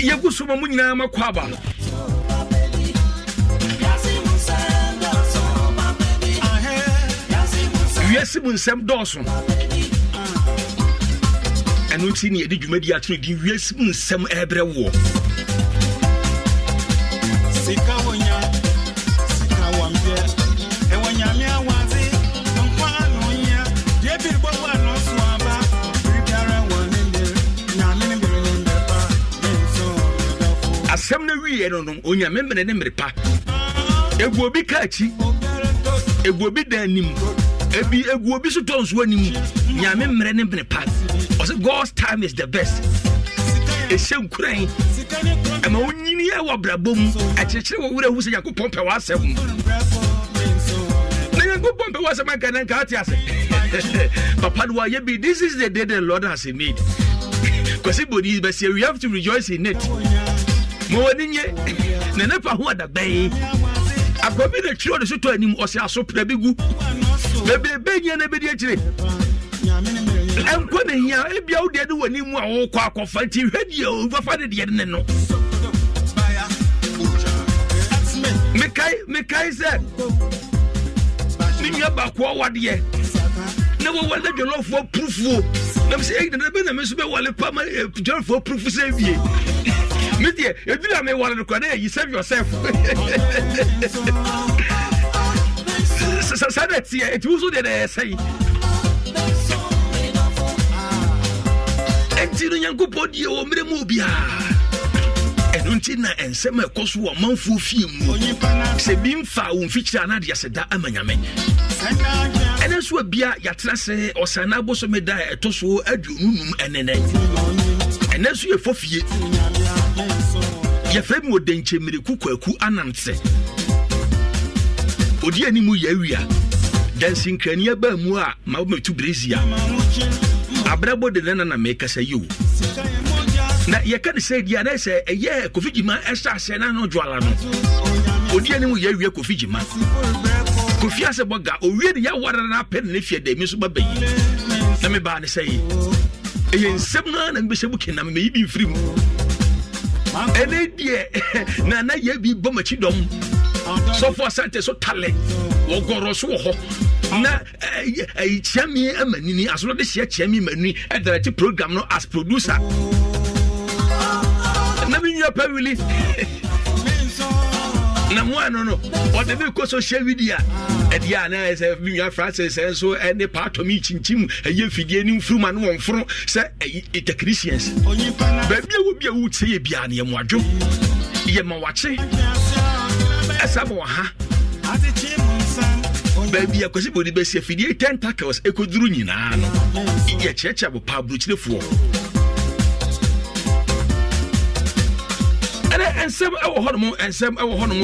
yɛgu so ma mu nyinaa makɔ aba wiase mu nsɛm dɔɔso ɛno nti ne yɛde dwumadi atene din wiase mu nsɛm ɛbrɛ woɔ asɛm no wieɛ no no onyame mmene ne mmerepa ɛgu obi ka akyi obi dan anim ebi egu obi so tɔ nsuo anim nyame mmerɛ ne mmerepa ɔsɛ god's time is the best ɛhyɛ nkuran ɛma wonyini ɛ wɔ brabɔ mu akyerɛkyerɛ wɔ werɛ hu sɛ nyankopɔn pɛ w'asɛm na nyankopɔn pɛ w'asɛm anka na nka ate ase papa no wayɛ bi this is the day the lord has made kwasi bodi bɛsi we have to rejoice in it ma wɔni nye ne ne pa ho adabɛn akɔbi na twerɛ ɔde so tɔ anim ɔsɛ aso pra bi gu bebrebe nyia na bɛdi akyire ɛnkɔ ne hia ebia wo deɛ ne w'ani mu a wokɔ akɔfa nti hwɛ deɛ ofafa ne deɛ ne no mekae mekae sɛ ne nua baako ɔwadeɛ na wɔwɔle na dwɔlɔfoɔ purufuo nam sɛ ɛnana bɛ na me nso bɛwɔle pa ma eh, dwɔlɔfoɔ purufu sɛ wie me deɛ ebi na mi wɔre no kora na yɛ yi save yourself saa na teɛ eti wusu deɛ na yɛ sɛ yi eti no nyankopɔn die wɔ mmerɛ mu obiara ɛno nti na ɛnsɛm a ɛkɔ so wɔ ɔmanfoɔ fie mu sɛ bi mfa wo mfikyiri ana deɛ sɛ da ama nyame ɛnɛ nso a bia yɛatena sɛ ɔsane abosome da a ɛtɔ so aduonu ɛnenɛ ɛnɛ nso yɛfɔ fie yɛfrɛ bi wɔ dɛnkyɛmmireku kwaku ananse ɔdi animu yɛawia dansinkrania baa mu a mabɛtu berezia abrabɔ de nana na mekasa yi o na yɛka ne sɛ dia na sɛ ɛyɛ kofi gyima ɛhyɛ aseɛ na no dwala no ɔdi animu yɛawia kofi gyima kofi asɛ bɔ ga owie ne yɛawara no apɛ ne ne fiɛ dami nso baba yi na mebaa ne sɛ yi ɛyɛ nsɛm no a na mebɛsɛ bu kenam meyi bi mfiri mu ɛnɛ deɛ nana yɛ bi bɔ makyi dɔm sɔfo asante so talɛ wɔgɔrɔ so wɔ hɔ na ɛyi eh, eh, eh, kyiami ama nini asɔrɔ de hyɛ kyiami ma nini ɛdɛrɛti program no as producer na mi nyua pɛ na mmoa no no ɔde bi kɔ social media ɛdeɛ anaa sɛ nua francis nso ne paatɔmi kyinkyim ɛyɛ mfidie ne mfuruma ne wɔmforo sɛ technicians baabi a wɔ bi a wotie yɛ biara ne yɛmmoadwo yɛma wakye ɛsa ma wɔha baabi a kwasi bɔde bɛsi afidie tentacles ɛkɔduru nyinaa no yɛkyerɛkyerɛ bo pa aburokyerɛfoɔ ɛnsɛm ɛwɔ hɔnom ɛnsɛm ɛwɔ hɔnom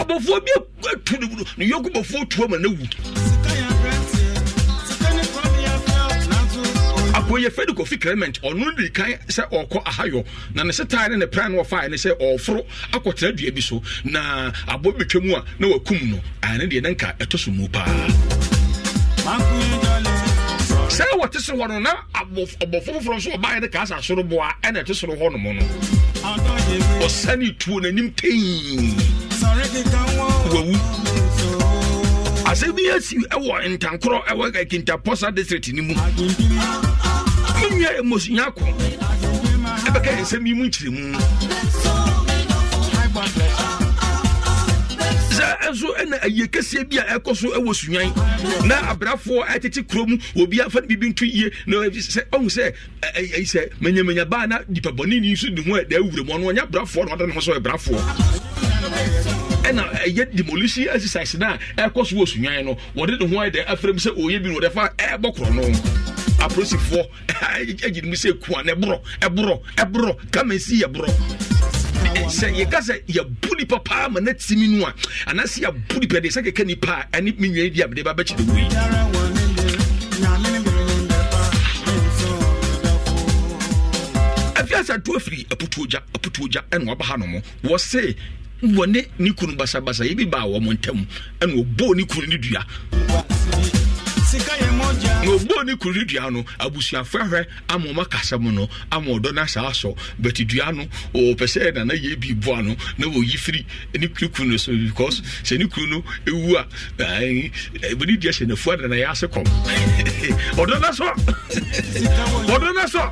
ɔbɔfoɔ bi atu ne mu ne yɔnko bɔfoɔ tuo ma n'awu akɔyɛ fɛdi kofi clement ɔno de kan sɛ ɔkɔ ahayɔ na ne setaa ne ne pra no ɔfae ne sɛ ɔforo akɔtena dua bi so na abɔ bi twam a na wakum no ɛne deɛ ne nka ɛtɔ so mu paa sɛ wɔte soro hɔ no na ɔbɔfo foforɔ nso ɔbaeɛ de kaa sa soro boa ɛna ɛte soro hɔ nom no ɔsane tuo n'anim tei asɛ bi asi ɛwɔ ntankorɔ ɛwɔ akintapɔsa district no mu menya ɛmosinya ko ɛbɛka ɛnsɛm yi mu nkyerɛmu nso ɛna ayie kɛseɛ bi a ɛkɔ so ɛwɔ sunwan na abrafoɔ ɛtete kuro mu obi afa ne bibi nto yie na sɛ ɔhu sɛ ɛyi sɛ manyamanya baa na nipa bɔne ni nso ne ho ɛda awura mu ɔno ɔnyɛ abrafoɔ na ɔda ne ho sɛ ɔbrafoɔ ɛna ɛyɛ demolition exercise na ɛkɔ so wɔ sunwan no wɔde ne ho ɛda afrɛ mu sɛ ɔyɛ bi na wɔde fa ɛbɔ korɔ no apolisifoɔ agyi ne mu sɛ ku a na ɛborɔ ɛborɔ ɛborɔ kama si yɛ borɔ sɛ yɛka sɛ yɛbu nipa paa ma na timi no a anaasɛ yɛbu nipa deɛ sɛ kɛka nipa a ɛne me di a mede babɛkyerɛ wei afiasa to afiri aputuogya aputuogya ɛna waba ha no mo wɔse wɔne ne kunu basabasa yɛbi baa wɔ mo ntam ɛna ɔbɔɔ ne kunu ne dua na ogbo ni kuri dua no abusuafo ahwɛ ama ɔma kasa mu no ama ɔdɔ no asaa sɔ but dua no ɔpɛ sɛ nana yɛ bi boa no na wɔyi firi ne kuru no so because sɛ ne kuru no ɛwu a eh, bɛne dua hyɛ nafu adana yɛ ase kɔm ɔdɔ no sɔ ɔdɔ no sɔ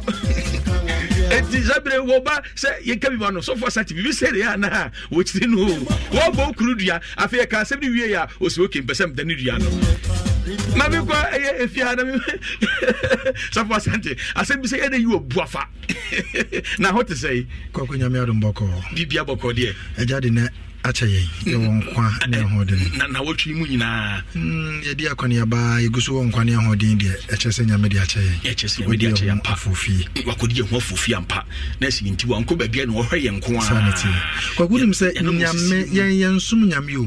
ɛti sɛ bere wɔba sɛ yɛka bi ma no sɔfoɔ sa te biribi sɛdeɛ ana a wɔkyiri no wɔbɔ kuru dua afei yɛka asɛm ni wie a ɔsi oke mpɛ sɛ ne dua no na mekɔ ɛyɛ eh, ɛfia eh, na safo asante asɛm bi sɛ yɛde yi wɔ buafa na ho te sɛ kɔkɔ e hmm. hmm, e nyame adom bɔkɔɔ biribia bɔkɔɔ deɛ agya de nɛ akyɛ yɛn yɛwɔ nkwa ne ahoɔden na wɔtwi mu nyinaa yɛdi akwaneabaa yɛgu e so wɔ nkwa ne ahoɔden deɛ ɛkyɛ sɛ nyame de akyɛ yɛn afofie wakɔdi yɛ ho afofie ampa na ɛsi nti wankɔ baabia na wɔhwɛ yɛ nko a kwaku nim sɛ nyame yɛn yɛnsom nyame o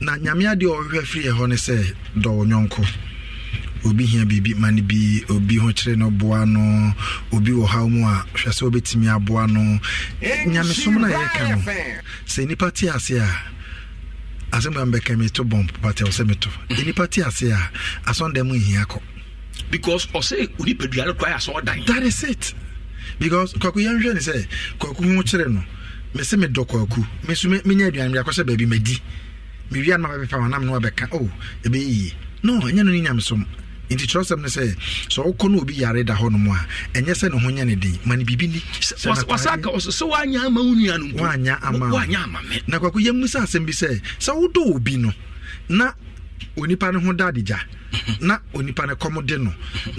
na nyame adeɛ ɔhwehwɛ firi ɛhɔ ne sɛ dɔ nyɔnko obi hia biribi ma no bi obi ho kyerɛ no boa no obi wɔ haw mu a hwɛ sɛ wobɛtumi aboa no nyamesom no a yɛka no sɛ nnipa te ase a asɛm a mbɛka meto bɔm patɛw sɛ meto nnipa te ase a asɔndɛ mu nhia kɔ because ɔsɛ onipadua no koraa asɛ ɔdan that is it because kwaku yɛnhwɛ ne sɛ kwaku ho kyerɛ no mese medɔ kwaku mesu menya aduane mdeakɔ sɛ baabi madi mewia no mabɛbɛfa wanam na wabɛka o oh, ɛbɛyɛ no ɛnyɛ no ne nyamesom nti kyerɛsɛm no sɛ sɛ wokɔ no obi yare da hɔ no mu a ɛnyɛ sɛ ne ho nyɛ ne den ma ne biribi ni ama wo nua na kwako yɛmmu sɛ asɛm bi sɛ sɛ wodɔ obi no na onipa no ho da adigya na onipa no kɔm de no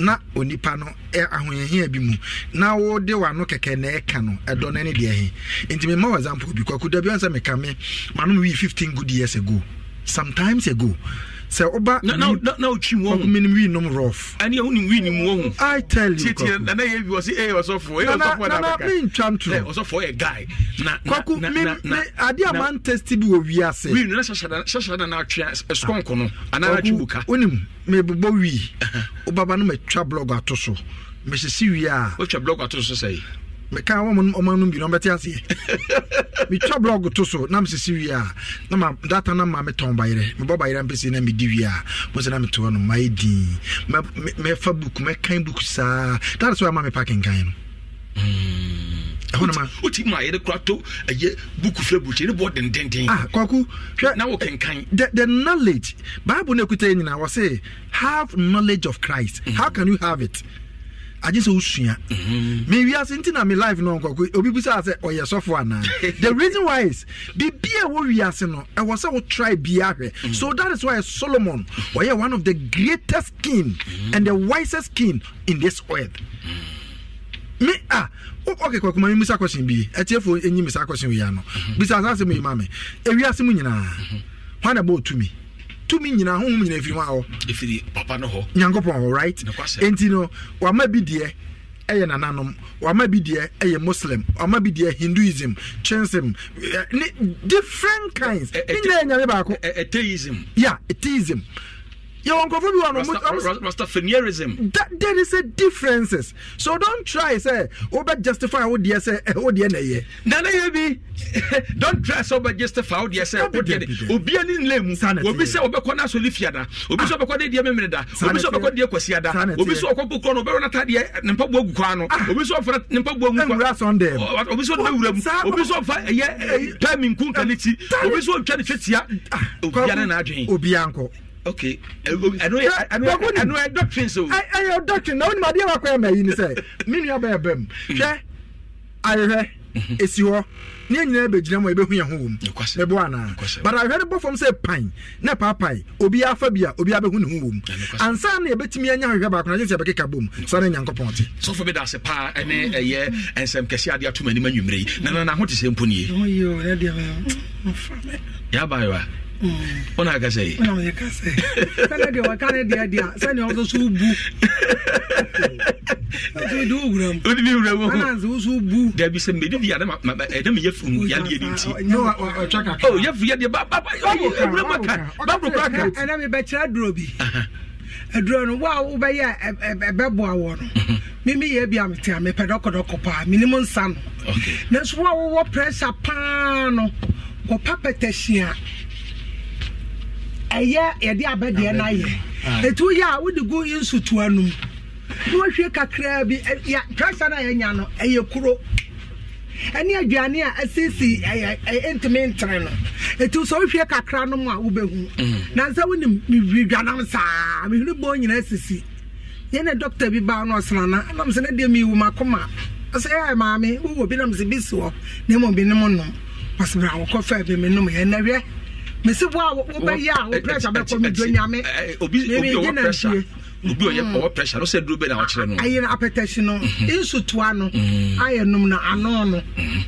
na onipa no ahoyɛhia bi mu na wode wano kɛkɛ na ɛka no ɛdɔ no ne deɛ he nti mema wɔ example bi kwakuda bi ɔ sɛ meka me manom wii 15 good years ago sometimes ago sɛ woba na wotwim wɔ menim wi nom rof ɛne wonim wi nim wɔ hu i tell you nana yɛ bi ɔse ɛyɛ ɔsɔfoɔ ɛyɛ eh, ɔsɔfoɔ na mentwa ntoro eh, ɔsɔfoɔ yɛ guy na kwaku me ade a man testi bi wɔ wiase wi no na hyɛhyɛ da na atwea ɛsɔnko eh, no anaa atwe buka wonim mebobɔ wi wobaba no matwa blog ato so mehyɛ si wie a wotwa blog ato so sɛ meka ɔma no bi no aseɛ metwa blog to so na mesese wie a na ma data no ma metɔn bayerɛ mebɔ bayerɛ mpɛsei na medi wie a na metoɔ no mayɛ din mɛfa book mɛkan book saa mepa kenkan no the, knowledge bible ɛkuta yɛ wɔ se have knowledge of christ mm. how can you have it agye sɛ wosua mhm. mewiase nti na me life no nkɔkɔ obi bisaa sɛ ɔyɛ sɔfo anaa the reason why is biribia ɛwɔ wiase no ɛwɔ sɛ wotry bia hwɛ mhm. so that is why solomon ɔyɛ one of the greatest king and the wisest king in this earth me a okay kwa kuma mimisa question bi etiefo enyi misa question wi ano mhm. bisa asase mu yima me ewiase mu nyinaa hwan na bɔ otumi tumi nyinaa honhom nyinaa firi hɔ a hɔ ɛfiri papa no hɔ nyankopɔn hɔ right enti no wama bi deɛ ɛyɛ nananom wama bi deɛ ɛyɛ muslim wama bi deɛ hinduism chinsm different kinds ne nyinaa yɛ nyame baako atheism ya atheism yeah, yɛwɔ nkurɔfoɔ bi wɔ norastafanierism there is a differences so don't try sɛ wobɛ justify wodeɛ sɛ wodeɛ na ɛyɛ na ne yɛ bi don't try sɛ wobɛ justify wodeɛ sɛ wodeɛ obia ne nlɛ mu obi sɛ wobɛkɔ no asɔle fia da obi sɛ wobɛkɔ ne deɛ memene da obi sɛ wobɛkɔ deɛ kwasia da obi sɛ wɔkɔ po korɔ no wobɛwɔ natadeɛ ne mpaboa gu kwan no obi sɛ wɔfra ne mpaboa gu kwan obi sɛ ɔdena wura mu obi sɛ ɔfa ɛyɛ pɛ menkunka ne ti obi sɛ ɔtwa ne twetia obia ne naadwen okay ɛnu yɛ ɛnu yɛ ɛnu yɛ doctrine so. ɛyɛ doctrine eh, eh, na onimadi yɛ wakɔ ɛmɛ yi ni sɛ mi nua bɛ ɛbɛm hwɛ ayɛhwɛ esi hɔ ní ɛnyina ɛbɛgyina mu a ɛbɛhu yɛn ho wɔm ɛbɔ anaa but ahwɛ no bɔ fam sɛ eh. pan na paapae obi afa bi a obi abɛhu ne ho wɔm ansa na yɛbɛtumi anya ahwehwɛ baako na gye sɛ yɛbɛkeka bom saa ne nyankopɔn te sɔfo bi da ase paa ɛne ɛyɛ nsɛm kɛseɛ adeɛ atom anim anwummerɛ yi nana na ho te sɛ mpo nie wọn náà kasa yìí. wọn náà yẹ kasa yìí sani deɛ waka ne deɛ deɛ sani ɔso so bu ɔso di owura mu ɔdi bi owura mu ɔna nso so bu. dabi sɛ mbɛ ebi yadama ma ɛdama oh, yɛ funu yadeɛ de nti. ɔ ɔtwa kaka. ɔ yɛ funu yadeɛ ba ba ba ɔyɛ ewura mu aka ba buru kura kan. ɛnna mi bɛ kyerɛ duro bi aduro no wo a wobɛyɛ ɛbɛboa wɔ no mhm. mimi yɛ bi a mete a mepɛ dɔkɔdɔkɔ paa menim nsa no nanso wo a pressure paa no wɔpa pɛtɛhye a ɛyɛ yɛde abɛdeɛ no ayɛ ɛtu ah. yɛ a wode gu nsutoa no mu na wahwie kakraa bi twasa no a yɛnya no ɛyɛ kuro ɛne aduane a asiesie ɛyɛ ntumi ntere no ɛtu sɛ wohwie kakra no mu a wobɛhu mm. nansɛ wonim medwanam saa mehwene bɔ nyinaa sisi yɛne dɔkta bi baa no ɔsenana nam sɛ ne deɛ mewu makoma ɔsɛ ɛ maame wowɔ bi nam sɛ bi si hɔ na mmom bi ne mo nom ɔsɛ brɛ bi menom yɛnɛ mesi wo a wobɛyɛ a wo eh, eh, pressure eh, bɛkɔ medua nyame obi ɔwɔ obi ɔyɛ mm-hmm. ɔwɔ pressure no duro bɛ na ɔkyerɛ no ayɛ apɛtɛsi no mm-hmm. nsu toa no mm-hmm. ayɛ nom na ano no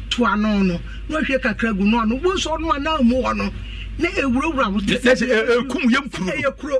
toa no no na kakra gu no ano wo nso ɔnom anaa mu hɔ no na ewurawura mo. ɛkum yɛ kuro. ɛyɛ kuro.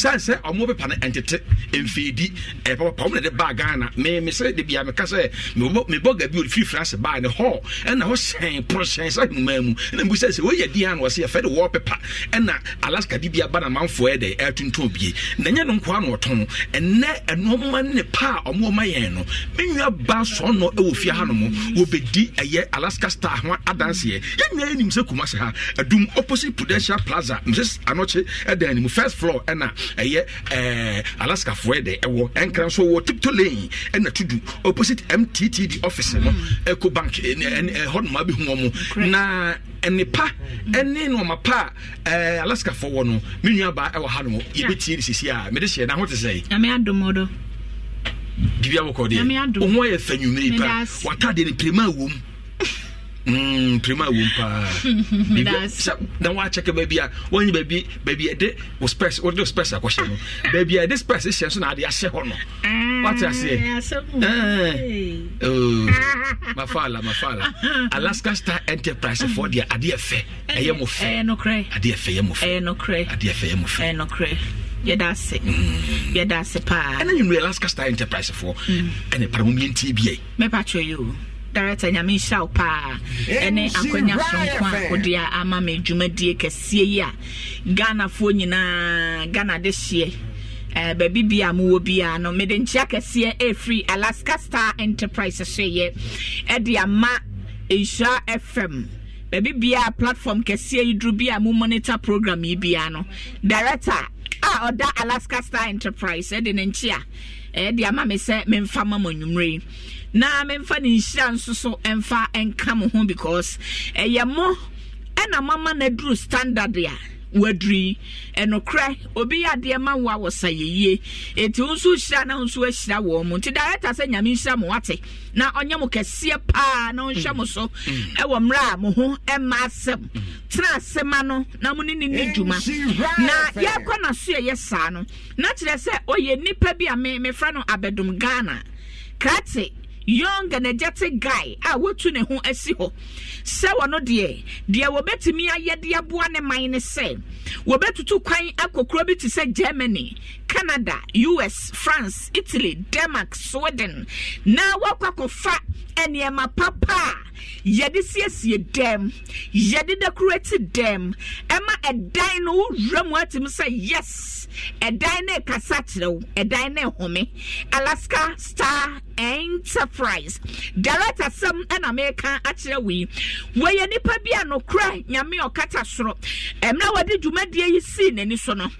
san sɛ ɔmo bɛ pane ɛntete mfeedi ɛpapa ɔmo na de baa ghana mɛ mɛ sɛ de bia mɛ ka sɛ mɛ bɔ mɛ bɔ gabi o firi france baa ne hɔ ɛna hɔ sɛn pono sɛn sa nnuma mu ɛna mu sɛ sɛ wɔyɛ di ano ɔsɛ yɛfɛ de wɔɔ pepa ɛna alaska di bia ba na manfoɔ yɛ de ɛtuntun bie na nyɛ no nkoa na ɔtɔn ɛnɛ ɛnɔma ne paa ɔmo ɔma yɛn no mɛ nua ba sɔɔnɔ ɛwɔ fie ha nom wɔbɛdi ɛyɛ alaska star ho adanseɛ yɛn nyɛ nim sɛ kumase ha ɛdum opposite prudential plaza mrs anɔkye ɛdan ne mu first floor ɛna ɛyɛ ɛɛ alaska foɔ de ɛwɔ ɛnkran nso wɔ tipto lane ɛna tudu opposite mttd office no eco bank ɛn ɛn hɔ nom abihu wɔn na ɛnipa ɛne nneɛma pa ɛɛ alaska foɔ wɔ no mi nua ba ɛwɔ ha no yɛbɛtie de sisi a mɛ de hyɛ n'aho te sɛ yi. ɛmɛ adomo do. dibi awokɔ deɛ ohun ayɛ fɛ nwumire yi pa wataade ne pirema awom. Mm, prima wom paa na woakyɛkɛ baabi a wɔnye baabi baabi ɛde wo spɛs wode wo spɛs akɔhyɛ no baabi a ɛde spɛs hyɛ so na ade ahyɛ hɔ no mm, wate aseɛ eh. oh, mafala mafala alaska star enterprise foɔ deɛ adeɛ fɛ eh, ɛyɛ mo fɛ adeɛ fɛ yɛ mo fɛ adeɛ fɛ yɛ mo fɛ yɛda ase mm. yɛda ase paa ɛna nwumere alaska star enterprise foɔ ɛne paramu miɛntie biɛ mɛpa kyerɛ yɛ o director nyame nhyira paa ɛne akwanya soronko a wode ama me dwumadie kɛseɛ yi a ghanafoɔ nyinaa ghana de hyeɛ Uh, baabi bi mowɔ biara no mede nkyea kɛseɛ ɛfiri alaska star enterprise hyeeɛ ɛde ama nhyira fm baabi biara platform kɛseɛ yi duru bi mo monitor program yi biara no director a ɔda alaska star enterprise ɛde ne nkyi a ɛde ama me sɛ memfa ma mo anwummerɛ na memfa ne nhyira nso so ɛmfa ɛnka mo ho because ɛyɛ mo ɛna mama no aduru standard a waduru yi obi yɛ adeɛ ma wo a wɔsa yɛyie ɛti wo nso hyira na wo nso ahyira wɔn mu nti director sɛ nyame nhyira mo wate na ɔnyɛ mo kɛseɛ paa na ɔnhyɛ mo so mm. ɛwɔ mmerɛ a mo ho ɛma asɛm tena asɛma no na mo ne ne ne dwuma na yɛkɔ na so yɛyɛ saa no na kyerɛ sɛ ɔyɛ nnipa bi a me mefrɛ no abɛdom ghana krate young energetic guy a wotu ne ho asi hɔ sɛ wɔno deɛ deɛ wɔbɛtumi ayɛ de aboa ne man ne sɛ wɔbɛtutu kwan akɔkuro bi te sɛ germany canada us france italy denmark sweden na wɔakɔ akɔfa nneɛma papa a yɛde siesie dɛm yɛde dekorati dɛm ɛma ɛdan no wowura mu atim sɛ yes ɛdan no ɛkasa kyerɛ wo ɛdan no ɛhome alaska star ɛntɛf fries direct asɛm ɛna meka akyerɛ wei wɔyɛ nipa bi a nokora nyame ɔkata soro ɛmna wɔde dwumadie yi sii n'ani so no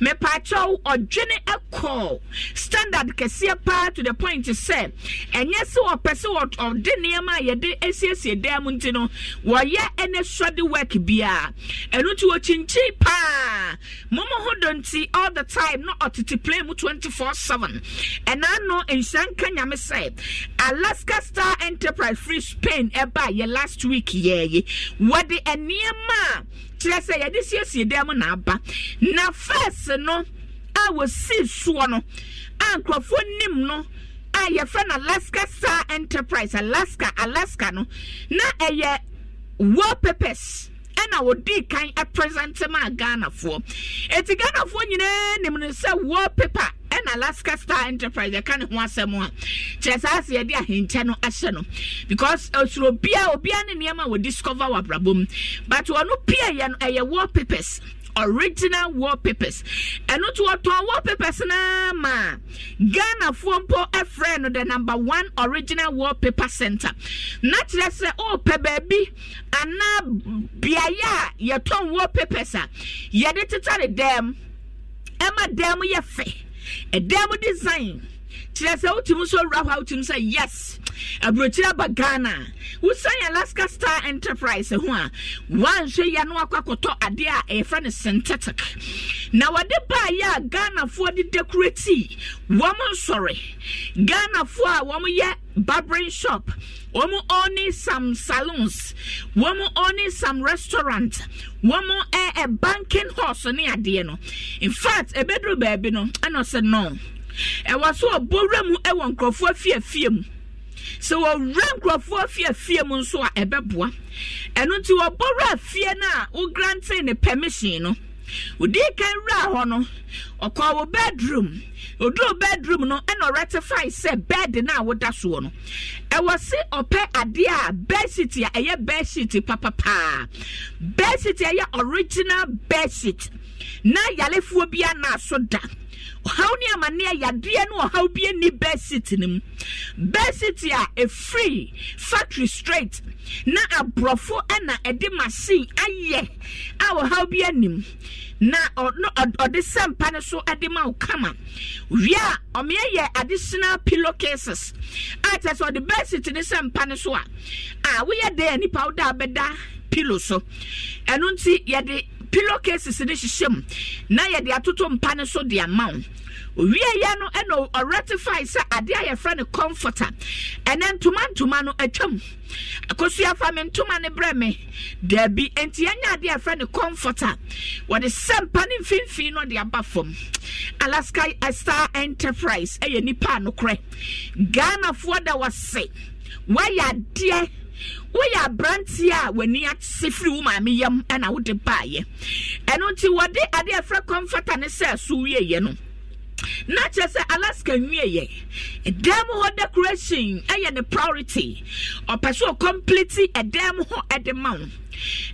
mepaakyɛw ɔdwene ɛkɔɔ standard kɛseɛ paa to the point sɛ ɛnyɛ sɛ wɔpɛ sɛ ɔde nneɛma a yɛde asiesie dan mu nti no wɔyɛ ɛne sɔde work biara ɛno nti wɔkyinkyin paa momo ho dɔ nti all the time na ɔtete play mu 24 7 ɛna no nhyira nka nyame sɛ alaska star enterprise free spain ɛba yɛ last week yɛɛye wɔde nneɛma a kyerɛ sɛ yɛde siesie dɛm mu aba. na first no a wɔsii soɔ no a nkurɔfoɔ nim no a yɛfrɛ no alaska star enterprise alaska alaska no na ɛyɛ wallpapers ɛna wɔdii kan present ma ghanafoɔ ɛti ghanafoɔ nyinaa nim no sɛ wallpaper ɛna alaska star enterprise yɛka ne ho asɛm a kyerɛ saa sɛ yɛde ahenkyɛ no ahyɛ no because ɔsoro uh, biaa obiaa ne nneɛma wɔ discover wɔ abrabɔ mu but ɔno pia yɛ no ɛyɛ wallpapers original wallpapers ɛno to wɔtɔn wallpapers naa ma ghanafoɔ mpo ɛfrɛ no the number one original wallpaper center na kyerɛ sɛ ɔɔpɛ baabi anaa beaeɛ a yɛtɔn wallpapers a yɛde teta ne dɛm ɛma dɛm yɛ fɛ ɛdan mu design kyerɛ sɛ wotumi so wura hɔ a wotumi sɛ yes aburokyire aba ghana wosan alaska star enterprise ho a wanhwɛ yɛ no akɔ akɔtɔ adeɛ a ɛyɛfrɛ no synthetic na wɔde baayɛ a ghanafoɔ de dekorati wɔn nsɔre ghanafoɔ a uh, wɔn yɛ barbering shop wɔn ɔne some saloons wɔn ɔne some restaurant wɔn ɛɛ eh, eh, banking horse ne adeɛ no in fact ebeduru baabi no ɛna ɔsɛ no. ɛwɔ so ɔbɔwura mu ɛwɔ nkurɔfoɔ fiafia mu sɛ wɔwura nkurɔfoɔ fiafia mu nso a ɛbɛboa ɛno nti wɔbɔwura fie no a wogrante ne permission no odi kan wura hɔ no ɔkɔ wɔ bedroom oduro bedroom no ɛna ɔratify sɛ bed na a woda soɔ no ɛwɔ se ɔpɛ adeɛ a bedsheet a ɛyɛ bedsheet papapaa bedsheet a ɛyɛ original bedsheet na yalefoɔ bi anaso da. ɔhaw ne amane a yadeɛ no ɔhaw bi ni bɛsit no mu bɛsit a free factory straight na aborɔfo na ɛde machine ayɛ a ɔhaw bi anim na ɔde sɛ or no so de ma wo kama wie a ɔmeɛ yɛ additional pillow cases a kyerɛ sɛ ɔde bɛsit no sɛ mpa no so a a woyɛ dɛ a nipa wo pillow so ɛno nti yɛde pillow cases ne hyehyɛ mu na yɛde atoto mpa no so de ama wo owieɛ no ɛna ɔratify sɛ adeɛ a yɛfrɛ no comforter ɛnɛ ntoma ntoma no atwam we me ntoma no berɛ me daabi enti yɛnya adeɛ a yɛfrɛ no comforter wɔde sɛ mpa no mfimfini no de aba fam alaska star enterprise ɛyɛ nipa a nokorɛ ghanafoɔ da wɔse wɔayɛ adeɛ woyɛ aberanteɛ a w'ani ase firi wo maame yam ɛna wode baayɛ ɛno nti wɔde adeɛ ɛfrɛ kɔmfata ne sɛ so wieɛ no na kyerɛ sɛ alaska nwieɛ ɛdan mu hɔ decoration ɛyɛ ne priority ɔpɛ sɛ ɔkɔmplete ɛdan mu hɔ ɛde ma wo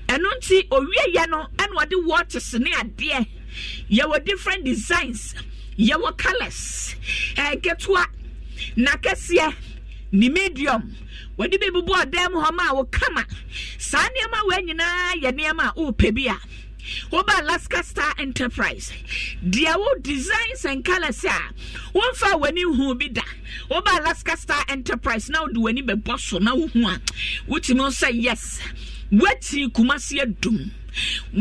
ɛno nti owieɛ no ɛna wɔde watches ne adeɛ yɛwɔ different designs yɛwɔ colors ɛɛ ketewa na kɛseɛ ne medium wɔde bɛbubu ɔdan mu hɔ ma a wɔkama saa nneɛma wɔ nyinaa yɛ nneɛma a wɔrepɛ bi a alaska star enterprise deɛ wo designs and colors a womfa w'ani hu bi da woba alaska star enterprise na wode w'ani bɛbɔ so na wohu a wotumi sɛ yes woatiri kumase adum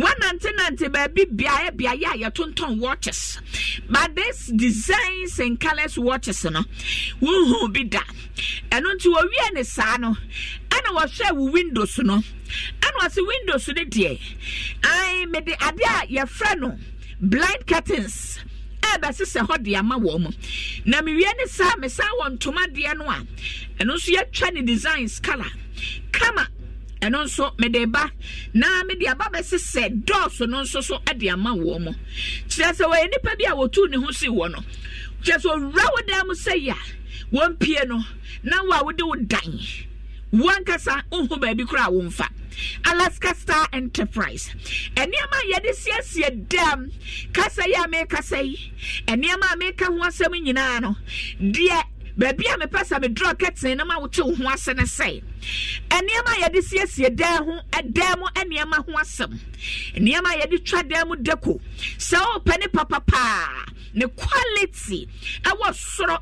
wanantenante baabi beaeɛ beaeɛ a yɛtontɔn watches but this designs and colors watches no wohu bi da ɛno nti wɔwie ne saa no ɛna wɔhwɛ wo windows no ɛna wɔse windows no deɛ ai mede adeɛ a yɛfrɛ no blind curtains ɛbɛsesɛ hɔ de ama wɔn mu na mewie ne saa mesan wɔ ntoma deɛ no a ɛno nso yɛtwa ne designs color kama ɛno nso mede ba na mede aba bɛsi sɛ dɔɔso no nso so de ama wɔn mo kyerɛ sɛ wɔyɛ nipa bi a wɔtu ne ho si wɔ no kyerɛ sɛ owura wo dan mu sɛ yia wɔn pie no na wo a wode wo dan wɔn kasa nhu baabi koraa wɔn fa. alaska star enterprise nneɛma a yɛde siesie dɛm kasa yi a meka sɛ yi nneɛma a meka ho asɛm nyinaa no deɛ baabi a mepɛ sɛ medrɔ kɛtene no ma wokye wo ho ase ne sɛ nneɛma a yɛde siesie dan ho eh, dan mu nneɛma ho asɛm nneɛma a yɛde twa dan mu deko sɛ wopɛ ne papa paa ne quality ɛwɔ soro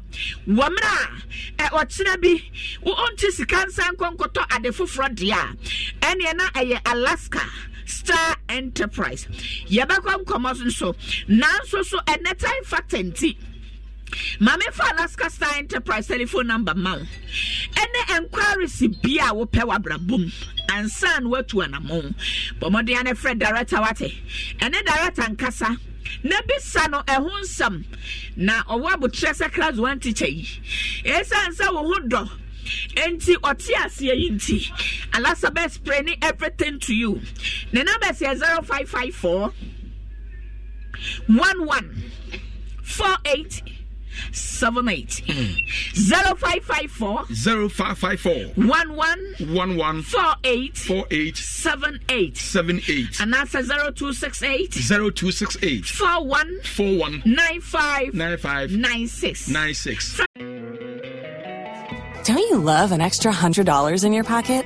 wɔ mmerɛ a eh, ɔkyena bi wonte sika nsa nkɔnkɔtɔ ade foforɔ deɛ a ɛneɛ na ɛyɛ alaska star enterprise yɛbɛkɔ nkɔmmɔ nso nanso so ɛnɛ time factor maame fa alaska star enterprise telephone number ma wo ɛne enquiries bi a wopɛ w'abrabɔ mu ansa na watu anamɔn bɔmmɔden ano frɛ director wate ɛne director nkasa na bisa no ɛho nsɛm na ɔwɔ abotire sɛ class one teacher yi ɛsiane sɛ wo ho dɔ nti ɔte aseɛ yi nti alasabɛ spray ne everything to you ne number sɛ zero five five four one one four eight. seven eight hmm. zero five five four zero five five four one one one one four eight four eight seven eight seven eight and that's a zero two six eight zero two six eight four one four one nine five nine five nine six nine six. Don't you love an extra hundred dollars in your pocket?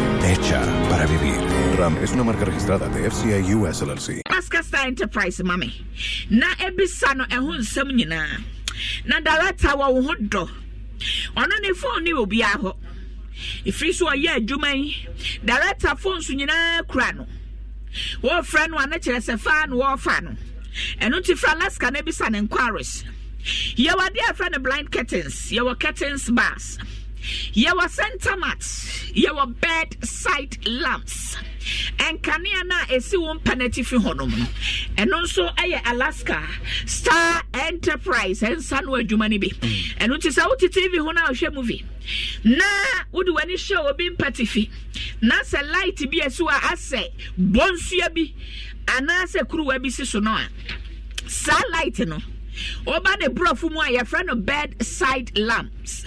hecha para vivir. Ram es una marca registrada de FCI US LLC. Askasa Enterprise, mami. Na ebisa no ɛho nsɛm nyinaa. Na dalata wa wo ho dɔ. ne phone ni obi ahɔ. Efiri so ɔyɛ adwuma yi. Dalata phone so nyinaa kura no. Wɔfrɛ no ana kyerɛ sɛ faa no wɔfa no. Ɛno ti fra Alaska na ebisa inquiries. Yɛwɔ adeɛ afrɛ no blind curtains. Yɛwɔ curtains bars yɛwɔ centamat yɛwɔ bed side lamps nkanea no a ɛsi wo mpa no atifi hɔnom no ɛno nso yɛ alaska star enterprise ɛnsa no adwuma no bi ɛno nti sɛ wote tv ho no a wohwɛ movie na wode w'ani hyɛ obi mpa na sɛ light bi ɛsi wɔ a asɛ bɔnsua bi anaasɛ kuruwa bi si so no a saa light no ɔba ne borɔfo mu a yɛfrɛ no bedside lamps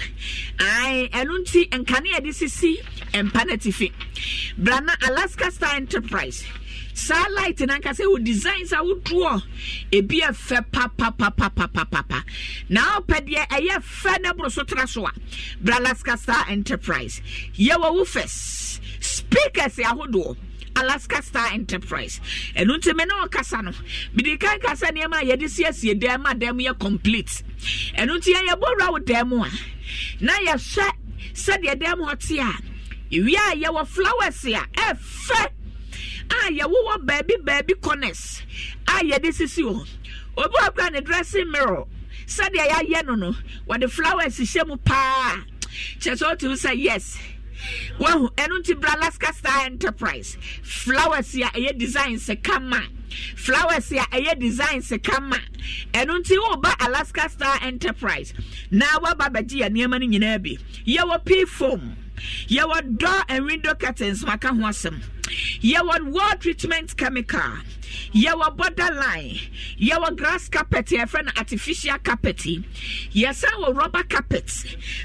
ae ɛno nti nkanea de sisi mpa no atifi bra alaska star enterprise saa light nankasa wo designs a wodoɔ ebi yɛ fɛ papapapapapapa na ɔpɛ deɛ ɛyɛ fɛ ne boro so tra so a bra alaska star enterprise yɛwɔ wo fɛ speakers ahodoɔ alaska star enterprise ɛno nti me ne ɔkasa no mede kan kasa nneɛma a yɛde siesie dan mu a dan mu yɛ complete ɛno nti yɛyɛ bɔwura wo dan mu a na yɛhwɛ sɛdeɛ dan mu ɔte a ewia a yɛwɔ flowers a ɛfɛ a yɛwowɔ baabi baabi corners a yɛde sisi hɔ obi wɔ kura ne dressing mirror sɛdeɛ yɛayɛ no no wɔde flowers hyɛ mu paa kyerɛ sɛ ɔtumi sɛ yes wahu ɛno nti bralaska star enterprise flowers a ɛyɛ design sɛ kama flowers a ɛyɛ design sɛ kama ɛno nti woba alaska star enterprise na waba bɛgye yɛ nneɛma no nyinaa bi yɛwɔ p foam yɛwɔ door and window curtains maka ho asɛm yɛwɔ wall treatment chemical yɛwɔ border line yɛwɔ grass carpet yɛfrɛ no artificial carpet yɛsan wɔ rubber carpet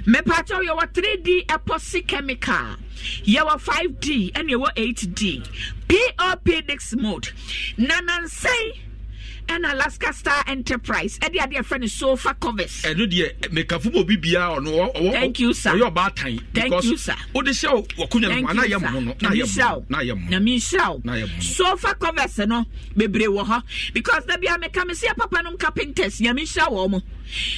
mepatɛ yɛwɔ 3d epoxy chemical yɛwɔ 5d ɛne yɛwɔ 8d pop next mode Nanan nansɛn ɛna alaska star enterprise Eddie, adeɛ friend, is sofa covers. ɛno deɛ mekafo mu obi biara ɔno ɔwɔ thank you sir ɔyɛ ɔbaa tan thank you sir o de hyɛ ɔkunya no ma n'ayɛ mu no n'ayɛ mu n'ayɛ mu n'ayɛ mu n'ayɛ mu sofa covers no bebree wɔ hɔ because dabi a meka me sɛ papa nom carpenters nyame hyɛ wɔn mo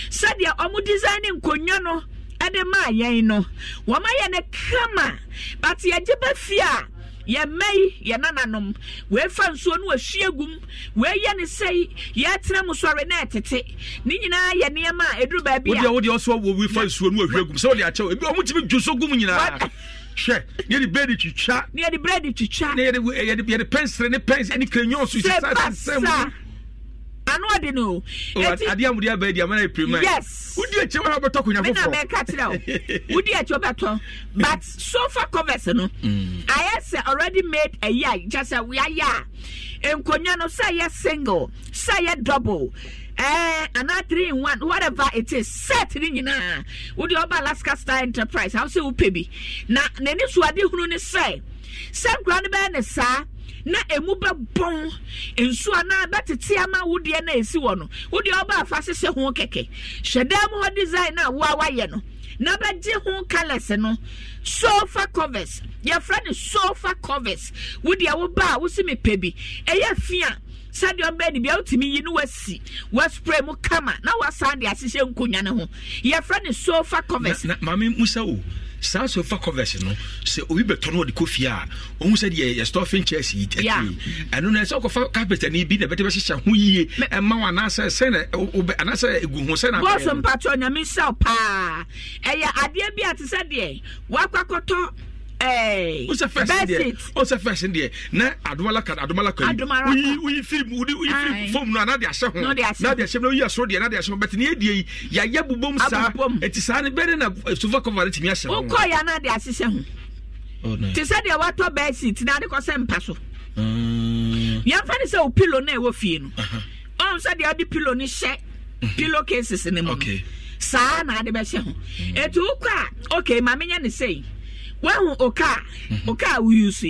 sɛdeɛ ɔmo design nkonnwa no ɛde maa yɛn no wɔn ayɛ no kama but yɛgye bɛ fie a yɛmɛyi yɛ nananom wɔafa nsuo no wɔahwie gum wɔayɛ ne sɛi yɛatena mu sɔre na ɛtete ne nyinaa yɛ nneɛma a ɛduru baabi a so gum nyinaa hwɛ ne yɛde bɛɛdi twitwa ne yɛde bɛɛdi twitwa ne yɛde pɛnsere ne pɛnsere ne krenyon so sisa mu ano ɔdi no. Oh, adi amudi abɛ di amana epire mɛ. yes wudi ekyi wɔn abɛtɔ kunya foforɔ. mina mɛ kakyira o wudi ekyi ɔbɛtɔ but sofa covers no. Mm. ayɛ sɛ already made ɛyi a jasa yaya nkonya no sɛ yɛ single sɛ yɛ double. Eh, anaa three in one whatever it is set ni nyinaa wodi ɔba alaska star enterprise ahosuo wopɛ bi na n'ani so adi hunu ne sɛ sɛ nkura no bɛyɛ ne saa na emu bɛbɔn nsu anaa bɛtete ama wodeɛ na esi wɔ no wodeɛ ɔba afa hyehyɛ ho kɛkɛ hyɛ hɔ design a woa wayɛ no na bɛgye ho colours no sofa covers yɛfrɛ no sofa covers wodeɛ woba a wosi mi pɛ bi ɛyɛ fi a ɔbɛn ne bia wotumi yi no wasi waspray mu kama na wasan de ahyehyɛ nkonnwa ne ho yɛfrɛ no sofa covers. na maame musa o saa so fa converse no sɛ obi bɛtɔ no wɔde kɔ fie a ɔhu sɛ deɛ yɛ stɔfe nkyɛs yi tati ɛno na sɛ wokɔfa carpenter no bi na ɛbɛte bɛhyehyɛ ho yie ɛma wo anaasɛ sɛna wobɛ anaasɛ ɛgu ho sɛna bɔso mpatɔ nyame sɛw paa ɛyɛ adeɛ bi a te sɛ deɛ woakɔakɔtɔ wosɛ fɛs deɛ wosɛ fɛs deɛ na adomala ka adomala ka yi woyi firi mu woyi firi fom no a na de ahyɛ ho na de ahyɛ mu na woyi asoro deɛ na de ahyɛ ho bɛtɛ ne yɛ die yi yɛayɛ bubom saa eti saa ne bɛrɛ na sofa kɔfa ne tumi ahyɛ ho wokɔ ya na de ahyehyɛ ho oh, te sɛ deɛ watɔ bɛɛsit na de kɔsɛ mpa so mm. yɛmfa ne sɛ o pilo na ɛwɔ fie no ɔn sɛ deɛ ɔde pilo ne hyɛ mhm. pilo cases ne mu saa na ade bɛhyɛ ho mm. etu wokɔ a okay maame nyɛ ne sɛyi wahu oka oka a woyi so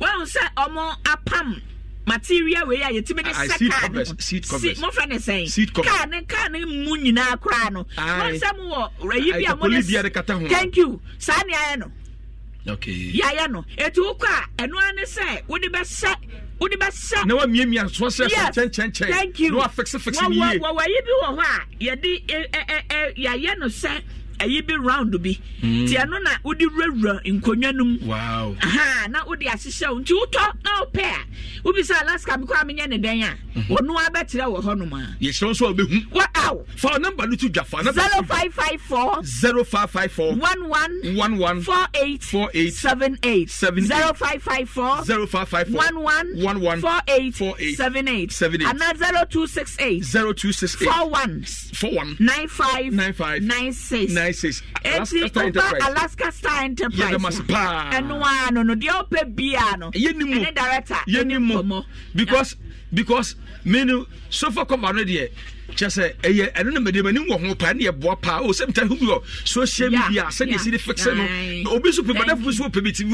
wahu sɛ ɔmo apam material wei a yɛtumi de sɛ kaa no mofrɛ ne sɛn kaa ne kaa ne mu nyinaa koraa no wɔn sɛ mo wɔ ayi bi a mo de thank you saa ne ayɛ no yɛayɛ no etu wokɔ a ɛno ara sɛ wode bɛsɛ wode bɛsɛ na wamiamia soɔ sɛ kyɛnkyɛnkyɛn na wafɛkse yie wɔwɔ yi bi wɔ hɔ a yɛde yɛayɛ no sɛ ɛyi bi round bi hmm. ti ɛno na wodi wurawura nkonnwa no mu na wodi ahyehyɛ wo nti wotɔ na wopɛ a wobisa alaska bi kɔ a menyɛ ne dɛn a mhm. ɔno abɛkyerɛ wɔ hɔnom a yɛhyerɛ nso a wobɛhu wɔaw fa number no to dwa fa 0554 0554 11 11 48 48 78 0554 eight. 11 11 48 eight. 78 78 ana one. Nine five. Nine five. Nine six. Nine ISIS. Alaska Star Enterprise. Alaska Star Enterprise. Yɛ dama paa. Ɛnu ano no deɛ ɔpɛ bia no. Yɛ ni mu. Ɛni director. Yɛ ni mu. Because. Yeah because menu sofa cover no deɛ kyɛ sɛ ɛyɛ ɛno na mede m'anim wɔ ho paa ne yɛboa paa o sɛm time bi wɔ social media sɛdeɛ ɛsi de fixe no obi so pɛ bi adafo so pɛ bi ti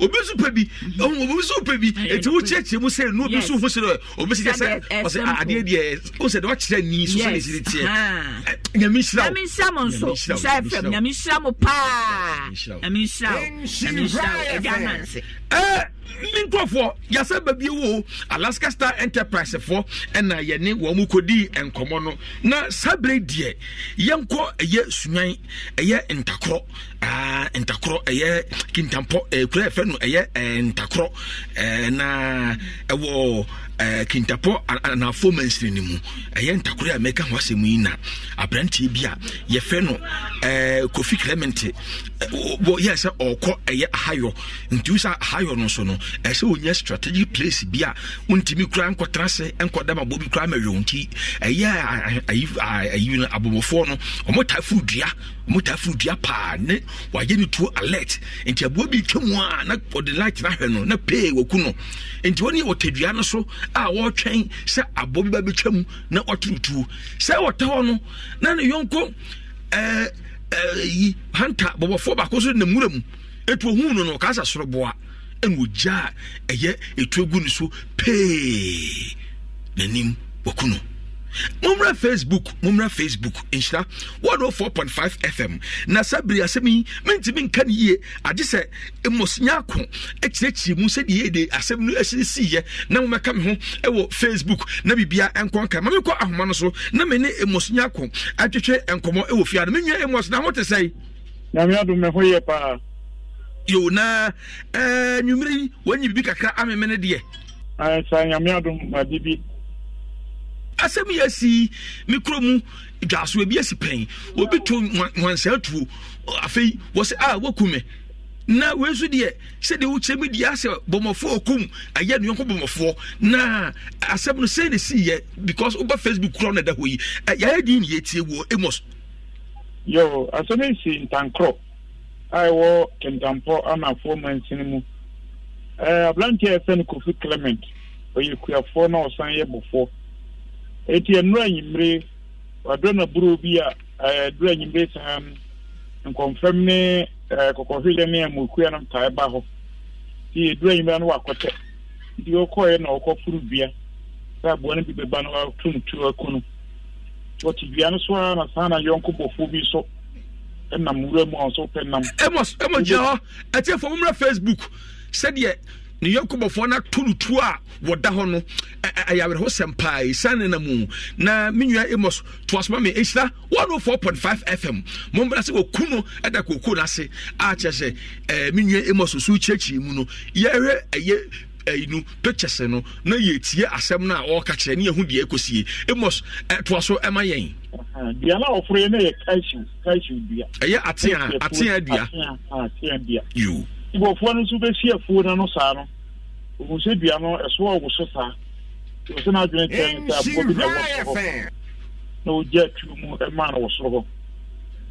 obi so pɛ bi obi so pɛ mm-hmm. oh, bi eti wo kyerɛkyerɛ mu sɛ nu obi so ho sɛ obi si kyerɛ sɛ ɔsɛ adeɛ deɛ o sɛ de wakyerɛ ni so sɛ ɛsi de tiɛ nyame nhyira wo nyame nhyira mo nso sɛ fɛm nyame nhyira mo paa nyame nhyira wo nyame nhyira wo ɛdi anansi. Eh, ne nkurɔfoɔ yɛsɛ baabi wo alaska star enterprisefoɔ ɛna yɛne wɔn mu kɔdii nkɔmmɔ no na sabere deɛ yɛnkɔ ɛyɛ sunyan ɛyɛ ntakorɔ aa ntakorɔ ɛyɛ kintampɔ ɛkura yɛfɛ no ɛyɛ ɛɛ ntakorɔ ɛɛ na ɛwɔ ɛɛ kintapɔ anafo mansiri ne mu ɛyɛ ntakorɔ a mɛka ho asɛm yi na aberanteɛ bi a yɛfɛ no kofi clement yɛ sɛ ɔkɔ ɛyɛ ahayɔ nti sɛ ahayɔ no so no ɛsɛ ɔnya strategic place bi a wontumi kora nkɔtena se nkɔda ma bɔ bi kora ma wɛwo nti ɛyɛ ayi no abɔmɔfoɔ no ɔmo taa furu dua ɔmo taa furu dua paa ne wayɛ ne tuo alert nti aboa bi twa mu a na ɔde light na hwɛ no na pee wɔku no nti wɔn yɛ ɔtɛ dua no so a wɔretwɛn sɛ aboa bi ba bi twa mu na ɔturu tuo sɛ ɔtɛ hɔ no na ne yɔnko ɛɛ yi eh, eh, hanta bɔbɔfoɔ baako so nam nwura mu ɛtu ohun no no kaasa soro boa ɛna ogya a ɛyɛ etu egu ne so pee n'anim wɔku no mommra facebook mommra facebook nhyira 104.5 fm na saa bere asɛm yi mentimi nka no yie agye sɛ mmɔsenya ako akyirɛkyiri mu sɛdeɛ yɛde asɛm no asini siiɛ na momɛka me ho ɛwɔ facebook na biribia ɛnkɔ nka ma mekɔ ahoma no so na me ne mmɔsenya ako atwetwe nkɔmmɔ ɛwɔ fie no menwia mmɔs na ho te sɛe nyame adom me ho yɛ paa yo na nwummere yi wanyi biribi kakra ameme no deɛ saa nyame adom ade bi asɛm yɛ si me kuro mu dwaso ebi asi pɛn obi to nwansa atuo afei wɔsɛ a ah, wɔku na wei nso deɛ sɛdeɛ wokyerɛ me deɛ asɛ bɔmmɔfoɔ ɔkum ɛyɛ ne yɔnko bɔmmɔfoɔ na asɛm no sɛi ne siiyɛ because woba facebook korɔ na da hɔ yi yɛayɛ din ne yɛtie wɔ amos yo asɛm yi si ntankorɔ a ɛwɔ kentampɔ anafoɔ mansini mu aberanteɛ a ɛfɛ no kofi clement ɔyɛ kuafoɔ na ɔsan yɛ bɔfoɔ eti nnura nyimmire wadura na buru bi a ɛɛ eh, dura nyimmire um, nkɔmfam ne eh, kɔkɔhwe yɛn ne no taa ba hɔ ti dura nyimmire no wakɔtɛ nti na ɔkɔ furu dua sɛ no bi bɛba no dua no so a na san na yɔnko bi so ɛnam wura mu a ɔso nam. ɛmɔ gyina hɔ ɛtiɛ fɔ mo mura facebook sɛdeɛ. ne yɔnkɔbɔfoɔ no ato no tuo a wɔda hɔ no ɛyɛ sɛm paa ɛsiane na mu na me nua amos toasoma me ɛhyira 104.5 fm mommra sɛ wɔku no ɛda kooko no ase akyerɛ sɛ me amos so kyerɛkyiri mu no yɛhwɛ ɛyɛ ɛyinu pictures no na yɛtie asɛm no a ɔreka kyerɛ ne yɛhu deɛ ɛkɔsie amos ɛtoa so ɛma yɛn dua na ɔforo yɛ no yɛ kashiw kashiw dua ɛyɛ atea atea dua atea dua yoo nkurɔfoɔ no nso bɛsi afuo no no saa no ohun sɛ dua no ɛso a ɔwɔ so saa wɔsɛ no adwene kyerɛ sɛ aboɔ bi na ɛwɔ soro hɔ na ɔgya atwiri mu ɛma no wɔ soro hɔ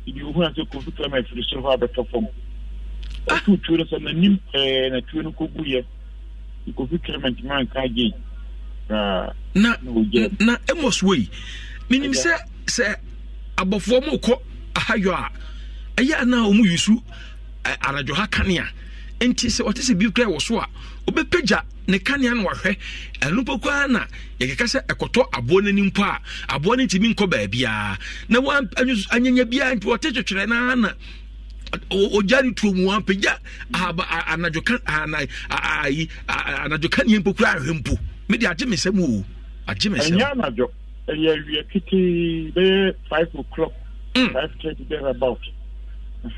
ebi ohun sɛ kofi kama afiri soro hɔ abɛtɔ fam ah. ɔtu tuo no sɛ n'anim pɛɛ na tuo no kɔgu yɛ kofi kama ntoma nka agye na na amos wei menim sɛ sɛ abɔfoɔ mu kɔ ahayɔ a ɛyɛ anaa ɔmu yusu anadwo ha kanea nti sɛ ɔte sɛ bi kura wɔ so a obɛpagya ne kanea no wahwɛ ɛno po koraa na yɛkeka sɛ ɛkɔtɔ aboɔ no anim a aboɔ no ntumi nkɔ baabiaa na anyanya biara nti wɔte twetwerɛ naa na ɔgya no tuo mu ampagya anadwoka neɛ mpo kora ahwɛ mpo mede agye me sɛm oo agye me sɛm ɛnyɛ ɛyɛ awie pitee bɛyɛ five o'clock mm. five thirty there about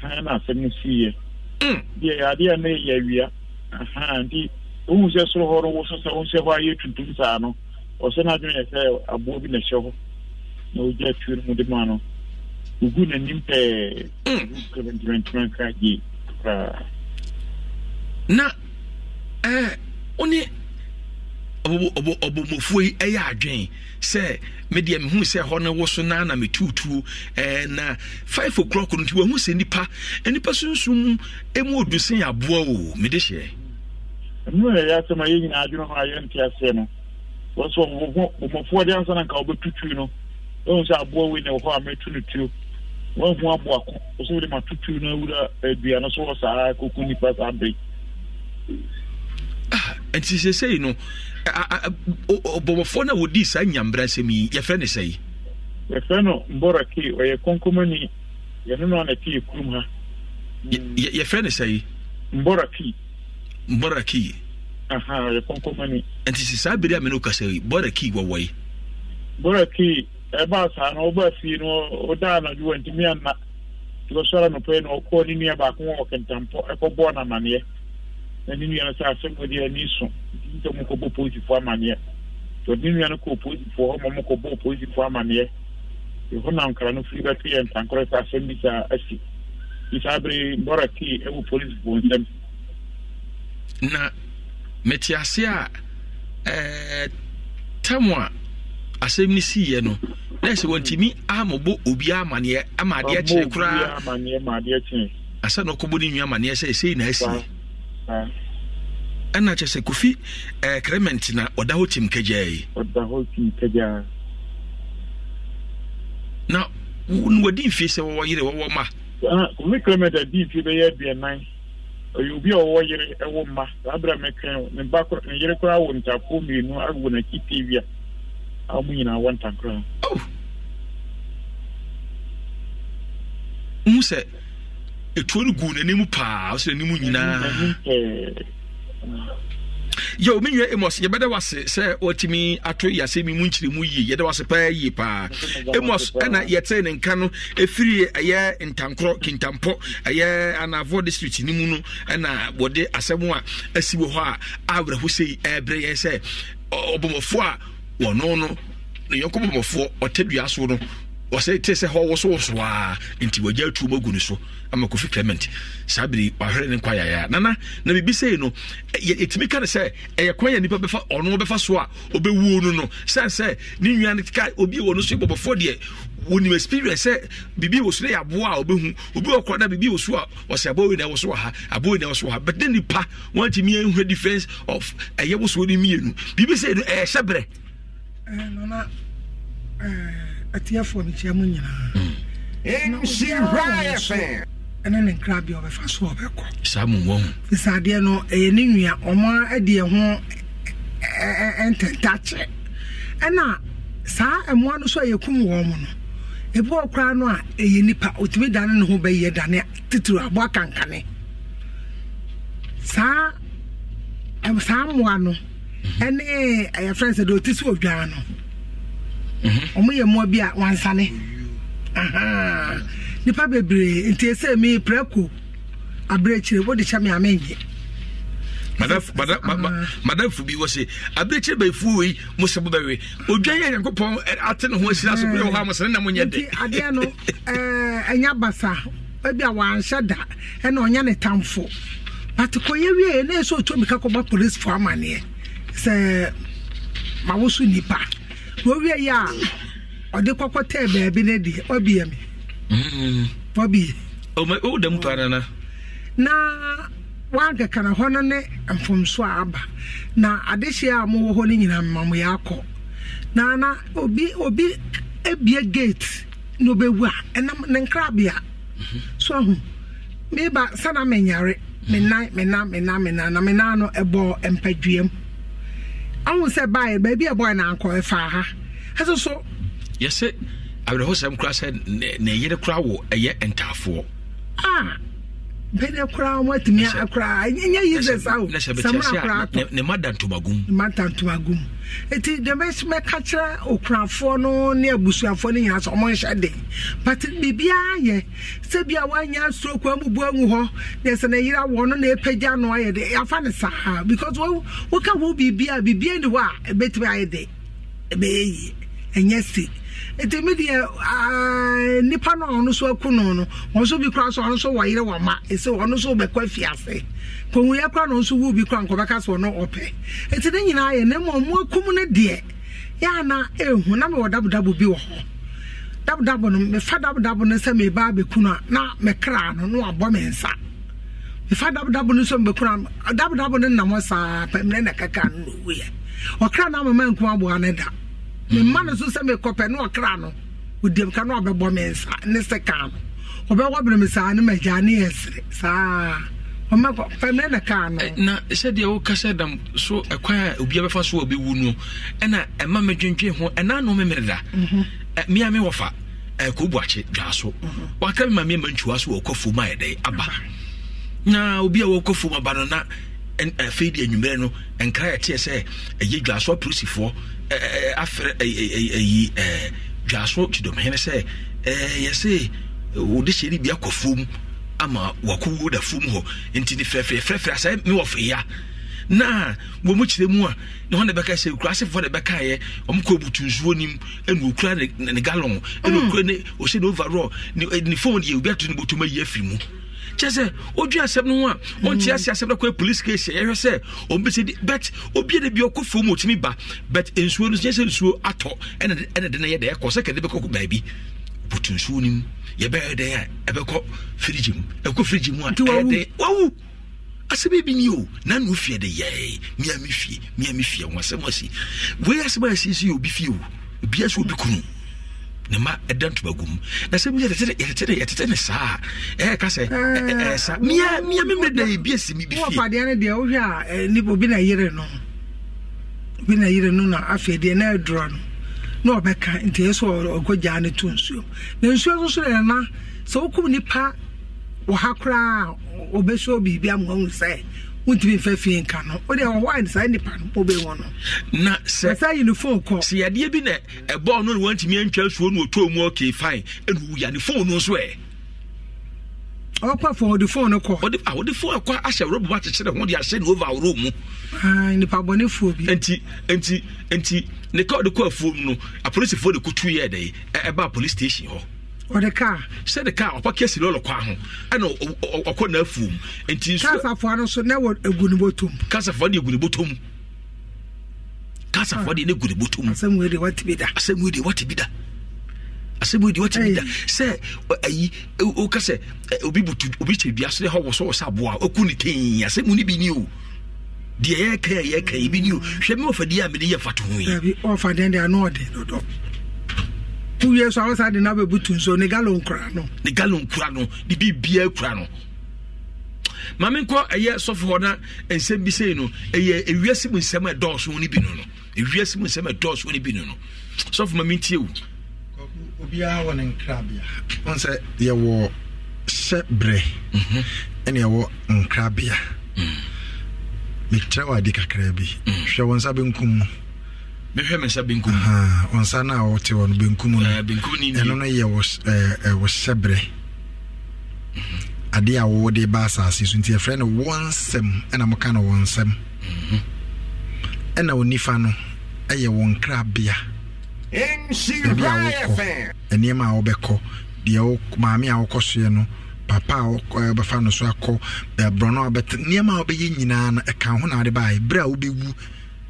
na asɛm no siiɛ Mm. deɛ adeɛ ne yɛ awia nti wohu sɛ soro hɔ no wo so sɛ hɔ a na tuntum saa no ɔsɛ no adwene yɛ sɛ bi na ɛhyɛ eh, hɔ na wogya tuo no mu de ma no wogu n'anim gye koraa na ɛɛ wone ɔbɔmmɔfoɔ yi ɛyɛ adwen sɛ medeɛ mehu sɛ hɔ no wo so naa na metuutuo eh, na 5 o'clock no nti wahu sɛ nipa nipa sunsum mu ɔdu sen aboa o mede hyɛ ɛno na ɛyɛ asɛm a yɛ nyinaa adwene ho a yɛnte aseɛ no wɔ sɛ ɔmmɔfoɔ de ansa na nka wobɛtutui no ɛhu sɛ aboa wei na wɔ hɔ a mɛtu no tuo wahu aboako wɔ sɛ wode matutui no awura adua no so wɔ saa kɔku nipa saa bɛi Ah, nti sɛsɛi no ɔbɔbɔfoɔ no a wɔdii saa nyambra nsɛm yi yɛfrɛ no sɛi yɛfrɛ no mbɔrake ɔyɛ kɔnkɔmani yɛno no ana pii kurom ha yɛfrɛ no sɛi mbɔraki mbɔraki ɔyɛ kɔnkɔmani nti sɛ saa bere a mene wokasa yi bɔraki wɔwɔe bɔraki ɛbaa saa no wɔbaa fie no ɔdaa anadwo wantumi anna nti wɔsɔre anɔpɛ yi no ɔkɔɔ ne nua baako wɔ kentampɔ ɛkɔbɔɔ no amaneɛ n'ani nua sɛ asɛm ani so sɛ mokɔbɔ polisifoɔ amanneɛ wɔde nua no kɔɔ polisifoɔ ma mokɔbɔɔ polisifoɔ amanneɛ ɛhɔ na no firi bɛto yɛ ntankorɔ sɛ asɛm bi saa asi nti saa bere mbɔra polisi ɛwɔ polisifoɔ nsɛm na mete ase a tam a asɛm no siiɛ no na ɛsɛ wɔntumi amɔbɔ obi ama adeɛ koraa asɛ na ne amanneɛ sɛ na asie ɛna kyɛ sɛ kofi eh, na ɔda hɔ tim kagyae ɔda na wadi mfie sɛ wɔwɔ yere wɔwɔ ma kofi ah, krement adi mfie bɛyɛ aduanan ɔyɛ obi a yere ɛwɔ ma saa berɛ mɛkrɛn ne ba ne yere koraa wɔ ntafoɔ mmienu awɔ n'akyi tv a nyinaa wɔ ɛtuo no guu n'anim paa ɔsɛ n'anim nyinaa yɛ omi nua amos yɛbɛda wase sɛ watumi ato yase mi mu nkyiri mu yie yɛda wase paa yie paa amos ɛna yɛte ne nka e e e no efiri ɛyɛ ntankorɔ kintampɔ ɛyɛ anavɔ district ne mu no ɛna wɔde asɛm a asi wɔ hɔ a awerɛho sei ɛɛbrɛ yɛ sɛ ɔbɔmɔfoɔ a wɔno no ne yɔnko bɔmɔfoɔ ɔtɛ dua so no wɔsɛ te sɛ hɔ wosowoso a nti wɔgya atu mu agu no so ama kofi clement saa bere wahwere ne nkwa yaya nana na biribi sei no ɛtumi e, e, ka no sɛ ɛyɛ kwan yɛ nnipa bɛfa ɔno bɛfa so a ɔbɛwuo no no sɛn sɛ ne nwua no ka obi wɔ no so bɔbɔfoɔ deɛ wɔnim experience sɛ biribi wɔ so no yɛ aboa a wɔbɛhu obi wɔ kora na biribi wɔ so a ɔsɛ aboa wei na ɛwɔ so wɔ ha aboa wei na ɛwɔ so wɔ ha bɛtɛ nipa wɔntumi ahwɛ defence of ɛyɛ wosoɔ no mmienu biribi sei no ɛyɛ hyɛ berɛ eh, nana eh, atiafoɔ no kyia mu nyinaa mm. ɛne ne nkra bia ɔbɛfa so ɔbɛkɔ saa mowɔ ho fisa no ɛyɛ ne nwua ɔma adeɛ ho ntɛntakyɛ ɛna saa mmoa no so a yɛkum wɔ mu no ebi wɔ koraa no a ɛyɛ nipa otumi dane ne ho bɛyɛ dane titiri aboa kankane saa saa mmoa no mhm. ɛne ɛyɛ fɛn sɛ deɛ ɔte si odwaa no ɔmo mm-hmm. yɛ mmoa bi a wansane nipa bebree nti ese mi preko abirekyire wodi kyɛ mi ame nye. madamfo bi wɔ se abirekyire bɛfuo wei mo sɛ bobɛwe odwan yɛ nyankopɔn ate ne ho asira so woyɛ wɔ ha mosɛ ne na monyɛ de adeɛ no ɛnya basa ebi a wanhyɛ da ɛna ɔnyɛ ne tamfo but kɔyɛ wie na ɛsɛ ɔtɔ mika kɔba policefoɔ amaneɛ sɛ mawo so nipa wɔwie yɛ a ɔde kɔkɔ tɛɛ baabi no deɛ ɔbea me ɔbea woda mu paa nana na wankekana hɔ no ne mfomso a aba na adehyeɛ a mowɔ hɔ no nyina mmamoyɛ akɔ na na obi obi ebie gate na obewu a ɛnam ne nkrabea mhm. so ahu meba sana menyare menam mena mena mena na mena no ɛbɔ mpadua mu ɔhun sɛ baa baabi a bɔɔ na akɔ ɛfa ha ɛso so. yɛsɛ I kora sɛ crowd yere kora wɔ ɛyɛ ntaafoɔ. Ah. bɛdɛ koraa mo atumi akoraa ɛnyɛ useless awo samuna koraa tɔ ne ma da ntomagum ne ma da ntomagum eti dɛmɛ mɛka kyerɛ okurafoɔ no ne abusuafoɔ no nyinaa sɛ ɔmo nhyɛ de pati biribiara yɛ sɛbi a wanya stroke amubu aŋu hɔ ne sɛ ne yera wɔn no na epagya no ayɛ de yafa ne saa because wo woka wo biribiara biribiara ni hɔ a ebetumi ayɛ de ebɛyɛ yie ɛnyɛ si. nti mi deɛ nipa naa ɔno so aku no no wɔn nso bi kora so ɔno so wɔyere wɔn ma esi ɔno so bɛkɔ afi ase kɔnwu yɛ kora na nso wu bi kora nkɔbɛka so ɔno ɔpɛ nti ne nyinaa yɛ ne mu ɔmo akum ne deɛ yaana ehu na mi wɔ dabodabo bi wɔ hɔ dabodabo no mefa dabodabo no sɛ meba abɛku no a na mekra no na mɛ me nsa mefa dabodabo no nso mbɛku no dabodabo no nam saa pɛmɛ na kaka no na owu yɛ ɔkra na ama mɛ nkuma aboa ne da. mema no so sɛ mekɔpɛ ne ɔkra no odiam ka na ɔbɛbɔ me nsa ne se ka no ɔbɛwɔ bene me saa ne magya ne yɛ sere saa no eh, na sɛdeɛ wokasɛ dam so ɛkwan a obia bɛfa so ɔbɛwu no ɛna ɛma medwendwen ho ɛna no memere da mea mhm. eh, me wɔfa eh, kobuakye dwaa so mhm. waka me ma meɛma ntua so wɔkɔfo mu ayɛ dɛ aba na obi a wɔkɔfo fom aba no na Eh, afei de anwummerɛ no nkra yɛteɛ sɛ ɛyɛ dwasoɔ polisifoɔ eh, eh, afrɛ ɛyi dwasoɔ kyidɔmhene sɛ yɛse wode hyɛ no bi akɔ fuom ama wakowo da fuom hɔ nti ne frɛfrɛ frɛfrɛ asɛ me wɔfe na wɔn mu kyerɛ mu a na wɔn na bɛka sɛ okura asefoɔ na bɛka yɛ wɔn kɔ butu nsuo nim ɛna okura ne galɔn ɛna mm. okura ne ɔhyɛ ne overall ne ne phone yɛ obi ato ne bɔtɔm ayi afiri mu kyɛ sɛ ɔdwe asɛm no ho a ɔnte ase asɛm no kɔ police case yɛhwɛ sɛ ɔmbɛsɛ di but obia da bi ɔkɔ fam ɔtumi ba but nsuo no kyɛ sɛ nsuo atɔ ɛna de no yɛ dɛ ɛkɔ sɛ kɛde bɛkɔ baabi butu nsuo no mu yɛbɛyɛ dɛ a ɛbɛkɔ firigye mu ɛkɔ firigye mu a ɛyɛ dɛ wawu asɛm bi ni o na nu fie de yɛɛ mia mi fie mia fie wɔn asɛm asi wei asɛm a yɛsiesie obi fie o obi asɛ obi kunu ne ma ɛda ntoma gu mu na sɛ yɛtete ne saa ɛɛka sɛ ɛɛsa mia mia memmerɛ da yɛbi asi me bi fiewapadeɛ no deɛ wohwɛ a nipa obi na yere no obi na yere no na afei deɛ na ɛdorɔ no na ɔbɛka nti ɛyɛ sɛ ɔkɔgyaa no to nsuo na nsuo so so deɛ na sɛ wokum nipa wɔ ha koraa a ɔbɛsuo biribi ama ɔhu sɛ wontumi mfa fie nka no wode ɔwɔe saa nnipa no wobɛi wɔ no na sɛ saa uniform kɔ sɛ yɛdeɛ bi na ɛbɔɔ no ne wantumi antwa suo ne ɔtɔɔ mu okay fine ɛne woya ne fone no nso ɛ ɔkɔ fɔ ɔde fone no kɔ ɔde ɔde fone kɔ ahyɛ rɔba ba kyekyere ho de ahyɛ ne over aworo mu nipa bɔne fuo bi nti nti nti ne ka ɔde kɔ afuo mu no apolisifoɔ de kutu yɛ dɛ ɛba police station hɔ ɔde kaa sɛ de kaa ɔpake si lɔlɔ kwa ho ɛna ɔkɔ na afuom nti kasafoɔ no so na wɔ egu ne bɔtɔm kasafoɔ de egu ne bɔtɔm kasafoɔ de ne egu ne bɔtɔm asɛm wo de wate bi da asɛm wo de wate bi da asɛm wo de wate bi da sɛ ayi oka sɛ obi butu obi kyɛ dua so hɔ wɔsɔ wɔsɔ aboa oku ne tee asɛm wo ne bi ni o deɛ yɛka yɛka ebi ni o hwɛ mi wɔfɛ deɛ a mi de yɛ fa to ho yi ɔfa de ano ɔde dodo two years awo saa de n'abɛbutu nso ne galon kura no. ne galon kura no ne bi bia kura no maame nkɔ ɛyɛ sɔfo hɔ na nsɛm bi sei no ɛyɛ ewiase mu nsɛm ɛdɔɔso ne bi no no ewiase mu nsɛm ɛdɔɔso ne bi no no sɔfo maame ntie o. obiara wɔ ne nkrabea. wọn sɛ yɛwɔ hyɛ brɛ mhm. ɛna yɛwɔ nkrabea. Mhm. mekyerɛ wɔ ade kakra bi mhm. hwɛ wɔn nsa benkum mu. Mm mehwɛ me nsa benkum ɔnsa no a wɔte wɔ no benkum no ɛno no yɛ wo hyɛberɛ adeɛ a wɔwɔde ba asase so nti ɛfrɛ no wɔ nsɛm ɛna moka no wɔ nsɛm mhm. ɛna onifa no ɛyɛ wɔ nkrabea baabi a wokɔ nneɛma a wobɛkɔ deɛ maame a wokɔ soɛ no papa a wobɛfa no so akɔ borɔno a wobɛte nneɛma a wobɛyɛ nyinaa no ɛka ho na wode baɛ berɛ a wobɛwu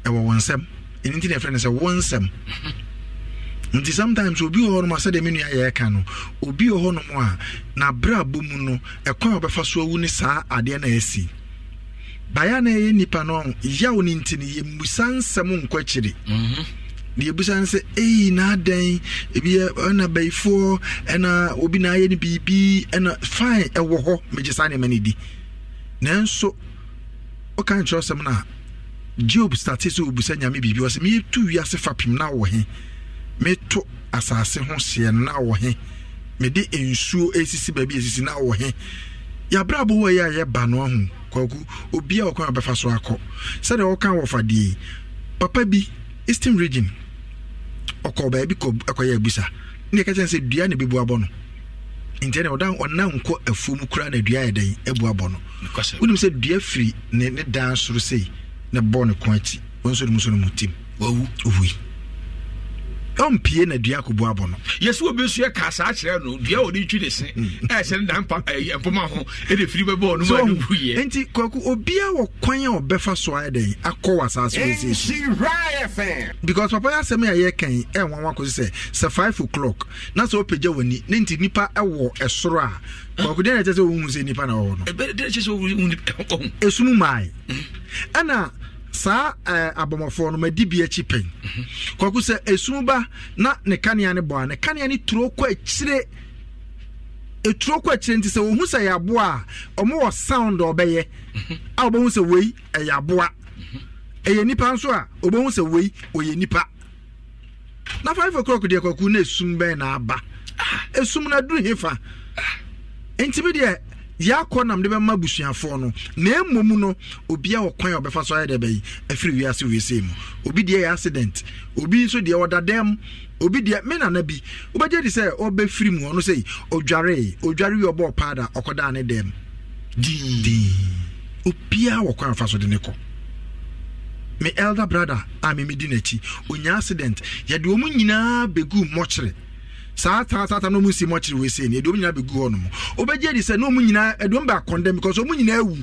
ɛwɔ wɔ nsɛm ɛno nti na yɛfrɛ no sɛ wo nsɛm nti sometimes obi wɔ hɔnom a sɛdeɛ menu nua yɛreka no obi wɔ hɔnom a n'abrabɔ mu no ɛkwan a wɔbɛfa so awu ne saa adeɛ na ɛsi baya na ɛyɛ nipa no yaw ne nti no yɛmmusa nsɛm nkɔ akyiri mhm. na yɛbusa no sɛ ei naadan ebi ɛna bayifoɔ ɛna obi na ayɛ no biribi ɛna fine ɛwɔ hɔ megye saa nneɛma no di nanso ɔka nkyerɛ sɛm na job state sɛ ɔbusa nyame biribi ɔ sɛ metu wiase fapem na wɔ he meto asase ho hyeɛ no na wɔ he mede nsuo ɛsisi baabi ɛsisi na wɔ he yɛabrɛ bo wɔ yɛ a yɛba no ahu kwaku obia wɔkwan bɛfa so akɔ sɛdeɛ wɔka wɔfa papa bi eastern region ɔkɔ baabi kɔyɛ abusa ne yɛka kyɛn sɛ dua ne bɛbu abɔ no nti ne ɔdan ɔnam nkɔ afuo mu koraa na dua yɛ dɛn abu abɔ no wonim sɛ dua firi ne ne dan soro sei ne bɔ ne kɔn akyi wɔn nso ne mu nso ne mu tim wawu ohui ɔmpie na dua akɔbu abɔ no yɛsɛ wɔbɛsua ka saa kyerɛ no dua wɔde twi de se hmm. ɛsɛ no dampoma ho ɛde firi bɛbɔɔ no ma nwuyɛ enti kwaku obiaa wɔ kwan a ɔbɛfa so ayɛ dɛn akɔ wɔ asase wɔsɛsi because papa yɛ asɛm a yɛkan ɛnwa wa kɔsi sɛ sɛ 5 o'clock na sɛ wopagya w'ani ne nti nnipa ɛwɔ ɛsoro a kwaku deɛ na ɛkyɛ sɛ wɔhu saa eh, abɔmɔfoɔ no madi bi akyi pɛn kɔko sɛ esum ba na ne kanea no bɔ a ne kanea no turo kɔ akyire ɛturo kɔ akyire nti sɛ wɔhu sɛ ɛyɛ aboa a ɔmowɔ sound ɔbɛyɛ a wobɛhu sɛ wei ɛyɛ ɛyɛ nipa nso a wobɛhu sɛ wei ɔyɛ nipa na five o'clock deɛ kɔko na esum bɛn na aba esum na aduru hefa ntibi deɛ yɛakɔ nam de bɛma abusuafoɔ no na mmom no obia wɔ kwan a ɔbɛfa so ayɛ dɛ bɛyi afiri wiase wiesei mu obi deɛ yɛ accident obi nso deɛ ɔda dɛm obi deɛ me nana bi wobɛgye de sɛ firi mu ɔno sɛi odwaree odware wi ɔbɔɔ paada ɔkɔdaa ne dɛm dindin obiaa wɔ kwan a ɔfa so de ne kɔ me elder brother a memedi n'akyi ɔnya accident yɛde ɔ mu nyinaa bɛgu mmɔkyere saa taataata no mu si mɔkyere wɔ ese ni ɛdeɛ ɔmu nyinaa bɛ gu hɔ nom ɔbɛgye di sɛ na ɔmu nyinaa ɛdeɛ bɛ akɔndɛm because ɔmu nyinaa awu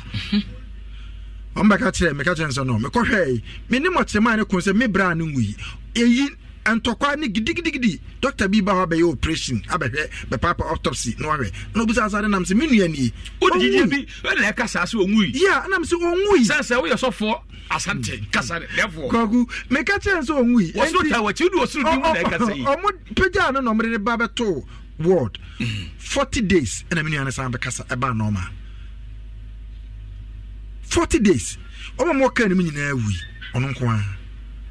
ɔmu bɛka kyerɛ mɛka kyerɛ nsɛm no mɛkɔhwɛ yi mɛ ne mɔkyerɛmaa ne kun sɛ me bra ne ngu yi eyi ntɔkwa ne gidigidigidi dɔkta bi ba hɔ abɛyɛ operation abɛhwɛ bɛpaapa autopsy na wahwɛ na obisa sasa de nam sɛ me nua nie wogyegye bi wɛna ɛka saa sɛ ɔwui yɛ nam sɛ ɔwui sɛ sɛ woyɛ sɔfoɔ asante kasa de lɛfoɔ kɔku meka kyerɛ sɛ ɔwui wɔsoro ta wɔkyi wode wɔsoro di mu na ɛka sɛ yi ɔmo pagya no na ɔmde de ba bɛtoo ward forty days ɛna me nua no san bɛkasa ɛbaa e nɔɔma 40 days ɔma ma ɔka ne mu nyinaa wui ɔno nko ara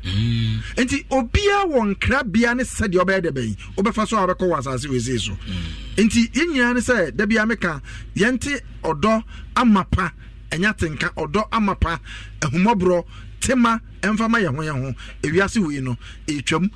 Mm. nti obia wɔ nkrabea ne sɛdeɛ ɔbɛyɛ dɛ bɛyi wobɛfa so a wobɛkɔ wɔ asase wesee so mm. nti yɛn nyinaa ne sɛ da bia meka yɛnte ɔdɔ ama pa ɛnya tenka ɔdɔ ama pa ahumɔborɔ tema ɛmfama yɛn ho yɛn ho ewiase wei no ɛtwam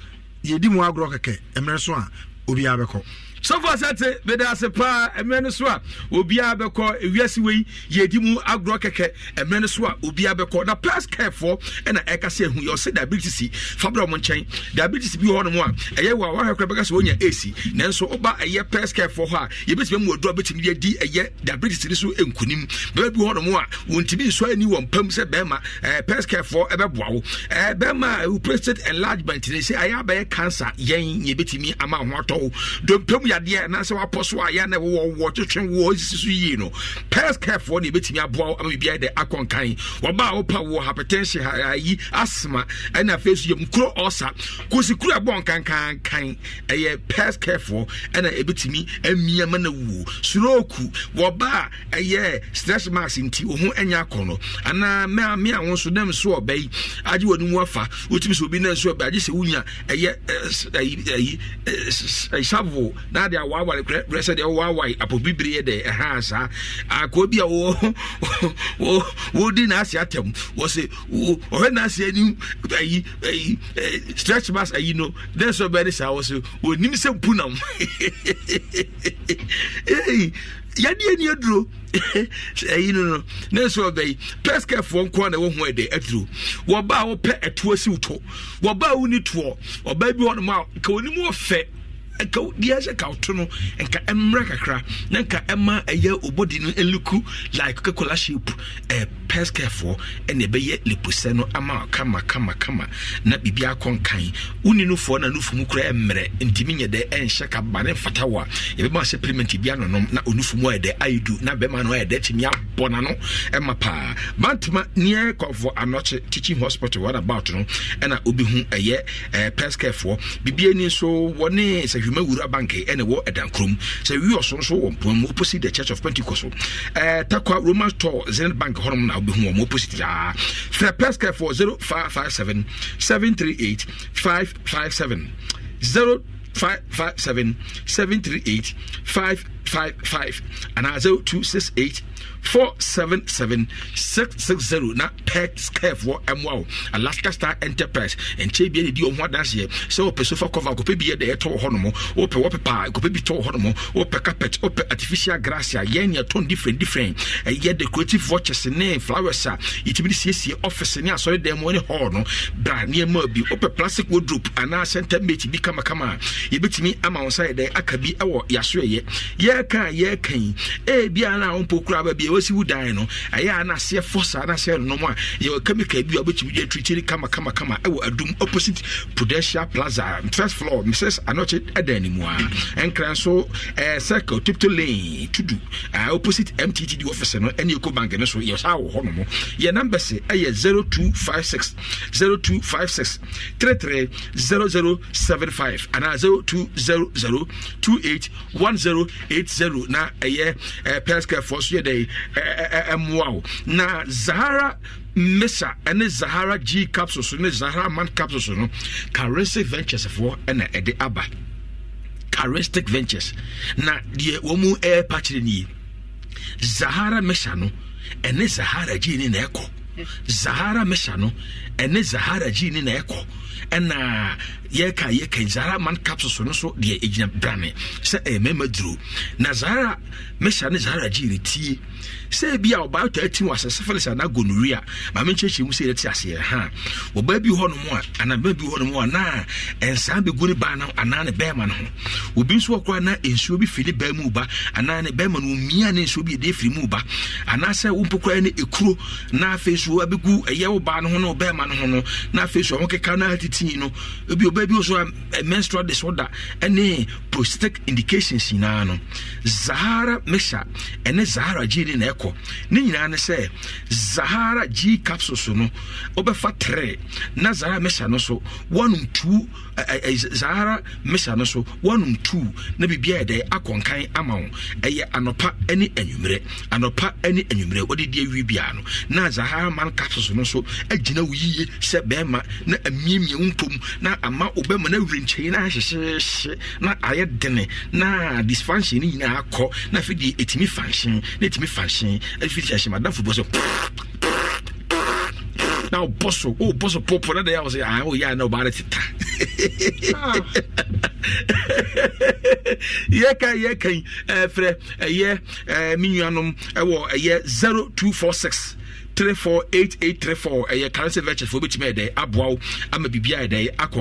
yɛdi mu agorɔ kɛkɛ mmerɛ so a obiara bɛkɔ sɔfo asɛte meda ase paa mmerɛ no so a obiara bɛkɔ ewiase wei yɛdi mu agorɔ kɛkɛ mmerɛ no so a obiara bɛkɔ na plas carefoɔ ɛna ɛka sɛ ɛhu yɛɔsɛ diabetes fabra ɔmo nkyɛn diabetes bi wɔ hɔ nom a ɛyɛ wɔ a wahwɛ kora bɛka sɛ wɔnya ac nanso woba ɛyɛ plas carefoɔ hɔ a yɛbɛtumi amu aduro bɛtumi de adi ɛyɛ diabetes no so nkunim bɛma bi wɔ hɔ nom a wɔntumi nsɔ ani wɔn pam sɛ bɛrima ɛɛ plas carefoɔ ɛbɛboa wo ɛɛ bɛrima ɛwɔ prostate enlargement ne sɛ ɛyɛ abɛyɛ cancer yɛn yɛbɛtumi ama ho atɔ wo dompem wobi adeɛ anaasɛ wapɔ so a yɛa na ɛwowɔ wɔ twetwe wɔ sisi so yie no pers carefoɔ ne ɛbɛtumi aboa wo ama biribiaa de akɔnkan wɔba a wopa wɔ hypertension ayi asma ɛna afei so yɛm kuro ɔsa kosikuro ɛbɔ nkankankan ɛyɛ pers carefoɔ ɛna ɛbɛtumi amia ma no wuo soroku wɔba a ɛyɛ stress max nti wo ho ɛnyɛ akɔ no anaa me a me a wo nso nam so ɔbɛ yi agye w'ani mu afa wotumi sɛ obi nam so ɔbɛ agye sɛ wonya ɛyɛ ayi ayi sabo na de awaaware sɛ deɛ wowaaware apo bibire de ɛha saa akɔ bi a wodi naase atɛm wɔ sɛ ɔhwɛ naase anim ayi ayi stretch bas ayi no dɛn sɛ ɔbɛde saa wɔ sɛ wɔnim sɛ mpu nam yadeɛ ni aduro ɛyi no no ne nso ɔbɛ yi pɛskɛfoɔ nko a na ɛwɔ ho ɛdɛ aduro wɔba a wɔpɛ ɛtoɔ si wotɔ wɔba a woni toɔ ɔbaa bi hɔ nom a ka onim wɔfɛ ɛka deɛ ɛhyɛ ka ɔto no nka ɛmmerɛ kakra na nka ɛma ɛyɛ obodi no ɛluku like coca-cola shape ɛɛ pɛskɛfoɔ ɛna ɛbɛyɛ leposɛ no ama kama kama kama na biribi akɔ nkan wuni nufoɔ na nufu mu kura ɛmmerɛ ntumi nyɛ dɛ ɛnhyɛ ka ba ne mfata wɔ a yɛbɛma ahyɛ piriment bi anonom na onufu mu ayɛ dɛ ayidu na bɛma no ayɛ dɛ tumi abɔ n'ano ɛma paa bantama neɛ kɔfoɔ anɔkye teaching hospital wɔn about no ɛna obi ho ɛyɛ ɛɛ pɛskɛfoɔ biribi ani nso wɔne sɛhwɛ adwumawura bank ɛne wɔ ɛdankurom sɛ wiɔso nso wɔ mpoma mu opposite the church of pentecost Uh, ɛɛ takwa roman store zenith bank hɔnom na wobɛhu wɔn opposite daa fɛ pɛskɛ for zero five five seven seven three eight five five seven zero five five seven seven three eight five. Five anaa 0268 zero two six eight four seven seven six six zero 660 na pet scarfwɔ ɛmoa wo alaska star enterprise nkyɛ bia ne di ɔho adanseɛ sɛ wɔpɛ sofa cover kɔpɛ bi yɛ dɛ ɛtɔ wɔ hɔnom wopɛ wɔpepa kɔpɛ bi tɔ wɔ hɔnom wopɛ carpet wopɛ artificial grass a yɛn nea tɔn different different ɛyɛ decorative watches ne flowers a yɛtumi de siesie office ne asɔre dan mu ne hall no bra nneɛma bi wopɛ plastic wardrobe anaa center mate bi kamakama a yɛbɛtumi ama wo nsa yɛ dɛn aka bi ɛwɔ yɛasoɛyɛ yɛ yɛka yɛka yi ebia na ba bi wu dan no ɛyɛ a yɛwɔ bi a ɛwɔ adum opposite prudential plaza first floor mrs anɔkye ɛdan ne mu a so ɛɛ circle tipto lane tudu ɛɛ opposite mttd office no ɛne eko bank no so yɛ saa wɔ hɔ nom yɛ namba ɛyɛ zero two five six zero two five six three three zero zero seven five anaa zero two zero zero two eight one zero eight. eight zero na ɛyɛ ɛɛ eh, pɛskɛfoɔ so yɛ dɛ ɛmoa eh, eh, o na zahara mesa ɛne zahara g capsule so ne zahara man capsule so no caresse ventures foɔ ɛna ɛde aba carestic ventures na deɛ wɔn mu ɛɛpa kyerɛ nie zahara mesa no ɛne zahara g ne na ɛkɔ zahara mesa no ɛne zahara g ne na ɛkɔ ɛna yɛka yɛka zara man capsules no so deɛ ɛgyina brane sɛ ɛyɛ mɛma duro na zara mɛhyɛ ne zara gye retie sɛ bi a ɔbaa tɔ ati wɔ asɛ syphilis anaa gonorrhea maame nkyerɛkyerɛ mu sɛ yɛte aseɛ ha ɔbaa bi hɔ nom a anabɛn bi hɔ nom a na nsaa bɛgu ne baa no anaa ne bɛrima no ho obi nso wɔ koraa na nsuo bi firi ne baa mu ba anaa ne bɛrima no omia ne nsuo bi yɛde firi mu ba anaasɛ wo mpo koraa ne ekuro na a so abɛgu ɛyɛ wo baa no ho ne wo bɛrima no ho no na afei so ɔho keka na atiti no ebi ɔbaa bi wɔ so a menstrual disorder ɛne prostate indications nyinaa no zahara mesha ɛne zahara gye na ɛkɔ ɛkɔ ne nyinaa ne sɛ zahara g capsules no wobɛfa tre na zahara mɛsa no so woanom two Zahara, ara mesa no so woanom tu na biribia yɛdɛ akɔnkan ama wo ɛyɛ anɔpa ne anwummerɛ anɔpa ne anwummerɛ wode deɛ wi biara no na Zahara man capsules no so agyina wo yie sɛ bɛrima na amiamia wo mpom na ama wo bɛma no awurenkyɛi no ahyehyehye na ayɛ dene na dysfunction no nyinaa akɔ na afei deɛ ɛtumi fanhyen na ɛtumi fanhyen afiri hyɛhye madamfo bɔ sɛ na wobɔ so wobɔ so popo na deɛ wo sɛ a woyɛ a na wobaare teta ah. yɛka yɛka frɛ ɛyɛ me nuanom ɛwɔ ɛyɛ 0246 ɛyɛ currency vouchers fo bɛtumi ɛdɛ aboa wo ama biribi a ɛdɛ akɔ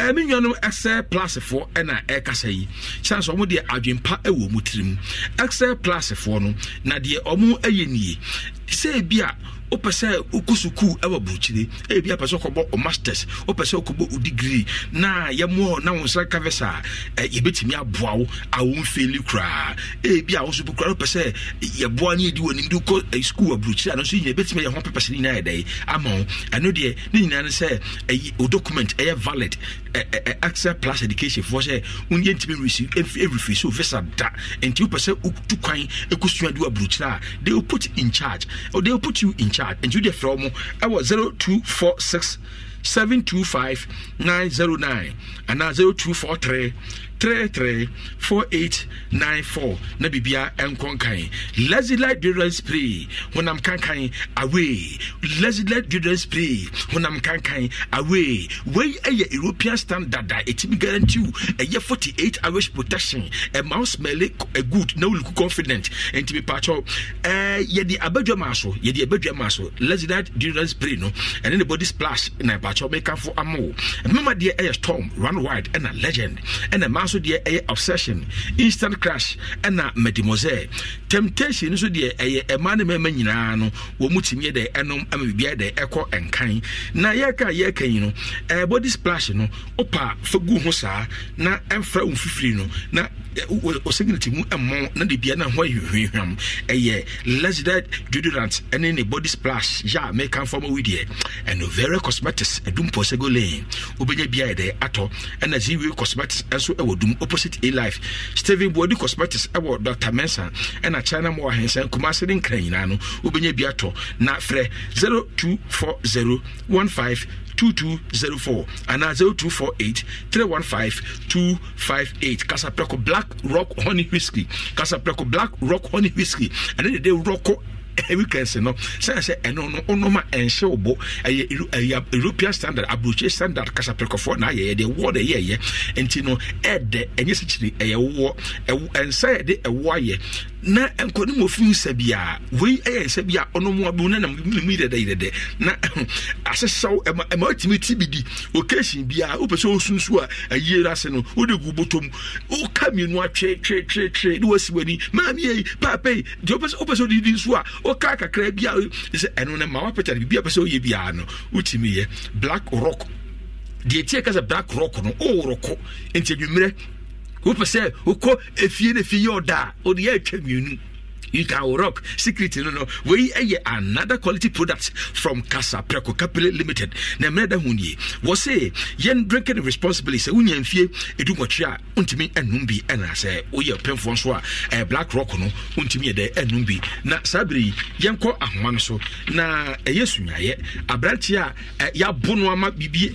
ɛmi nyɔnum excel plus foɔ ɛna ɛkasa yi kyɛnse ɔmo deɛ adwempa ɛwɔ ɔmo tirim excel plus foɔ no na deɛ ɔmo ɛyɛ nie sɛ ebi a wopɛ sɛ wokɔ sukuu ɛwɔ burukyire ebi apɛ sɛ wokɔbɔ o masters wopɛ sɛ wokɔbɔ o degree na yɛmoɔ na wo nsa covers a yɛbɛtumi aboa wo a wo mfeeli koraa ebi a wo so koraa wopɛ sɛ yɛboa ne yɛdi wɔ nim de wokɔ sukuu wɔ burukyire ano so nyina yɛbɛtumi yɛ ho pɛpɛsɛ ne nyinaa yɛ ama wo ɛno deɛ ne nyinaa ne sɛ ɛyi o document ɛyɛ valid ɛɛ access plus education foɔ sɛ wɔn yɛ ntumi so visa da nti wopɛ sɛ wotu kwan ekosua de wɔ burukyire a they will put in charge or they will put you in charge charge nti wode frɛ mu ɛwɔ 0246 725 909 anaa 0243 33 4894 na biribia ɛnkɔ nkan lezila deodorant spray honam kankan away lezila deodorant spray honam kankan away wei ɛyɛ european standard a ɛtumi guarantee ɛyɛ 48 hours protection A mouse smell a good now look confident ɛnti mepakyɛw ɛɛ eh, yɛde abadwa maa so yɛde abadwa maa so lezila deodorant spray no ɛne ne body splash na ɛpakyɛw mekafo ama wo mema deɛ ɛyɛ storm run wide legend nso deɛ ɛyɛ obsession instant crash ɛna medimose temptation nso deɛ ɛyɛ ɛma ne mɛma nyinaa no wɔn mu tumi dɛ ɛnom ama biribiara dɛ ɛkɔ nkan na yɛka yɛka yi no ɛɛ body splash no opa fa gu ho saa na ɛmfra wo fifiri no na ɔsɛgnati mu mmɔ na de bia na ho ayɛhwihwam ɛyɛ lesded deodorant ɛne ne body splash yɛ a meka mfa ma deɛ ɛno very cosmetics adum pɔ sɛ go lane wobɛnya biayɛ dɛ atɔ ɛna zewe cosmetics nso ɛwɔ dum opposite a life steven boadi cosmetics ɛwɔ dr menson ɛna china ma wahensan kumase ne nkra nyinaa no wobɛnya bi atɔ na frɛ 0240 15 2204 anaa 0248 315 258 kasaprɛko black rock honey whisky kasaprɛko black rock honey whisky ɛne dede rɔkɔ weekends no sɛ sɛ ɛno no wonom a ɛnhyɛ wo bo ɛyɛ eh, eh, european standard aburokye standard kasaprɛkɔfoɔ na ayɛyɛ deɛ wɔ de yɛyɛ nti no ɛdɛ ɛnyɛ eh, sikyiri ɛyɛ wowɔ ɛnsa yɛde ɛwɔ ayɛ na nkɔ ne mɔfi nsa bi a wei ɛyɛ nsa bi ɔno mu abu na nam mu yɛdɛdɛyɛdɛdɛ na asesaw ɛma ɛma ɔtumi ti bi di occasion bi a wopɛ osunsu a ayie ase no wode gu bɔtɔ mu woka mmienu atwe twe twe twe ne wasi w'ani maame yɛ yi paapa yi deɛ wopɛ sɛ wopɛ sɛ wode di nso a woka kakra bi a sɛ ɛno no ma wapɛtare biribi a pɛ sɛ woyɛ biara no wotumi yɛ black rock deɛ tie ka black rock no woworɔkɔ enti adwummerɛ wopɛ sɛ wokɔ efie no efie yɛ ɔda a ɔde yɛ atwa mmienu you can rock secret no no We ɛyɛ eh, another quality product from casa preco capile limited na mmerɛ da ho nie wɔ se yɛn drinking responsibly sɛ wonya mfie ɛdu nwɔtwe a wontumi ɛnom bi ɛna sɛ woyɛ pɛmfoɔ nso a eh, black rock no wontumi yɛ de ɛnom bi na sabri. bere yi ahoma no so na ɛyɛ eh, sunyaeɛ aberanteɛ a yɛabo ama bibi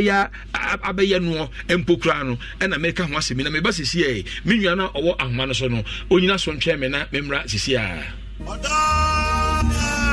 ya abɛyɛ noɔ mpo koraa no ɛna mereka ho asɛmi na meba sesi ɛ me nua no a ɔwɔ ahoma no so no ɔnyina so ntwɛn me na memmra sisi a. ọ̀dọ́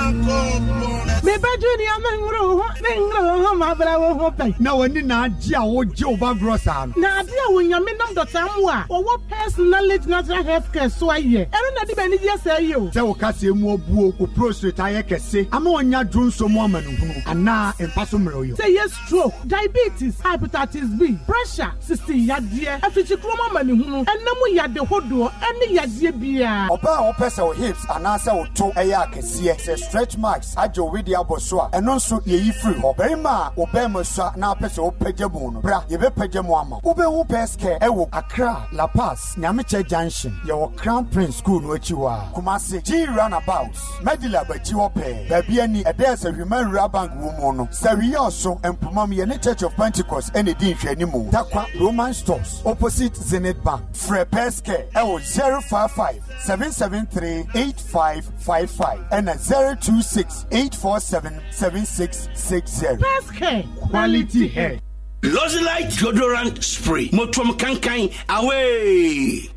akọ̀kọ̀ mebɛdu nea menwerɛ wo ho menwerɛ wo ho mabrɛ wo ho bɛn na w'ani na agye a wogye wo bagorɔ saa no na ade a wonyame nam dɔtam wo a wɔwɔ personalage natural health care so ayɛ ɛno na de bɛni gyeɛ sɛ yi o sɛ wo kaseɛ mu abuo wo prostrate ayɛ kɛse ama ɔnya dwo nso mu ama no hunu anaa mpa so mmerɛ yo sɛ yɛ stroke diabetes hepatitis b pressure sisi yadeɛ afikyikuroma ama ne hunu ɛnam yade hodoɔ ɛne yadeɛ biara ɔbaa a wɔpɛ o oh, hips anaasɛ wo to ɛyɛ akɛseɛ sɛ stretch marks agye wo de abɔ so a ɛno nso yɛyi firi hɔ barima a wɔbɛn mu sua na apɛ sɛ wopɛgya mu no bra yɛbɛpɛgya mu ama wobɛhu pɛskɛ ɛwɔ accra la paz nyamekyɛ junction yɛwɔ crown prince school no akyi hɔ a kumase g runabout medila bakyi hɔ pɛɛ baabi ani ɛdɛ sɛ hwima nwura bank wɔ mu no sɛ wiyɛ ɔso mpomam yɛne church of pentecost ɛne di nhwɛnimu takwa roman stores opposite zenit bank frɛ pɛskɛ ɛwɔ 055 773 8555 ɛna 026 84 seven seven six six zero. Best hair, quality hair. light deodorant spray. Motrom kankai away.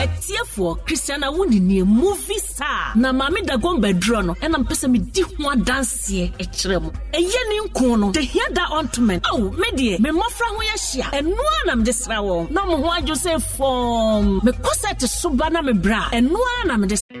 atiefoɔ christian awoninie movie star na maame dagon bɛdurɔ no ɛna mpɛ sɛ medi ho dance ɛkyerɛ mu ɛyɛ ne nko no the hair da ointment awo me deɛ me mmɔfra ho yɛ hyia ɛno a na mede sra wɔn na mo ho adwo sɛ fɔɔm mekɔ sɛ te so ba na mebrɛ a ɛno a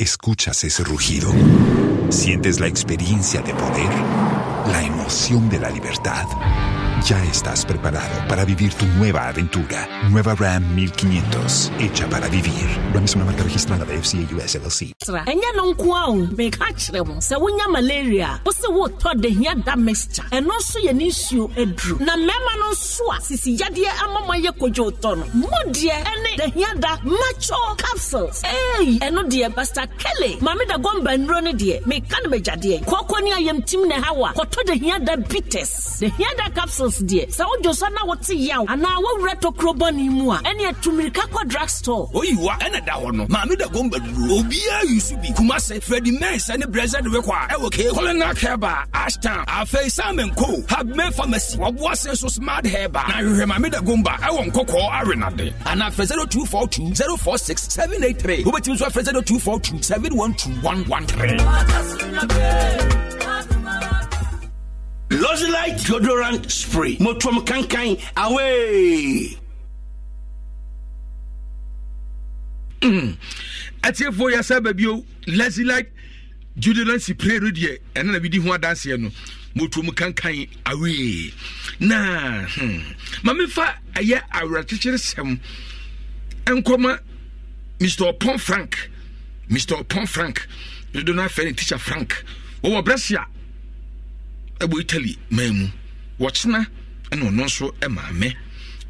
Escuchas ese rugido. Sientes la experiencia de poder, la emoción de la libertad. Ya estás preparado para vivir tu nueva aventura. Nueva Ram 1500, hecha para vivir. Ram es una marca registrada de FCA US LLC. Enya no nkwao, me ka kire Se wonya malaria, wo se wo to de hia da mixture. Eno so ye nisuo edru. Na mema no so a sisi yade amama ye kojo to no. Modie ene de hia da macho capsules. Ey, eno de basta Kelly. Mami da gomba nro ne de. Me ka ne me jade. Kokoni ayem tim ne hawa. Koto de hia da bites. De hia da capsules pills deɛ sɛ wodwo sɛ na wote yaw anaa wowura tokuro bɔne mu a ɛne ɛto kɔ drug store oyiwa ɛna da hɔ no maame da gomba duro obiaa yi so bi kuma se fredi mens ne brɛsɛ de wekɔ a ɛwɔ kee holena heba ashtown afei simon co habme pharmacy wɔboa se nso smart heba na hwehwɛ maame da gomba ɛwɔ nkɔkɔɔ arenade anaa frɛ 0242 046 783 wobɛtumi nso afrɛ 0242 712 113 lozilite deodorant spray mo tɔm kankan awee. atiefoɔ mm. yɛsɛ baabi o lozilite deodorant spray no deɛ ɛna na bi di ho adanseɛ no motom kankan awee na hmm. mamefa ɛyɛ teacher sɛm Enkoma, mr ɔpɔn frank mr ɔpɔn frank dodo no afɛ ne teacher frank wɔwɔ brɛsia ɛbɔ italy man mu wɔkyena ɛna ɔno nso maame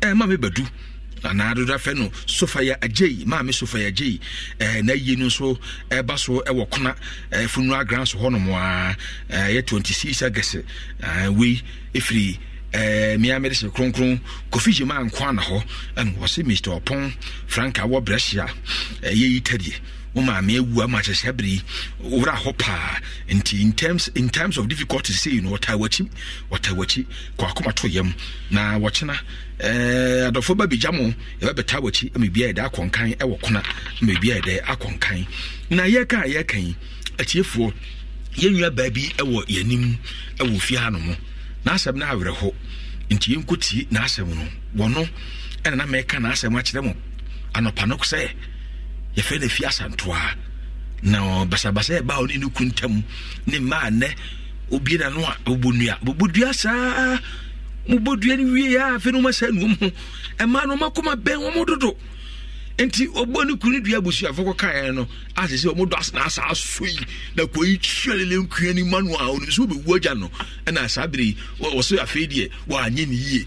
ɛma me badu anaa dodo afɛ no sofaya agyei maame sofaya agyei ɛɛ na yie no nso ɛba so ɛwɔ kona ɛɛ funeral grounds hɔnom a ɛyɛ twenty six august ɛɛ wei efiri ɛɛ mmea mɛde hyɛ kronkron kofi gyima nko ana hɔ ɛna wɔsi mr ɔpon frank awɔ brɛhyia ɛyɛ yi tɛdeɛ wo maame awu ama kyerɛkyerɛ bere yi hɔ paa nti in terms, in terms of difficulty say, you know, ɔtaa wakyi ɔtaa wakyi kɔ akoma to yam na wɔkyena eh, adɔfoɔ ba bigya mo yɛbɛbɛtaa wakyi ama bia yɛde akɔnkan ɛwɔ kona ama bia yɛde akɔnkan na yɛka a yɛka yi atiefoɔ yɛnnua baa bi ɛwɔ yɛnim ɛwɔ fie ha no ho n'asɛm no awerɛhɔ nti yɛnkɔtie n'asɛm no wɔno ɛna na mɛka n'asɛm akyerɛ mo anɔpa no sɛ yɛfrɛ no fie asantoa na basabasa ɛba ɔne ne ku ntam ne mmaa nnɛ obie na no a ɔbɔnua bɔbɔdua saa mobɔdua no wie a afei no masa nuom ho ɛmaa no ɔmakoma bɛn wɔm dodo nti ɔbɔ ne kuru no dua abusuafo kɔkaeɛ no asɛ sɛ ɔmodɔ asena asa aso yi na kɔyi kyerɛlele nkua no ma no a ɔnim sɛ wobɛwu agya no ɛna saa berɛ yi ɔsɛ afei deɛ wɔanyɛ ne yie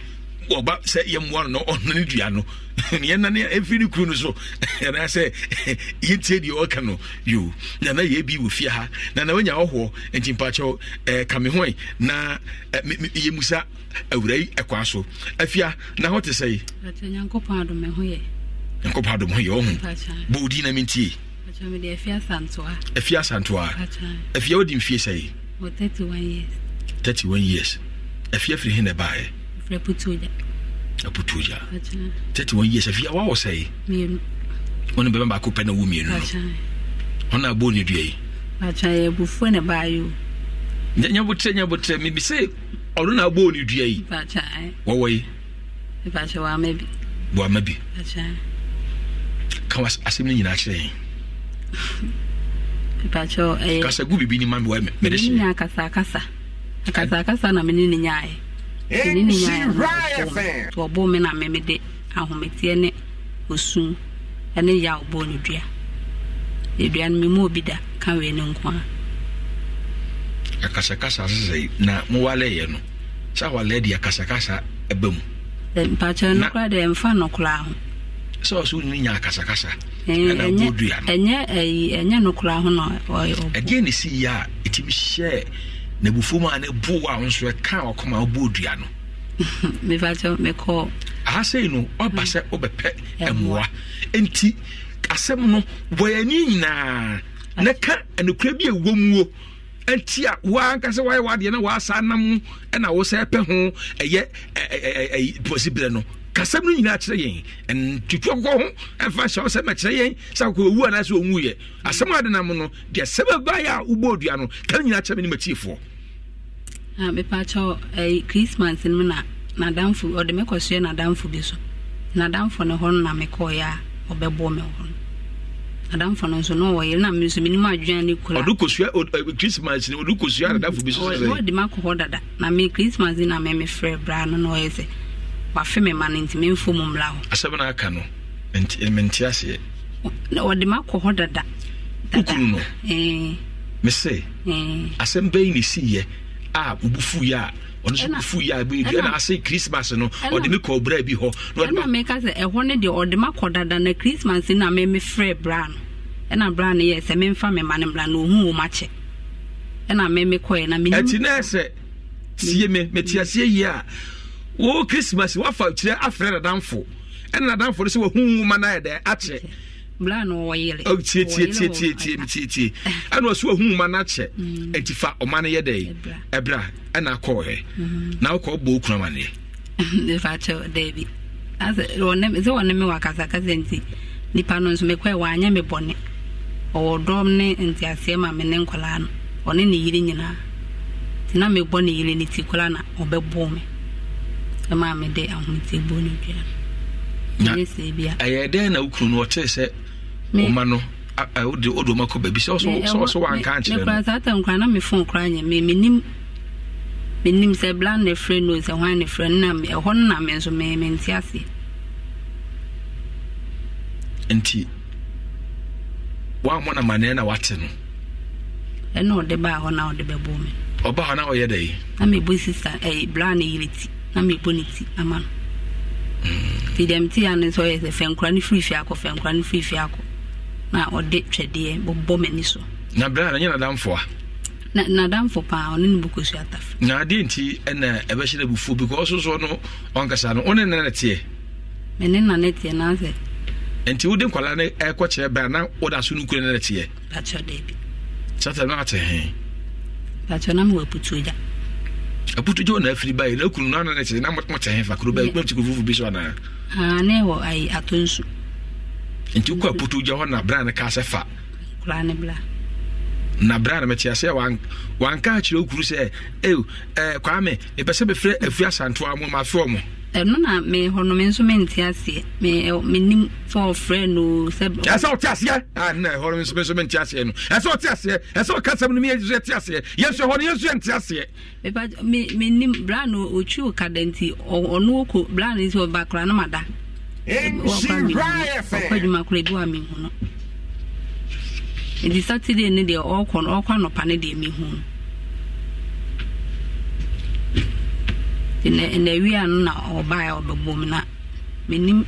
ɔba sɛ yɛmmoa no na ɔnane dua no yɛnane ɛfiri ne kuro no so anaasɛ yɛtie deɛ ɔka no yo nana yɛbi wɔ fie ha nana wanya wɔhoɔ nti eh, ka me hoe na eh, yɛmusa awura yi ɛkwa so afia na hɔ te sɛ nyankopɔn adom ho yɛ ɔho bɔɔdi na mentie afia asantoa afia wodi mfie sɛ 31 years fia firi he na ɛbaeɛ frɛ putuoya aputuoya tɛti wɔn yi ɛsɛ fia wawɔ sɛ yi wɔn bɛrɛ baako pɛ na wɔ mmienu no wɔn a bɔ ne dua yi. batwa yɛ bufuo ne baayo. nyabotrɛ nyabotrɛ mebi sɛ ɔno eh. na abɔɔ ne dua yi wɔwɔ yi boama bi ka w asɛm no nyinaa kyerɛ yɛn kasa gu biribi ne ma mewɔ mede hyɛ akasakasa na mene ne nyaeɛ ne nyinaa wɔbɔ me na memede ahometeɛ ne osum ne yɛ a no dua dua no memu obi da ka wei ne nko a akasakasa na mowalɛyɛ no sɛ walɛ de akasakasa ba mu no deɛ mfa ho sɛ ɔso nya akasakasa ɛnyɛ ɛyi ho na ne na ebufuo mu a na ebu a nso ɛka ɔkoma ɔbɔ odua no. mefakɛ mekɔ ahasɛi no ɔba sɛ wobɛpɛ mmoa enti asɛm no wɔyɛ ani nyinaa na ka anokura bi a ɛwɔ muo nti a woankasɛ woayɛ wadeɛ na waasaa nam ɛna wo pɛ ho ɛyɛ pɔsiberɛ no kasɛm no nyinaa kyerɛ yɛn ntutu akokɔ ho ɛmfa hyɛ wo sɛ makyerɛ yɛn sɛ akokɔ ɔwu anaasɛ ɔwuyɛ asɛm ade nam no deɛ sɛ bɛbaeɛ a wobɔɔdua no ka nyinaa kyerɛ me ne matiefoɔ Ah, mepɛakyɛw ɛyi christmas Krismas m na n'adamfo ɔde me kɔsoɛ n'adamfo bi so n'adamfo no hɔ no na mekɔɔyɛ ya ọ bụ hɔ no adamfo no nso na ɔwɔ yere na me nso menim adwene ne kura ɔde kɔsua christmas no ɔde kɔsua adamfo bi so sɛ ɔde ma kɔ hɔ dada na me Krismas na me me bra no na ɔyɛ sɛ wafe me ma no nti memfo mu mmra hɔ asɛm no aka no mente aseɛ ɔde ma kɔ hɔ dada wokunu no mesɛ asɛm bɛyi ne siiɛ a wobu fu yi a ɔno nso fu yi a ebi ɛna ase christmas no ɔde mi kɔ bra bi hɔ. ɛna meka sɛ ɛhɔ ne deɛ ɔde ma kɔ dada na christmas na mɛ mi frɛ bra no ɛna bra yɛ sɛ mi nfa mi ma ne mla na ohun wɔn akyɛ ɛna mɛ mi kɔ yɛ na mi. ɛti na ɛsɛ sie mi mɛ ti aseɛ yie a wo christmas wafa kyerɛ afrɛ nadamfo ɛna nadamfo no sɛ wahun wɔn ma na yɛ dɛ akyɛ. Okay. tie oh, ɛna ɔsɛ wahu ma no akyɛ ɛnti mm. fa ɔma no yɛ ɛberɛ ɛna mm-hmm. na wokɔ wobɔ wo kuna maneɛ sɛ me wakasakasa nti nipa no nso mekɔɛ waanyɛ me bɔne ɔwɔ dɔm ne nteaseɛ ma me ne no ɔne ne yere nyinaa nti na mebɔ ne yere ne ti koraa na ɔbɛbɔ me ɛma mede ahotebuo no dua ɛyɛ dɛn na wo kunu no ɔkyerɛ sɛ ɔma no de ɔde ɔma kɔ baabi sɛ ɔso wanka nkyerɛ no menim sɛ bla na frɛ no sɛ hwan na frɛ no ɛhɔ no na me nso me mente nti woammɔ na na wate no ɛna ɔde baa hɔ na ɔde bɛbɔ me ɔba hɔ na ɔyɛ dɛ na mebɔ sisa bla na yere ti na mebɔ ne ti ama no mm. nti dɛm tia no sɛ ɔyɛ sɛ fɛnkora no firi akɔ fɛnkora no firi akɔ ma ɔde twɛdeɛ bɔbɔ m'ani so na berɛ a nanyɛ nadamfo a nadamfo paa ɔne no bɔkɔsu ataf. na adeɛ nti ɛna ɛbɛhyɛ no abufuo bi kɔɔ sosoɔ no ɔnkasa no wo ne nane teɛ mene nane teɛ nansɛ nti wode nkwala no ɛkɔkyerɛ berɛ a na wode aso no kura ne teɛ bakyɛ daabi satan no ate he bakyɛ na mewɔ aputuo gya aputu gye wɔ na afiri baɛ na kunu no ana ne teɛ na mote he fa kuro bɛ kpamtikuro fufu bi so anaa ne wɔ atɔ nsu nti wokɔ apoto gya hɔ na bra no kaa sɛ fa na bra no mete aseɛ wanka akyerɛ wokuru sɛ eh, kwaa me mepɛ sɛ mefrɛ afiri asantoa mo maafeɔ mo ɛno na me hɔno me nso mente aseɛ menim sɛ ɔfrɛ no sɛ ɛsɛ ɔte aseɛ ah, na ɛhɔno me nso mente aseɛ no ɛsɛ ɔte aseɛ ɛsɛ ɔka sɛm no me yɛso ɛte aseɛ yɛso ɛhɔ no yɛso yɛnte aseɛ menim bra no ɔtwi wo kada nti ɔno wokɔ bra no nti ɔba no mada ɔkɔadwumakorɔ bi wa mehu no ɛti saturday ne deɛ ɔkɔ no ɔkɔ anɔpa na ɔbaeɛ na menim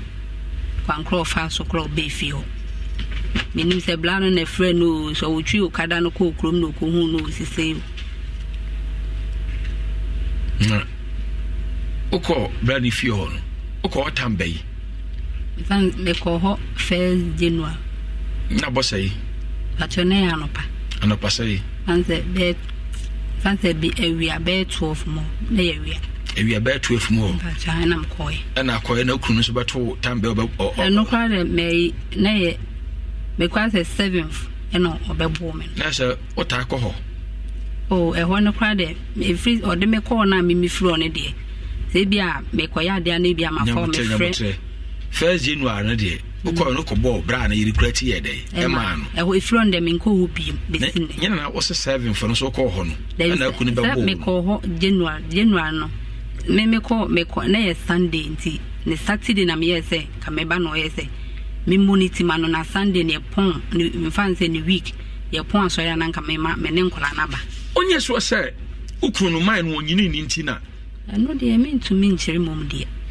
kwankorɔ ɔfa so korɔ ɔbɛɛ fie hɔ menim sɛ no okada no o mekɔ hɔ first january na sɛ yi patɔ ne yɛ anɔpa anɔpa sɛ yi fansɛ bɛɛ fansɛ bi awia bɛɛ twelve mu ne yɛ awia awia bɛɛ twelve mu hɔ patɔ ɛna mkɔɛ na okunu nso bɛto tam bɛɛ ɔbɛ dɛ mɛyi na yɛ mekɔ asɛ seventh ɛna ɔbɛbɔ mi no na sɛ wotaa kɔ hɔ o ɛhɔ no kora dɛ efiri ɔde me kɔɔ na mimi firi ɔne deɛ sɛ ebi a mekɔyɛ adeɛ na a mafɔ mefrɛ first january no deɛ wokɔɛ no kɔbɔɔ berɛ a na yɛre kura ti yɛ dɛ ɛmaa no ɛfiri no dɛ na seven fo no so wokɔɔ hɔ no aku no bɛbɔɔ hɔ january january me mekɔ mekɔ na yɛ sunday nti ne saturday na meyɛɛ sɛ ka meba na ɔyɛ sɛ memu ne tima no na sunday ne yɛpɔn mfa ne sɛ ne week yɛpɔn asɔre a na nka mema me ne nkɔla no ba ɔnyɛ soɔ sɛ wokunu no mae no ɔnyini ne nti na ɛno deɛ mentumi nkyerɛ deɛ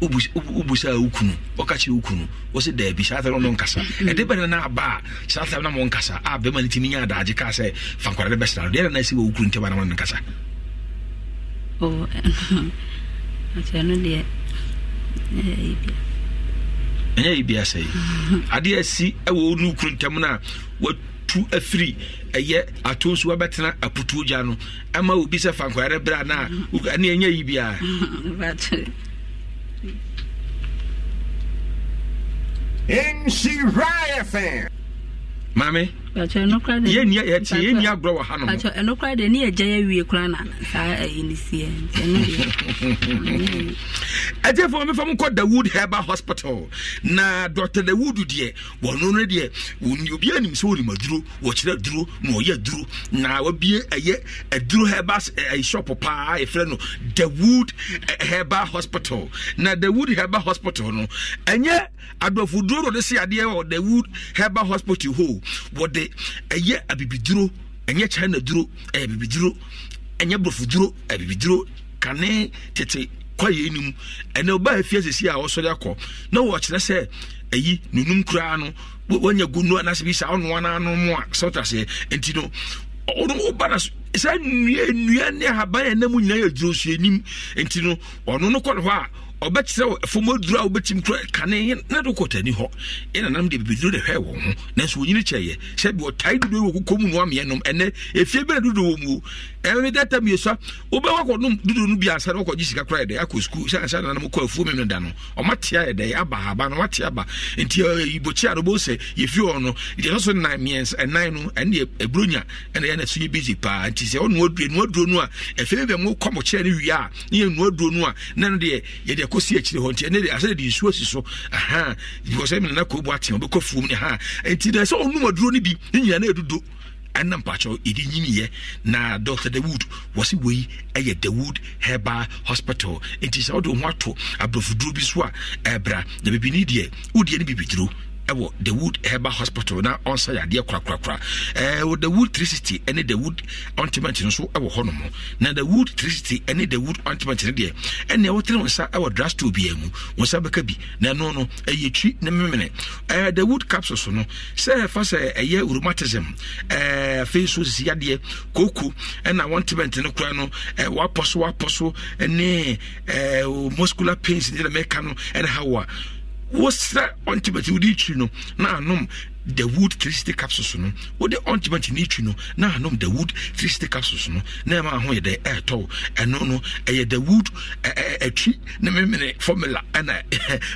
wobusa mm-hmm. a wokunu ɔka kyerɛ wokunu wɔsɛ daabi saa tɛm no nkasa ɛde bɛne no aba a saa tɛm no ma nkasa a bɛma no tumi nya adaagye kaa sɛ fa nkwara no bɛsra no deɛ na sɛ wɔ wokunu ntam anama no nkasa ɛnyɛ yɛ bia sɛ adeɛ asi ɛwɔ no wokunu ntam no a watu afiri ɛyɛ ato nso wabɛtena aputuo gya no ɛma obi sɛ fa nkwara no berɛ a na ɛne ɛnyɛ yi NC Riot fan. Mommy. yɛni agorɔ wɔ ha no ɛnokora deɛ ne ni yɛ awie kora na saa ɛyɛ ne sie agyefoɔ mefa mo nkɔ dawood herba hospital na dr dawood deɛ wɔno no deɛ obiaa nim sɛ wɔnim aduro wɔkyerɛ aduro na ɔyɛ aduro na wabie ɛyɛ aduro herba shop paa yɛfrɛ no dawood herba hospital na dawood herba hospital no ɛnyɛ adɔfoduro no de si adeɛ wɔ dawood herba hospital ho wɔde sɛ ɛyɛ abibiduro ɛnyɛ china duro ɛyɛ abibiduro ɛnyɛ borɔfo duro abibiduro kane tete kwaye nim ɛnɛ ɔbaa afia sisi a ɔsɔre akɔ na wɔkyerɛ sɛ ɛyi nunum koraa no wɔnyɛ gonu anaasɛ bi saa ɔnoa n'ano mu a sɛ ɔtaseɛ nti no ɔno ɔba na saa nnua nnua ne ahaban ɛnɛ mu nyinaa yɛ duro so anim nti no ɔno no kɔ ne hɔ a ɔbɛkyerɛ fom aduru a wobɛtumi kora kane na de wokɔtani hɔ ɛnanam de bibiduro de hwɛ wɔn ho nanso wɔnyini kyɛeɛ sɛ bi ɔtae dodoɔ wɔ kokɔ mu no ameɛ nom ɛnɛ ɛfie bɛna dodoɔ wɔ mu ɛmɛ dɛ tɛ mie sa wobɛwɔ kɔ nom dodo no bi ansa na wɔkɔgye sika kora yɛ dɛ akɔ sukuu sɛ ansa nanam kɔ afuo mem no da no ɔma tea yɛ dɛ aba haba no ɔmatea aba nti ibokyi a no bɛhu sɛ yɛfie hɔ no deɛ no so nan miɛnsa ɛnan no ɛne ɛburonya ɛne yɛne so yɛ busy paa nti sɛ ɔnoa duro noa duro no a ɛfɛ bɛ mo kɔ mɔkyerɛ no wie a ne yɛ noa duro no a na no deɛ yɛde ɛkɔsi akyire hɔ nti ɛne de asɛ de nsuo si so aha na kɔbu atea wobɛkɔ fuom ha nti dɛ sɛ ɔnom aduro no bi ne nyina ɛna mpakyɛw ɛde nyiniiɛ na dr dawood wɔse wei ɛyɛ dawood herba hospital nti sɛ wode wo ho ato aborɔfoduro bi so a ɛbra na bibini deɛ wodeɛ ne bibiduro ɛwɔ the wood herba hospital na ɔnsa yadeɛ korakorakora ɛɛ the wood three sixty ɛne the wood ointment nso ɛwɔ hɔnom na the wood three sixty ɛne the wood ointment no deɛ ɛnna wɔtene wɔn nsa ɛwɔ dra store biara mu wɔn nsa bɛka bi na ɛno no ɛyɛ twi ne mmemmene ɛɛ the wood capsules no sɛ ɛfa sɛ ɛyɛ rheumatism ɛɛ afei nso sisi yadeɛ kooko ɛna ointment no kora no ɛɛ wapɔ so wapɔ ɛne ɛɛ muscular pains ne deɛ mɛka no ɛne ha wɔ a wosɛ ɔntimɛti wode kyiri no na anom the wood three stick capsules no wode ointment no itwi no na anom the wood three stick capsules no na ɛma ho yɛ dɛ ɛɛtɔ ɛno no ɛyɛ the wood ɛtwi ne memene formula ɛna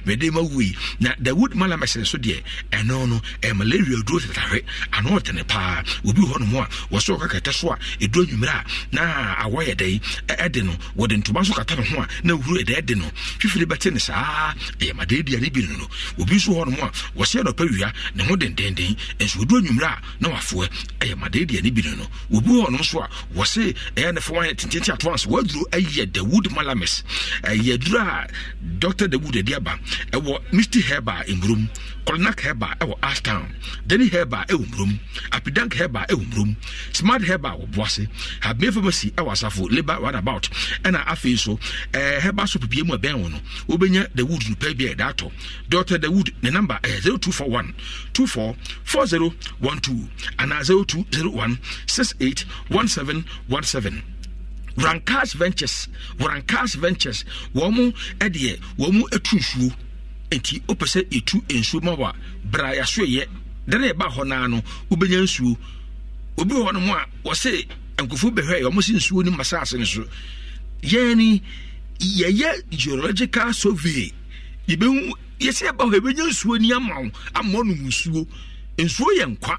mede ma wui na the wood malames ne so deɛ ɛno no ɛyɛ malaria duro tetahwe ano ɔtene paa obi hɔ nom a wɔsɛ ɔka kɛtɛ so a ɛduro e nwummerɛ a na awɔ yɛ dɛ ɛde no wɔde ntoma so kata ne ho a na wuro yɛ dɛ ɛde no fifiri bɛte ne saa ɛyɛ madeɛ diane bi no no so nso hɔ nom a wɔsɛ dɔpɛ wia ne ho de dendenden nso wɔduru anwummerɛ a na wafoɛ ɛyɛ madedeɛ ne bi no wɔbu hɔ no nso a wɔse ɛyɛ ne fa wayɛ tentente atoans wɔaduru ɛyɛ dawood malames ɛyɛ aduru a dr dawood adi aba ɛwɔ misty herb mmurom kɔlnak heba ɛwɔ astown dani heba ɛwɔ murom apidank heba ɛwɔ murom smart heba wɔ boase habea pharmacy ɛwɔ asafo labour runabout ɛna afei nso ɛɛ eh, heba so pipie mu ɛbɛn wɔn no wood dawood nupɛ bi a ɛda atɔ dr dawood ne number ɛyɛ eh, zero two four one two four four zero one two ana zero two zero one six eight one seven one seven. Rankas Ventures, Rankas Ventures, wɔn mu ɛdeɛ wɔn mu etu nsuo. nti wopɛ sɛ yɛtu nsuo ma wɔ a bra yɛasoɛyɛ da na yɛba hɔ naa no wobɛnya nsuo obi wɔ hɔ no mu a wɔse nkurɔfoɔ bɛhwɛ yɛ ɔmo se nsuo no masa no so yɛn ni yɛyɛ geological survey yɛbɛhu yɛsɛ yɛba hɔ yɛbɛnya nsuo ni ama wo ama ɔnom nsuo nsuo yɛ nkwa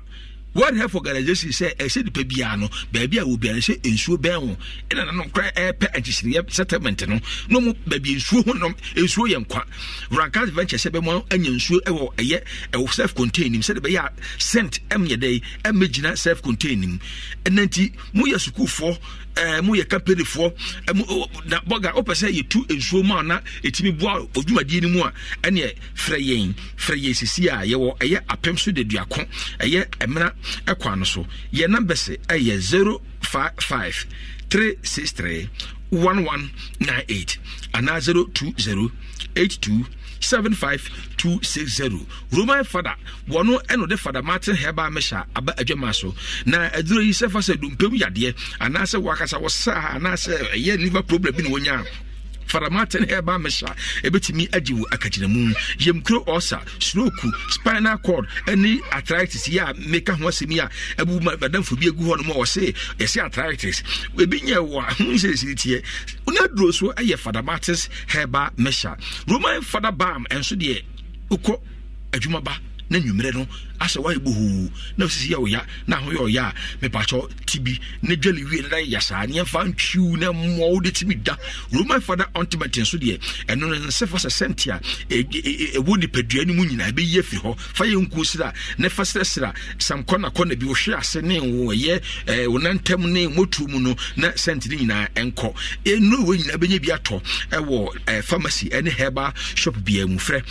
world health organization sɛ ɛsɛ nipa biara no baabi a no, sɛ nsuo bɛn wo ɛna nanom kora ɛɛpɛ akyisiriɛ settlement no na mu baabi nsuo ho nom nsuo yɛ nkwa vrancas venture sɛ bɛmo anya eh, nsuo eh, ɛwɔ eh, ɛyɛ ɛwɔ self contain nim sɛde bɛyɛ a cent ɛmyɛ dɛ ɛmɛgyina self contain nim ɛnanti moyɛ sukuufoɔ Eh, mu yɛ kampanifoɔ eh, oh, na bɔga wopɛ sɛ yɛtu nsuo mu a na ɛtumi boa odwumadie no mu a ɛneɛ frɛ yɛn frɛ sisi a yɛwɔ ɛyɛ apem so deduako ɛyɛ ɛmena ɛkwan no so yɛn numbers ɛyɛ zero five five three six three one one nine eight anaa zero two zero eight two. 75260 roman fada Wano ɛno de fada martin herba mehyɛ aba adwama so na aduro yi sɛ fa sɛ dompɛm yadeɛ anaasɛ wakasa wɔsaa anaasɛ ɛyɛ eh, niva problem bi ne wɔnya faramatan ɛba mesa ɛbɛtumi agye wo akagyinamu yamkuro osa, stroke spinal cord ne arthritis yi a meka ho asɛm yi a ɛbu madamfo bi agu hɔ nom a ɔse yɛsɛ arthritis ebi nyɛ wɔ ho nsɛsiri tiɛ na duro so ɛyɛ fadamatis herba mesa roman fada balm ɛnso deɛ wokɔ adwuma ba na nwummerɛ no asɛ woayɛ bohoo na sisi yɛ ɔya na ho yɛ ɔya a mepakyɛ tibi ne dwale wie no na yɛ saa neɛmfa ntwiw na mmɔ wode tumi da roman fada ontiment nso deɛ ɛno no nsɛ fa sɛ sɛnte a e, e, e, ɛwɔ nipadua no mu nyinaa ɛbɛyi afiri hɔ fa yɛ nkuo sira ne fa serɛsera samkɔnakɔna bi wohwe ase ne wɔyɛ wo nantam ne motuo mu no na sɛnte no nyinaa ɛnkɔ ɛno nyinaa bɛnya bi atɔ ɛwɔ pharmacy ɛne herba shop biaa mu frɛ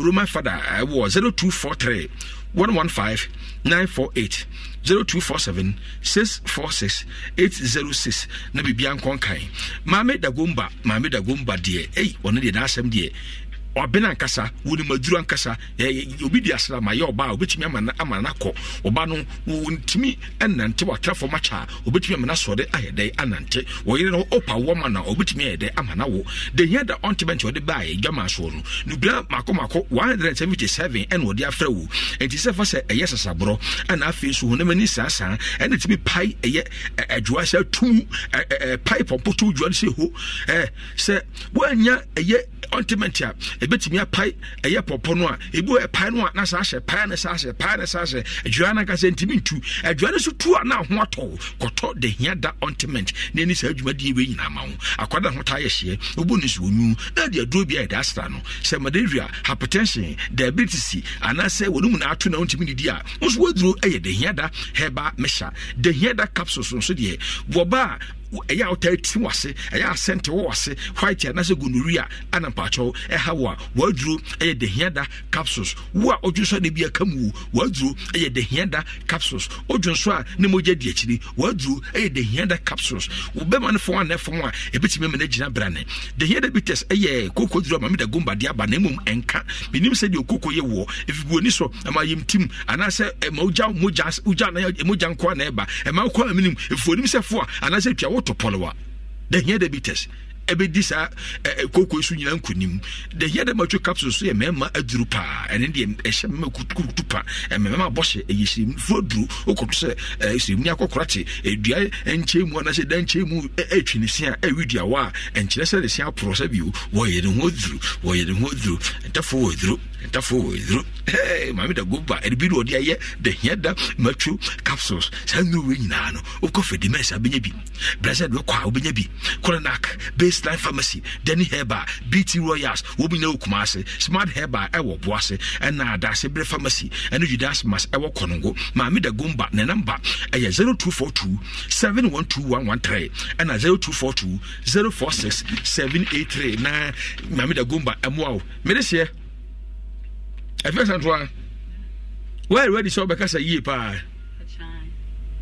roman fada ɛwɔ 024 03 115 948 0247 646 806 na gumba nkɔnkan maame dagomba maame dagomba deɛ ei ɔno deɛ n'asɛm deɛ ɔbɛn ankasa wɔn mu aduru ankasa ɛɛ obi di asra ma yɛ ɔbaa obetumi ama na ama na kɔ ɔbaa no ntumi ɛnante wakira fam akyɛ a obetumi ama na sɔɔde ayɛ dɛ anante wɔyere no ɔpa wɔma na obetumi ayɛ dɛ ama na wɔ denyɛ da ɔntɛmɛnti ɔde baa yɛ dwama asoɔ no nubira mako mako one hundred and seventy seven ɛna ɔde afrɛ wo nti sɛ fa sɛ ɛyɛ sasaborɔ ɛna afei so honam ani saasaa ɛna tumi pae ɛyɛ ɛdwoa sɛ tum ɛɛ pae pɔmpɔ to dwoa no sɛ ɛbɛtumi apae ɛyɛ pɔpɔ no a ebi wɔ ɛpae no a na saa ahyɛ pae no saa ahyɛ pae no saa ahyɛ adwua no ankasa ntumi ntu adwua no tu a na ho atɔ kɔtɔ de hia da ontiment na ɛni saa adwumadeɛ wei nyinaa ma wo akwada ho taa yɛ hyeɛ wobu ne so onwu na de aduro bi a yɛde asra no sɛ malaria hypertension diabetes anaasɛ wɔn mu na ato na ntumi didi a nso wɔduro ɛyɛ de hia da hɛba mehyɛ de hia da capsules nso deɛ wɔba a ɛyɛ a wotaa ti wase ɛyɛ asɛnte wɔ wase white anaasɛ gonorrhea ana mpaakyɛw ɛha wo a waduro ɛyɛ dehiada capsules wo a ɔdwo nso a ne bi aka mu wo waduro ɛyɛ dehiada capsules ɔdwo nso a ne mogya di akyiri waduro ɛyɛ dehiada capsules bɛma no fɔn anɛ fɔn a ebitumi ama n'agyina brane dehiada bitters ɛyɛ koko duro a maame da gomba de aba na emom ɛnka minim sɛ deɛ okoko yɛ wɔ efibuoni so ɛma yɛm tim anaasɛ ɛma ogya mogya ogya anaasɛ mogya nko ana ɛba ɛma okɔ aminim efuonim sɛ fo woto pɔlewa da hia diabetes ɛbɛdi saa eh, eh, kooko so nyinaa nkonim the here dematwe capsule so yɛ mmarima aduru paa ɛne deɛ ɛhyɛ eh, mmarima kurukutu pa mmarima abɔhyɛ ɛyɛ hyɛmufuo duru okɔto sɛ hyɛmuni akɔkora te dua nkyɛn mu anaasɛ da nkyɛn mu ɛtwi ne se a ɛwi dua wɔ a nkyerɛ sɛ ne se aporɔ sɛ bio wɔyɛ ne ho duru wɔyɛ ne ho duru ntafo wɔ duru ntafo wɔ duru ɛɛ maame da go ba ɛribi na ɔde ayɛ the here dematwe capsules saa nnuro nyinaa no okɔ fɛdi mɛnsa Waistline Pharmacy, Denny Herba, BT Royals, Wobina Kumase, Smart Herba, Ewo Boise, and Nada Sebre Pharmacy, and Judas Mas Ewo Konongo, Mamida Gumba, ne number, a 0242 712113, and a 0242 046 783. Na Mamida Gumba, Emwao. Medesia, Efes Antoine, where ready so Becassa ye pa.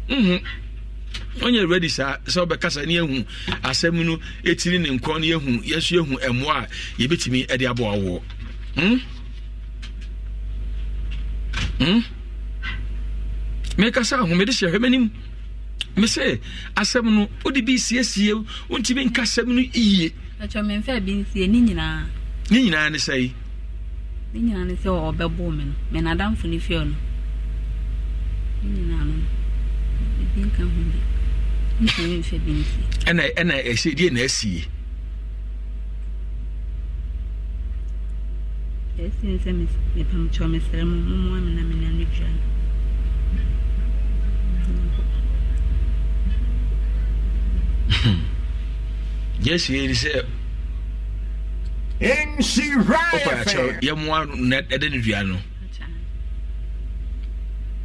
Mm-hmm. onye redi saa sɛ ɔbɛkasa ne yɛhu asɛm no ɛtiri ne nkɔ no yɛhu yɛso yɛhu ɛmmoa a yɛbɛtumi ɛde aboa woɔ hmm? hmm? mekasa ho hyɛ hwɛ m'anim me sɛ asɛm no wode bi siesie wontimi nka asɛm no yie ne nyinaa ne sɛi ne ne sɛ ɔbɛbo me no menadamfo no fie no ne no bi nka ho bi ɛna ɛna ɛsɛ deɛ na ɛsi. ɛsi nsɛ mipamtɔ mesrɛ mu mmoa me na me na eh. no dwa yesu yɛ ni sɛ ɔpa akyɛw yɛmmoa na ɛde ne dua no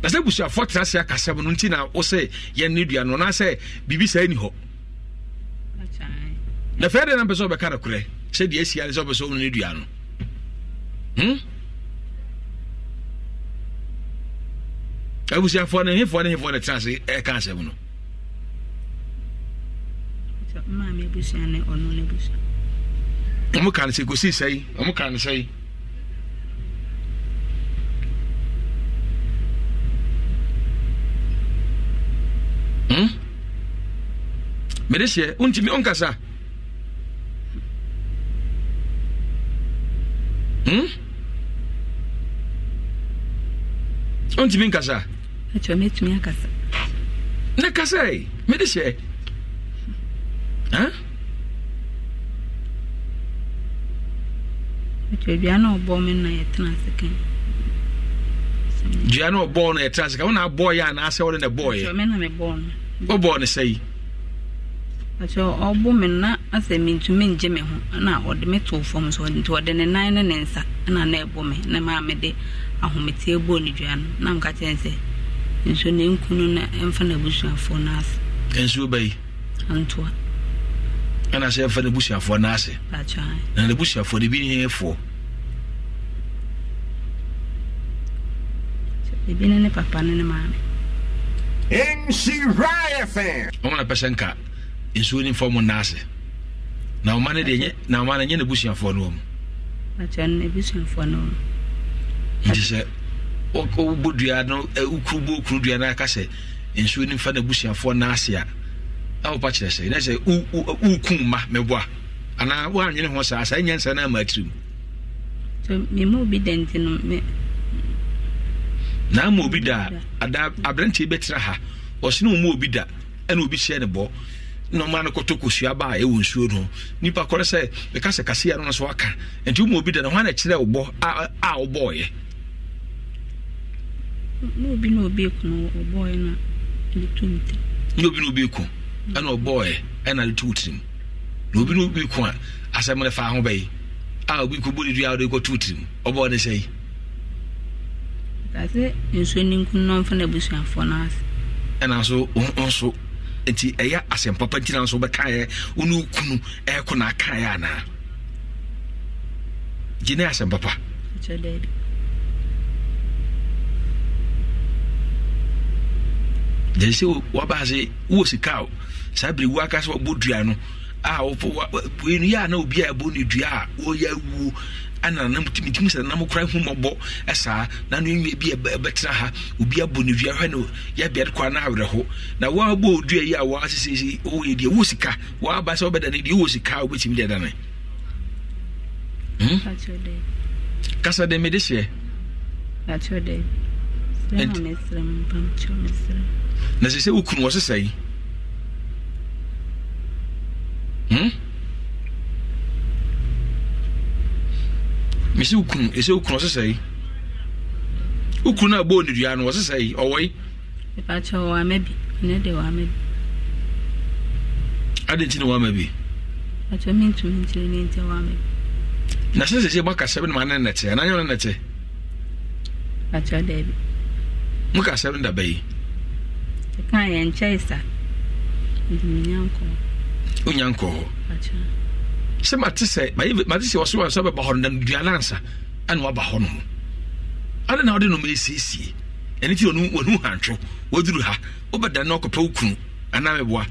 na sɛ busuafoɔ tena se akasɛm no nti na wo sɛ yɛn no dua no anaasɛ biribi saa ni hɔ na fɛɛ dɛ na mpɛ sɛ wobɛka nokorɛ sɛdeɛ asia ne sɛ wopɛ sɛ wono no dua no hmm? abusuafoɔ no hefoɔ ne hefoɔ ne tena se ɛka asɛm no ɔmo ka no sɛ kɔsii sɛi ɔmo ka no sɛi Hmm? mede hyɛ wontimi ɔnkasa ɔntimi hmm? nkasa na kasae mede hyɛ dua na ɔbɔ me na yɛtena sekan dua na ɔbɔ no yɛtena sekan wona abɔɔyɛ anaasɛ wode na ɛbɔɔyɛ wobɔ ne sɛ yi kyɛ ɔbo me na asɛ mentumi ngye me ho na ɔde me too fam so nti ɔde ne nan ne ne nsa na na ɛbɔ me na maa mede ahometeɛ bɔɔ ne dua no na meka kyerɛ sɛ nsuo ne nkunu na ɛmfa n'abusuafoɔ no ase nsuo bɛyi ntoa ɛna sɛ ɛmfa n'abusuafoɔ no ase na n'abusuafoɔ de bi ne yɛfoɔ ebi ne ne papa ne ne maame nhyira fm ɔmo na nka nsuo ni fɔmu naase na ɔma ne deɛ na ɔma ne nyɛ ne busuafoɔ no wɔm akyɛ nti sɛ wobɔ dua no eh, wokuru bɔ okuru dua no aka sɛ nsuo ni fa ne busuafoɔ naase a kyerɛ sɛ sɛ wokum ma anaa ho saa saa no ama mu na ama obi da aberanteɛ bɛtena ha ɔse ne ɔma obi da ɛna obi hyɛ ne bɔ na ɔma no kɔtɔ kosua ba a ɛwɔ nsuo no nipa kɔrɛ sɛ meka sɛ kaseɛ no no so obi da na hwan na ɛkyerɛ wobɔ a wobɔɔyɛ obi na obi ku ɛna ɔbɔɔyɛ ɛna de to tirim na obi na obi a asɛm no fa ho bɛyi a obi bɔ ne dua a tirim ɔbɔɔ ne sɛ yi ase nsuo ni nkun na ɔmfa na abusuafoɔ no ase ɛna nso nso nti ɛyɛ asɛmpapa nti na nso bɛkaeɛ wo ne wokunu ɛɛkɔ na akaeɛ anaa gye ne asɛmpapa gyɛ sɛ wabaa se wowɔ sika o saa bere wuaka sɛ wabɔ dua no a wopɔ yɛ a na obi a ɛbɔ ne dua a wɔyɛ awuo ana nam tumi tumi sɛ nam kora humɔbɔ ɛsaa na no nwa bi ɛbɛtena ha obi abɔ ne wia hwɛ no yɛbea de kora no awerɛho na woabɔ odua yi a woasesɛsi woyɛ deɛ wo sika woaba sɛ wobɛda ne deɛ wowɔ sika a wobɛtumi deɛ dane hmm? kasa de mede hyɛ na sɛ sɛ wokunu wɔ sesɛe mesi ukunu ese ukunu ɔsesa yi ukunu naa bɔɔ ne dua no ɔsesa yi ɔwɔ yi. ìpàtɛ wɔ ama bi ɔnɛ de wɔ ama bi. adi nti ne wɔ ama bi. ìpàtɛ mi ntumi ntumi ne nti wɔ ama bi. na sisi sɛsɛ mo akasa bi na mo anan na kyɛ ananyɛ na kyɛ. ìpàtɛ dɛbi. mo kasa bi na daba yi. ɛka yɛn nkyɛn sa. ntumi nyankɔ. ìpàtɛ sɛ mate sɛ mate sɛ ɔsoro sɛ bɛba hɔ no nam duane ansa ɛne waba hɔ no ho ade na wode nom ɛsiesie ɛno nti ɔnu hantwo waduru ha wobɛdane na ɔkɔpɛ wo kunu anaa meboa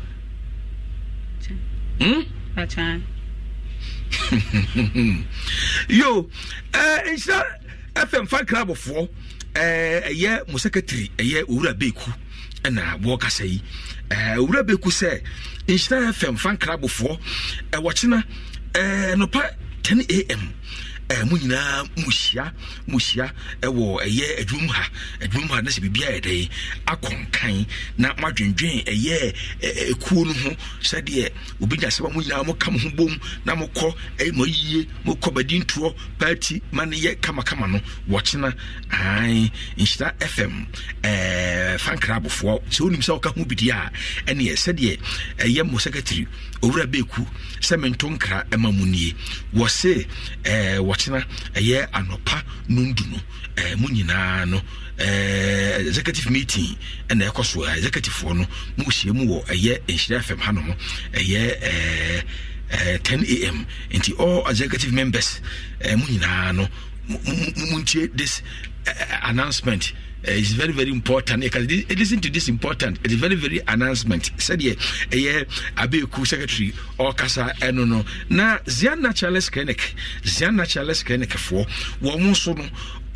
hmm? yo eh, nhyira fm fan clubfoɔ eh, ɛyɛ mo secretary ɛyɛ owura beeku ɛna wɔkasa yi eh, owura beeku sɛ nhyira fm fan clubfoɔ ɛwɔkyena eh, nɔpa 10 am mu nyinaa muhyia muhyia ɛwɔ eh, ɛyɛ ha adwum ha na sɛ biribiara yɛdɛ yi akɔnkan na moadwendwen ɛyɛ eh, eh, ekuo no ho sɛdeɛ obi mo nyinaa mo ho bom na mokɔ ɛyɛ mo ayie mokɔ badi ntoɔ paati ma no yɛ kamakama no wɔkyena ae nhyira fm fankra abofoɔ sɛ sɛ ho bidi a ɛneɛ sɛdeɛ ɛyɛ mo owura beeku sɛ mento nkra ɛma mu nie wɔ se ɛɛ eh, wɔkyena ɛyɛ anɔpa nondu ɛɛ eh, mu nyinaa no ɛɛ eh, executive meeting ɛna ɛkɔ so ɛɛ executivefoɔ no mu hyia mu wɔ ɛyɛ nhyira fm hanom ɛyɛ ɛɛ ɛɛ ten am nti all executive members ɛɛ mu nyinaa no mu mu mu ntie this ɛɛ announcement uh, eh, is very very important because this, listen to this important it's very very announcement said yeah eh, yeah abeku secretary or kasa eno no na zian naturalist clinic zian naturalist clinic for wɔn nso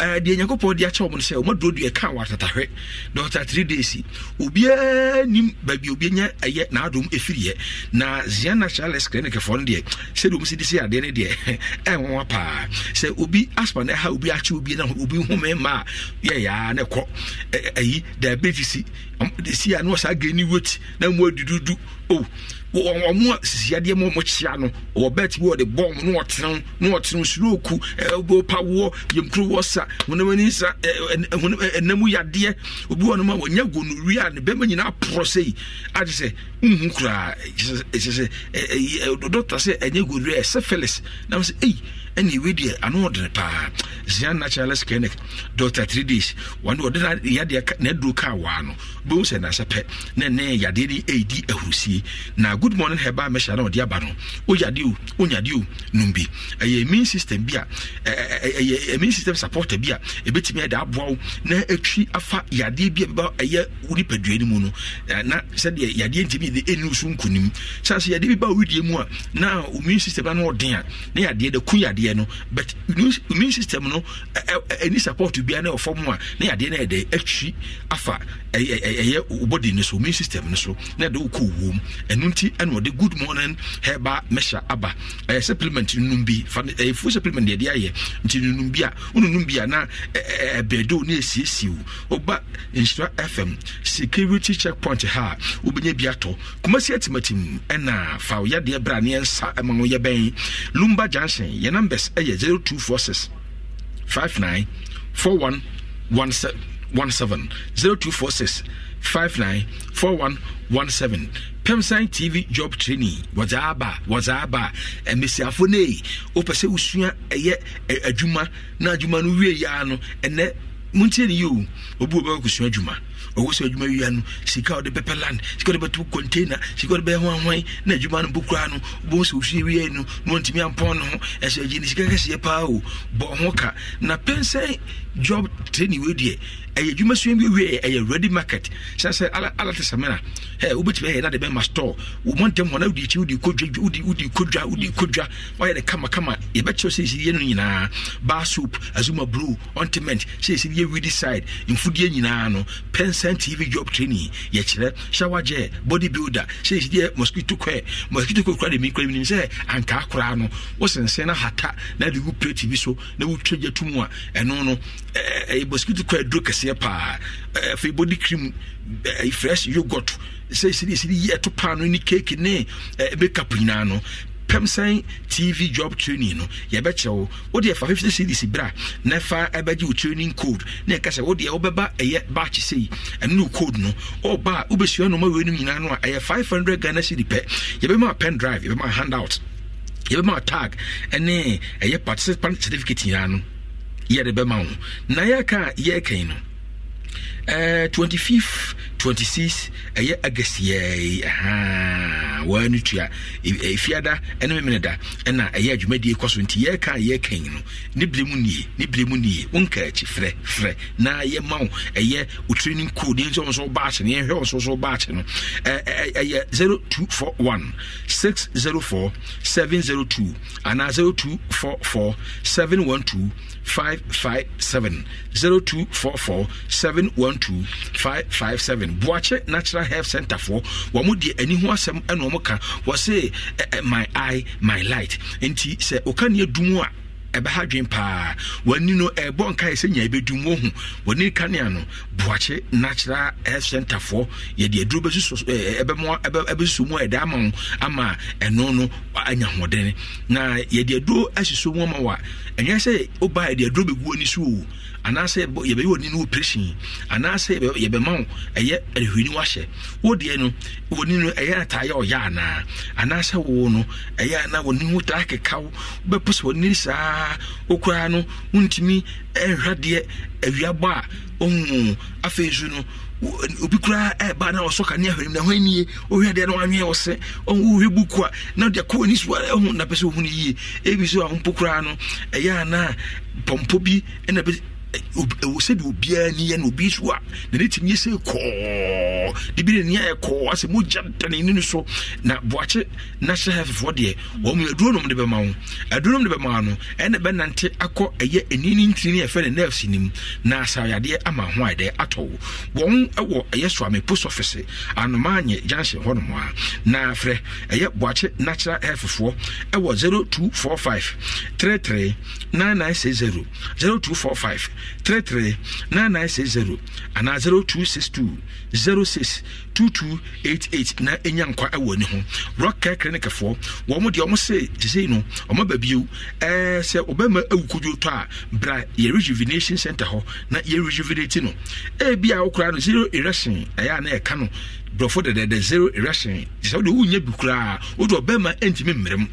Eh, deɛ nyankopɔn de akyɛ wɔm no sɛ ɔmaduro dua ka wɔ atatahwɛ dɔta three days obiaa nim baabi obi nya ɛyɛ naadom ɛfiriɛ na ziana charles clinicfoɔ no deɛ sɛdeɛ ɔmu sɛ de sɛ adeɛ no deɛ ɛnwanwa paa sɛ obi aspa no ha obi akyɛ obi na obi home ma a yɛyaa ne kɔ ayi diabetes si a na wɔsaa gani wot na mu adududu Oh, o wɔn a sisi adeɛ mu ɔkyea no wɔ bɛt bi wɔde bɔm na ɔtena na ɔtena suroku ɛbo pawoɔ yɛnkuru wɔ sa honam ani sa ɛnam yadeɛ obi wɔ no ma wɔnyɛ gonorrhea ne bɛrima nyinaa porɔ sɛ yi agye sɛ nhu koraa ɛkyɛ sɛ ɛyɛ dɔkta sɛ ɛnyɛ gonorrhea ɛsɛ phyllis nam sɛ ɛyi ɛne ewe deɛ ano ɔdene paa zian naturalist clinic doctor three days wɔn ɔde yadeɛ na aduro kaa waa no bɛn sɛ n'asɛ na ɛnɛ yadeɛ ni ɛredi ahurusie na good morning herbal measure na ɔde aba no ɔyade o ɔnyade o num bi ɛyɛ immune system bi a ɛyɛ immune system support bi a ebetumi ɛde aboa e wo na etwi afa yadeɛ bi a ɛbɛba ɛyɛ nipadua no mu no na sɛdeɛ yadeɛ ntumi de ɛnu e e so nkunim saa so yadeɛ bi ba awudie mu a na immune system ano ɔden a na yadeɛ de kun yadeɛ adeɛ no but immune system no ɛni support bia na ɛwɔ fam a na adeɛ no yɛde atwi afa ɛyɛ body no so immune system no so na yɛde wokɔ wɔm ɛno nti ɛna ɔde good morning herbal mesha, aba ɛyɛ supplement num bi ɛyɛ food supplement yɛde ayɛ nti num bi a wonum bi a na ɛbɛdo na ɛsiesie wo ɔba nhyira fm security checkpoint ha a wobɛnya bi atɔ kumasi atimatim ɛna fa wo yadeɛ bra ne yɛnsa ɛma wo yɛbɛn lumba junction yɛnam numbers ɛyɛ eh, zero two four six five nine four one one seven one seven zero two four six five nine four one one seven. pemsan tv job training wɔdze aba wɔdze aba eh, mmesiafo eh, no yi wopɛ sɛ wosua ɛyɛ adwuma na adwuma no wie yia no ɛnɛ montie ne yi o obi wobɛkɔkɔsua adwuma ɔwɔ sɛ adwuma wia no sika wɔde bɛpɛ land sika wɔde bɛto container sika wɔde bɛyɛ ho ahoan na adwuma no bokura no wobɛhu sɛ wosua wia no na ɔntumi ampɔn no ho ɛsɛ agye ne sika kɛseɛ paa o bɔ ho ka na pɛn sɛ job training wei deɛ ɛyɛ adwuma so wiewie ɛyɛ ready market sɛ sɛ alate samena ɛ wobɛtumi ɛyɛ nade bɛma store womɔntɛm hɔ na wode akyi wode kɔdwa wode kɔdwa wode kɔdwa wayɛ ne kamakama yɛbɛkyerɛw sɛ ɛsɛ yɛ no nyinaa bar soap azuma blue ontiment sɛ ɛsɛ yɛ widi side mfudeɛ nyinaa no pensan tv job training yɛkyerɛ shower gel body builder sɛ ɛsɛ yɛ mosquito kɔɛ mosquito kɔɛ kora de mi kora mi nim sɛ ankaa koraa no wosensɛn na hata na de gu plate bi so na wotwa gya to mu a ɛno no ɛyɛ mosquito kɔɛ duro kɛse aseɛ paa afei body cream uh, fresh yogurt sɛ sirisiri yɛ to paa no ne cake ne uh, makeup nyinaa no pɛmsɛn tv job training no yɛbɛkyerɛ wo wodeɛ fa 50 series berɛ a na fa ɛbɛgye wo training code na ɛka sɛ wodeɛ wobɛba ɛyɛ batch sei ɛno ne code no ɔba a wobɛsua noma weinom nyinaa no a ɛyɛ 500 ghana cedi pɛ yɛbɛma pen drive yɛbɛma handout yɛbɛma tag ɛne ɛyɛ participant certificate nyinaa no yɛde bɛma wo na yɛka yɛkɛn no uh, 25th twenty six ɛyɛ agasiɛɛ ahaa wɔn ani tua efiada e, ɛne mmeneda ɛna ɛyɛ adwumadie kɔ so nti yɛreka yɛreka yi no ne bere mu nie ne bere mu nie wɔn akyi frɛ frɛ na yɛ ma wo ɛyɛ o training code yɛn nso wɔn so baakye no yɛn hwɛ wɔn so so baakye no ɛɛ ɛyɛ zero two four one six zero four seven zero two anaa zero two four four seven one two. 557 0244 712 557 Boache natural health center foɔ wɔn deɛ ani ho asɛm ɛna wɔn ka eh, eh, my eye my light nti sɛ ɔka nea dumwa, a ɛbɛha dwen paa w'ani no ɛbɔ eh, nkae sɛ nya ɛbɛdum wɔhu w'ani kanea no boakye natural health center foɔ yɛde aduro bɛsusu mu ɛda ama wo ama ɛno no anya hoɔden na yɛde aduro asusu mu ama wo a ɛnyɛ sɛ wobaa yɛde aduro bɛgu ani so anaasɛ yɛbɛyɛ wɔ ni no operation anaasɛ yɛbɛma wo ɛyɛ ahwini wahyɛ wodeɛ no wɔni no ɛyɛ ataayɛ ɔyɛ anaa anaasɛ wo no ɛyɛ ana wɔni ho taa keka wo wobɛpo sɛ wɔni saa wokoraa no wontumi ɛnhwɛ deɛ awiabɔ a ɔhu afei nso no obi koraa ɛɛba na ɔsɔ kanea hwɛnim na hwan nie ɔhwɛ deɛ na wanwea wo sɛ wohwɛ buku a na deɛ kɔ ani soa ɛho na pɛ sɛ wohu no yie ebi so ahompo koraa no ɛyɛ anaa pɔmpɔ bi ɛna sɛdeɛ obiara ni yɛ no obi so a na ne tumi yɛ sɛ kɔɔ de bi ne ne yɛ kɔɔ asɛ mogya dane ne no so na boakye national health foɔ deɛ wɔn mu aduro nom de bɛma wo aduro nom de bɛma no ɛna bɛnante akɔ ɛyɛ ani ne ntiri ne yɛfɛ ne nerves nim na asayadeɛ ama ho a ɛdɛ atɔ wo wɔn ɛwɔ ɛyɛ soame post office anoma anyɛ junction hɔnom a na frɛ ɛyɛ boakye natural health foɔ ɛwɔ 0245 33 9960 0245 three na na nine six zero ana zero two six two zero six two two eight eight na enya nkwa ɛwɔ ne ho rock care clinic foɔ wɔn mo deɛ wɔn se sisei no wɔn aba bio ɛɛ sɛ ɔbɛma awu kodwo tɔ a bra yɛ rejuvenation center hɔ na yɛ rejuvenate no ebi a okura no zero erection ɛyɛ a na ɛka no borɔfo dɛdɛdɛ zero erection sɛ wɔde wɔn nyɛ bi koraa wɔde ɔbɛma ɛntumi mmerɛ mu.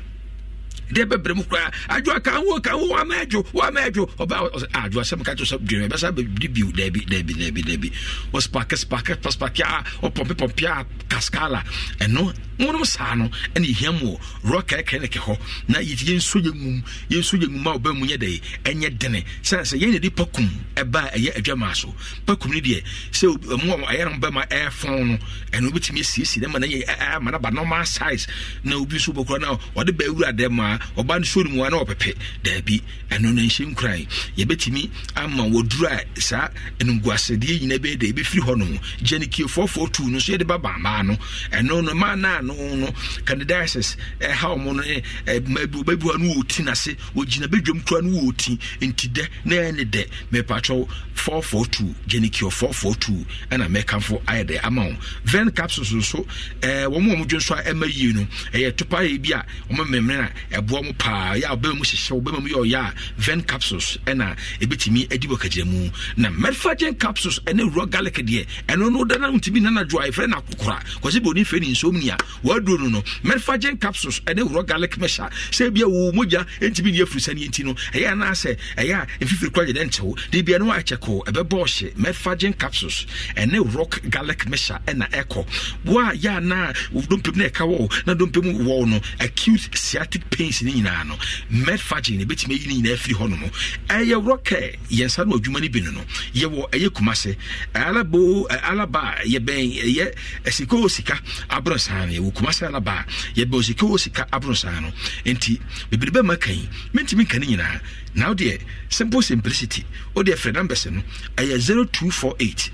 deɛ bɛbrɛ mu koraa adwoa ka ho ka ho wama adwo wama adwo ɔba ah, adwoa sɛ meka to sɛ dwene bɛsa bɛdi bio daabi daabi daabi daabi ɔspake spake paspake a ɔpɔmpe pɔmpe a kaskala ɛno wonom saa no ɛne yɛhia mu wɔ rɔ kɛkɛ ne kɛ hɔ na yɛnso yɛ nwum yɛnso yɛ nwum a ɔbaa mu nyɛ dɛ ɛnyɛ dene sɛ sɛ yɛn yɛde pakum ɛba ɛyɛ adwamaa so pakum ne deɛ sɛ ɔmo a ɛyɛ no bɛma ɛɛfɔn no ɛno wobɛtumi asiesie ne ma na yɛ ɛɛma na ba normal size na obi nso bɔkura na ɔde bɛɛ wura dɛ maa ɔba no sɔre mu a na ɔpɛpɛ daabi ɛno no nhyɛ nkuran yɛbɛtumi ama wɔduru a saa ɛnonguasedeɛ nyina bɛyɛ dɛ yɛbɛfiri hɔ nom gyanekio 442 no nso yɛde ba baamaa no ɛno no ma naa no no candidiasis ɛha ɔmo no bɛbi hɔ no wɔti nase wɔgyina bɛdwam kora no wɔti nti dɛ na ɛne dɛ mepatwɛw 442 gyanekio 442 ɛna mɛkamfo ayɛ dɛ ama wo ven capsules nso wɔn a wɔn dwe nso a ɛma yie no ɛyɛ topa yɛ bi a wɔn mmemmere a ɛbo ɛboa mu paa yɛ a ɔbɛma mu hyehyɛ ɔbɛma mu yɛ ɔyɛ a ven capsules ɛna ɛbɛtumi adi wɔ kagyina mu na medfagen capsules ɛne wura garlic deɛ ɛno no da no ntumi nanadwo a ɛfrɛ na akokora kɔsɛ bi ɔne fɛ ne nsom ni a waaduro no no medfagen capsules ɛne wura garlic mɛhyɛ sɛ bia wo mogya ɛntumi ne afiri sane nti no ɛyɛ anaasɛ ɛyɛ a ɛfifiri kora gyedɛ nkyɛwo de bia no waɛkyɛ kɔ ɛbɛbɔɔhye medfagen capsules ɛne rock garlic mɛhyɛ ɛna ɛkɔ wo a yɛ anaa dompem no ɛka wɔ na dompem wɔ no acute sciatic pain things ne nyinaa no medfagin ne bɛtumi ayi ne nyinaa firi hɔ nom ɛyɛ worɔkɛ yɛnsa no adwuma no bi no no yɛwɔ ɛyɛ kumase alabo alaba yɛbɛn ɛyɛ sika o sika aboro saa no yɛwɔ kumase alaba yɛbɛn sika o sika aboro saa no nti bebree bɛma kan mentumi nka ne nyinaa na wo deɛ simple simplicity wo deɛ frɛ numbers no ɛyɛ zero two four eight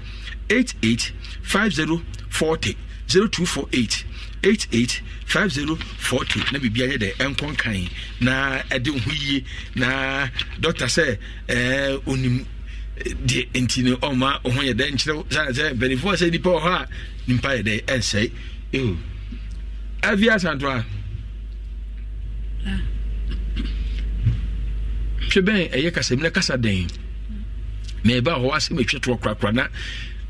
88 5040 na biribia nyɛ dɛ ɛnkɔ nkan na ɛde ho yie na dɔkta sɛ ɛɛ onim deɛ nti no ɔma ho yɛ dɛ nkyerɛw sane sɛ mpanimfoɔ sɛ nnipa wɔ hɔ a nipa yɛ dɛ ɛnsɛe ɛo avia santo a ah. hwɛ bɛn ɛyɛ kasamina kasa dɛn na ɛbaa hɔ asɛm ɛtwɛtoɔ korakora na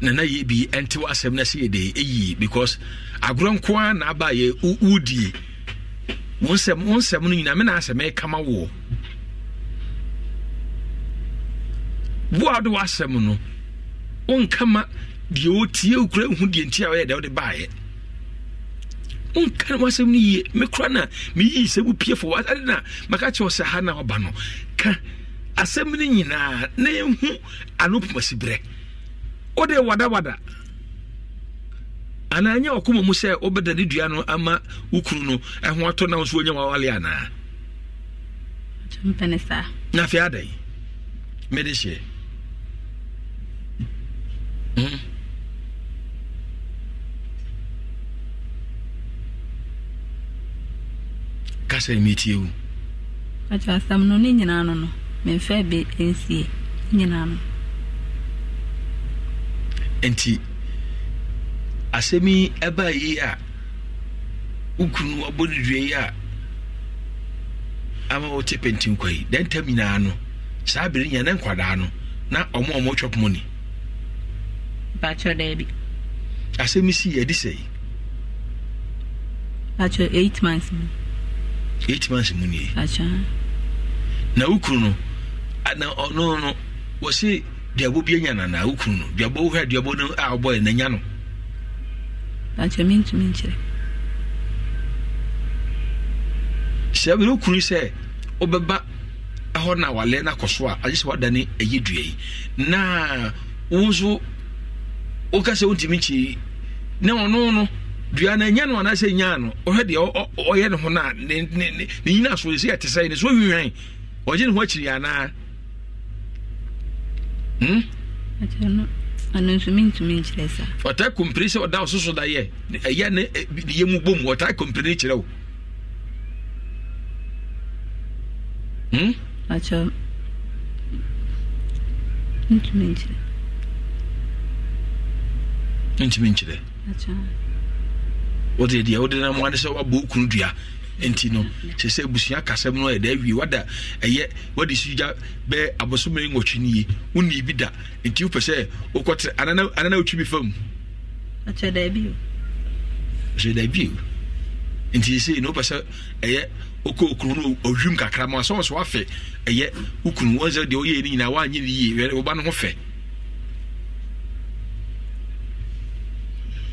nana yɛ bi ɛnte asɛm no sɛ yɛde ɛyie because agorɔ nko na aba yɛ wodie wo nsɛm no nyina mena asɛm ɛkama woɔ wo a wode w'asɛm no wonkama deɛ wɔtie wokura nhu deɛ nti a wɔyɛ deɛ wode baeɛ wonka no wasɛm no yie me kora no a meyii sɛ wopiefo ade na maka kyerɛ sɛ ha na ɔba no ka asɛm no nyinaa na ɛhu anopomasiberɛ wode wadawada anaa nyɛ ɔkoma mu sɛ wobɛda ne dua no ama wo kunu no ɛho ato na wo so wonya wawale anaa na afei adɛn mede hyeɛ hmm? kasa metie wo asɛm no ne nyinaa no no memfɛ bi nsie nyinaa no nti asɛm yi ɛbaa yi a wokunu wabɔ ne dua yi a ama wɔte pɛnti nkwa yi dɛn tam nyinaa no saa bere nya ne nkwadaa no na ɔmo ɔmo twɛ pomo ni. bàtchɛ dɛbi. asɛm si yɛ de sɛ yi. bàtchɛ eight months mu. eight months mu ni yi. bàtchɛ. na wokunu no na ɔno no wɔsi. No, duabo bi anya nana no no a wobɔɛ n'anya no sɛ sɛ wobɛba walɛ no akɔ so a agye sɛ woada ne dua yi na wo nso woka sɛ na ɔno no dua no ɛnyɛ no anaasɛ nyaa no ɔhwɛ deɛ ɔyɛ ne ho no a ne nyina so sɛ yɛte sɛe no sɛ ɔwiwan ɔgye ne ho akyiri anaa Hmm? ɔtaa kompire sɛ ɔda ɔsoso da yɛ ɛyɛ ne eh, yɛ mu bom ɔtaa kompire ne kyerɛ wo hmm? ntumi nkyerɛ wode deɛ wode na moane sɛ woabɔ kunu dua nti no kyerɛ sɛ abusua kasɛm no yɛda awie wada ɛyɛ wade sugya bɛɛ abosome nwɔtwe no yi wonni bi da nti wopɛ sɛ wokɔtere anana wotwi bi fam akyɛ daabio akyɛ daabio nti sei na wopɛ sɛ ɛyɛ wokɔ okunu no ɔwim kakra ma sɛ wɔ so wafe ɛyɛ wokunu wɔnsɛ deɛ woyɛɛ no nyinaa woanyɛ no yie woba no ho fɛ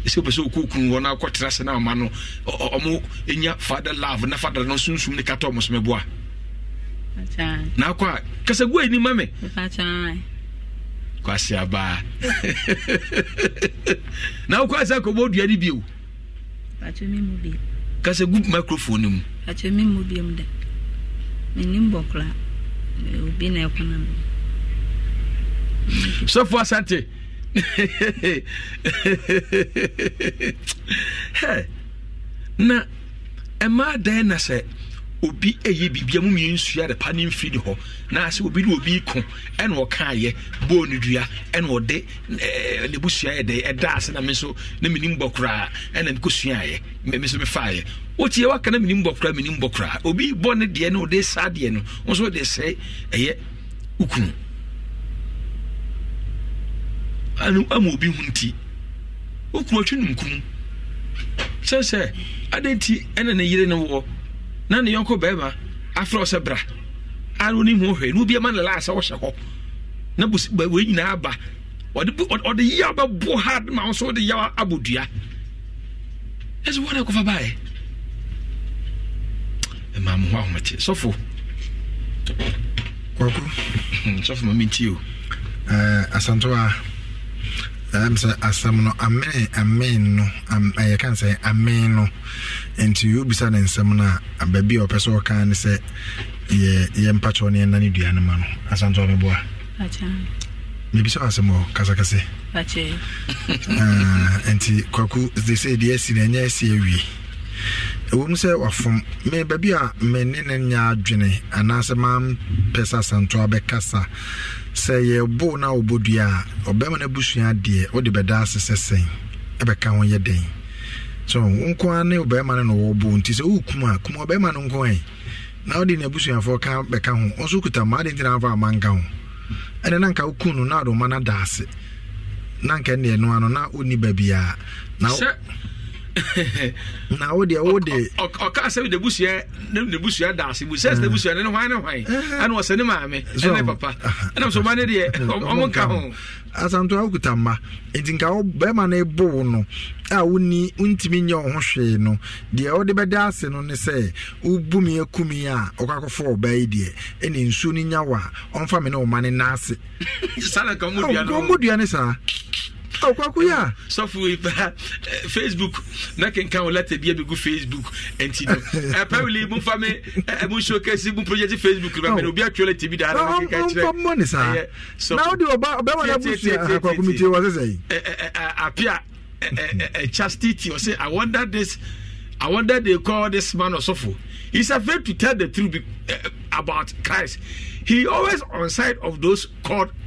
sɛ wopɛ sɛ wɔkɔkunu wɔ no akɔtena se no ama no ɔmo ɛnya father love na father no sunsum ne kata ɔmo sɛmɛ boa na akɔ a kasa gu ani ma me kwase abaa na wokɔ asɛ akɔbɔ duane bio kasa gu microphone no mu e, sɛfoɔ asante na mmaa dan na sɛ obi ɛyɛ biribia mu mmiɛnsua de pa ne mfiri de hɔ na sɛ obi ne obi ko ɔka ayɛ bowl no dua na ɔde ɛɛ ne busua yɛ de ɛda ase na me nso ne menim bɔ koraa ayɛ mekɔsuaayɛ me nso mefaayɛ wotie waka na menim bɔ koraa menim bɔ koraa obi bɔ ne deɛ na ɔde saa deɛ no wo nso wode sɛ ɛyɛ wokunu ama obi hu nti wokuma twe no nkum sɛ sɛ adɛn nti ɛna ne yere ne wɔ na ne yɔnkɔ bɛrima afrɛ wo sɛ bra ara woni hu hwɛ ne wobiama ne laa sɛ wohyɛ hɔ na wei nyinaa aba ɔde yaw bɛbo hard ma wo so wode yaw abɔ dua ɛsɛ wɔne kɔfa baɛ ɛma mo ho ahomate sɔfo kɔko sɔfo ma mentie o eh, asantoa ɛnam sɛ asɛm no amene amen no ɛyɛ sɛ amen no nti wobisa ne nsɛm no a baabi a ɔpɛ sɛ ɔka ne sɛ yɛ ne ɛna ne dua no ma no asante ɔmeboa mebisa wo asɛm wɔ kasakase ah, nti kwaku de sɛ deɛ asi no ɛnyɛ asi awie ɛwɔ mu sɛ wafom me baabi a mene ne nyɛ adwene anaasɛ mampɛ sɛ asantoa bɛkasa sɛ yɛbo na wobɔ dua a ɔbɛrima no abusua adeɛ wode bɛda ase sɛ sɛn ɛbɛka ho yɛ den so wo a ne ɔbɛrima no na wɔbo nti sɛ wokum a kuma ɔbɛrima no nko ɛ na wode ne abusuafoɔ ka bɛka ho ɔnso kuta ma ade nti na afa amanka ho ɛne na nka wokum no na ade ɔma no ada ase na nka nneɛ no ano na ɔnni baabiaa na na wo deɛ wo de ɔka sɛ de busua ne busua da ase bu sɛ ne busua ne ne hwan ne hwan ɛna ɔsɛ ne maame ɛne papa ɛnam so ma ne deɛ ɔmo nka ho asanto akuta mma nti nka wo bɛrima no bo wo no a woni wontumi nyɛ wo ho hwee no deɛ wode bɛda ase no ne sɛ wobu me akumi a ɔkakɔfo ɔbaa yi deɛ ɛne nsuo no nya wo a ɔmfa me ne wo ma ne na ase nkɔmmɔdua ne saa ɔkwakoyɛ a sɔfo yi pa eh, facebook na kenka wo lata bi abɛgu facebook ɛnti no apparently momfa me eh, mo show kɛse mo project facebook ba mene oh. obi atwerɛ lata bi daara na keka kyerɛ mmɔ ne saa na wode ɔbɛma no abusua akwako metie wɔ sɛ sɛi apia chastity ɔsɛ i wonder this I wonder they call this man Osofo. He's afraid to tell the truth eh, about Christ. He always on side of those called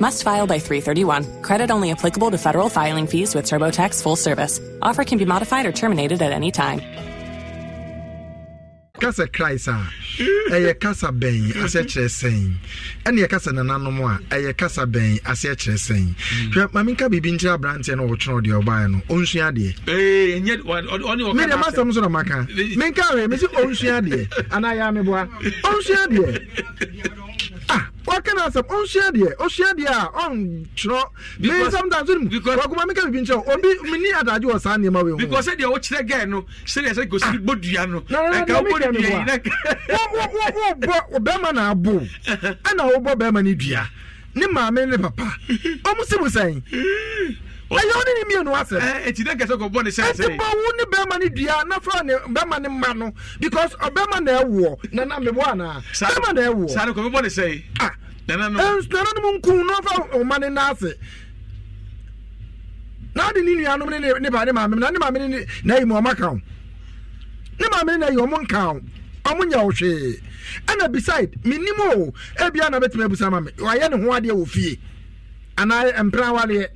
must file by 331. Credit only applicable to federal filing fees with TurboTax full service. Offer can be modified or terminated at any time. kasa christ a ah. ɛyɛ kasa bɛn aseɛ kyerɛ sɛn ɛne yɛ kasa nananom a ɛyɛ kasa bɛn aseɛ kyerɛ sɛn hwɛ hmm. maame nka biribi nkyerɛ aberanteɛ no wɔtwerɛ deɛ ɔbaeɛ no ɔnsua adeɛ eh, mede masɛm so na maka menka hwɛ mesi ɔnsua adeɛ anaa yɛ ameboa ɔnsua wɔka no asɛm ɔnhyia deɛ ɔhyia deɛ a ɔntwerɛ me sometimes wonim wakoma meka bibi nkyɛ obi menni adagye wɔ saa nneɛma wei hobecause sɛdeɛ wokyerɛ gɛ no sɛdeɛ sɛ kɔsi bɔdua no wobɔ bɛrima na abo ɛna wobɔ bɛrima no dua ne maame ne papa ɔmo se mo sɛn ɛyɛ wo ne ne mmienu asɛm ɛnti eh, eh, bɔ wo ne bɛrima no dua na fra ne bɛrima no ma no because ɔbɛrima na ɛwoɔ na na mebɔ anaa bɛrima na ah. no, nananom nkum na ɔfa ɔma ne na ase na ade ne nuanom ne ne ba ne maame na ne maame ne na yi mu ɔma ka wo ne maame na yi ɔmo nka wo ɔmo nya wo hwee ɛna beside menim o ebia na bɛtumi abusa ma me wayɛ ne ho adeɛ wɔ fie anaa mpena wadeɛ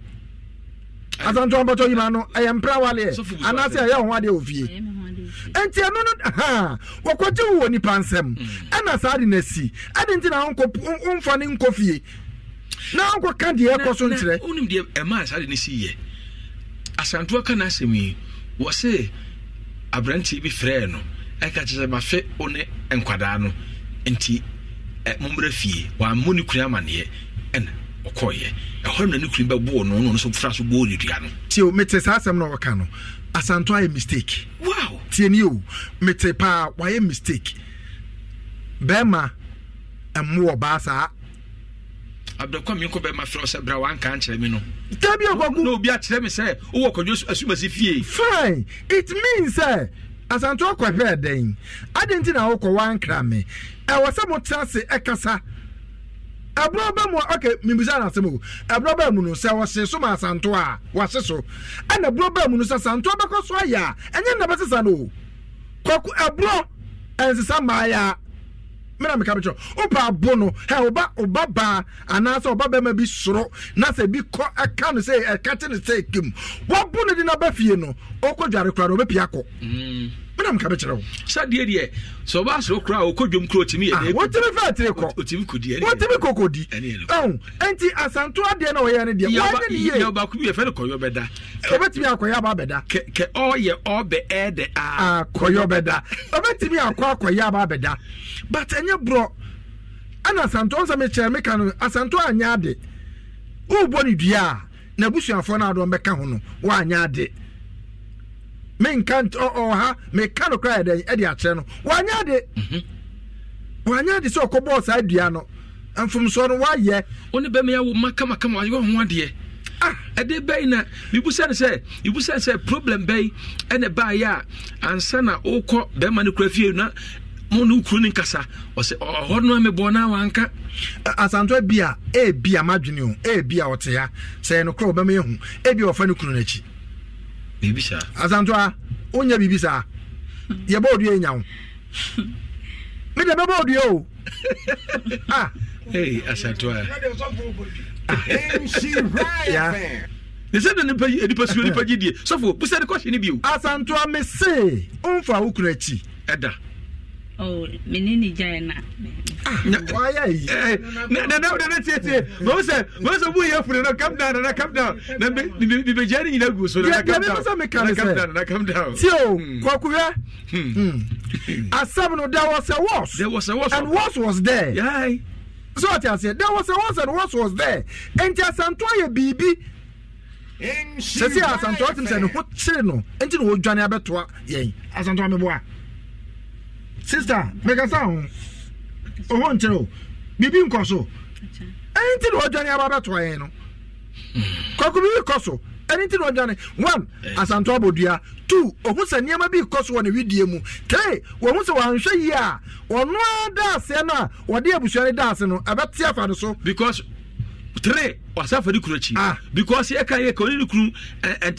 asantɔ mpɔtɔ yi ma no ɛyɛ mpira wale anaasɛ ɛyɛ ɔho adeɛ ofie nti ɛno no wɔkɔgye wo wɔ nipa nsɛm ɛna saa de no asi ɛde nti na womfa ne nkɔ fie na wonkɔka deɛ ɛkɔ so nkyerɛ wonim deɛ ɛmaa saa de si yɛ asantoa ka no asɛm yi wɔ aberanteɛ bi frɛɛ no ɛka kyerɛ sɛ mafe wo ne nkwadaa no nti eh, mommrɛ fie wammo ne kunu amanneɛ ɛna ɔkɔɔyɛ ɛhɔ na ne kunu bɛ bɔɔ no ɔno nso fura so bɔɔ ne no. tiɛ mete saa asɛm na ɔka no asanto ayɛ mistake. wow tiɛ ni o mete paa wayɛ mistake bɛrima ɛmu ɔbaa saa abdulkwa mi kɔ bɛɛ ma sɛ bra wa nkan mi no. dabi ɔkɔkun n'obi akyerɛ mi sɛ owó kɔjɔ asumasi fie. fine it means sɛ asanto akɔhwɛ ɛdɛn adi nti na awokɔ wa mi ɛwɔ sɛ mo tẹ ase ɛkasa. ɛbrɛ bɛ mu ok mibisa na asɛm o ɛbrɛ bɛ mu no sɛ wɔhyɛ so ma asanto a wɔhyɛ so ɛna ɛbrɛ bɛ mu no sɛ santo bɛkɔ so ayɛ a ɛnyɛ na bɛsesa no kɔkɔ ɛbrɛ ɛnsesa mmaayɛ a mena meka bɛkyɛ wopa abo no hɛ woba woba baa anaasɛ woba bɛma bi soro na sɛ bi kɔ ɛka no sɛ ɛka te ne sɛ kim wɔbo no de no abɛfie no ɔkɔ dware kora no ɔbɛpia kɔ mm. madam ka bɛkyerɛ wo sɛdeɛ deɛ sɛ ɔba soro kora a ɔkɔ dwom kora ɔtumi yɛ ah, wɔtumi fa atire ɛnti asanto adeɛ na ɔyɛ no deɛ wɔne ne yɛ baako bi yɛfɛ no kɔyɔ bɛda ɔbɛtumi akɔyɛ aba bɛda kɛ ɔyɛ ɔbɛ ɛɛdɛ a akɔyɔ bɛda ɔbɛtumi akɔ akɔyɛ aba bɛda but ɛnyɛ borɔ ana asanto nsɛm kyerɛ meka no asanto anyɛ ade wobɔ ne dua a na abusuafoɔ no adɔm bɛka ho no woanyɛ ade menka ɔha oh, oh, meka no kora ɛde akyerɛ no wanyɛ de wanyɛ de sɛ ɔkɔbɔɔ saa dua no mfomsoɔ no woayɛ wone bɛma yɛwo ma kamakama ayɛ ho adeɛ ah. ɛde bɛyi na mibusa sɛ mibusa sɛ problem bɛyi ɛna baayɛ a ansa na wokɔ bɛrima no kora fie na mo ne wokuro ne nkasa ɔsɛ ɔhɔ no amebɔ no wanka asantɔ bia ɛbia madwene o ɛbia ɔtea sɛ ɛnokorɔ wɔbɛma yɛhu ɛbia wɔfa no kunu no akyi biribi saa asantoa wonya biribi saa yɛbɔ odua nya wo mede bɛbɔ odua o asantoa ne sɛ na ah. nipa yi eh, nipa suo nipa gyi die sɔfo busa ne kɔhye ne bio asantoa mese ɔmfa wo kura akyi ɛda Oh, mene ne gyae na tietie msɛ moyɛ fune no come down nana come down na mebɛgyaa ne nyina gu so nmsɛ mekanesɛtio kwakuhwɛ asɛm no there was a was and was was there so ɔte aseɛ there was a was and was was there enti asanto ayɛ biribi sɛsɛ asanto atem sɛ ne ho kyere no enti na wɔdwane abɛtoa yɛn asanto ameboa sista mekasa ho ɔho nkyerɛ o biribi nkɔ so ɛne nti na ɔdwane aba bɛtoa yɛn no kɔko biribi kɔ so ɛne nti na ɔdwane one asanto abɔdua two ɔho sɛ nneɛma bi kɔ so wɔ ne widie mu three wɔho sɛ wɔanhwɛ yie a ɔno a daaseɛ no a wɔde abusua no daase no ɛbɛte afa no so because three wasa fɛ ne kunu akyi ah. because yɛ ka yɛ ka ɔne to kunu eh,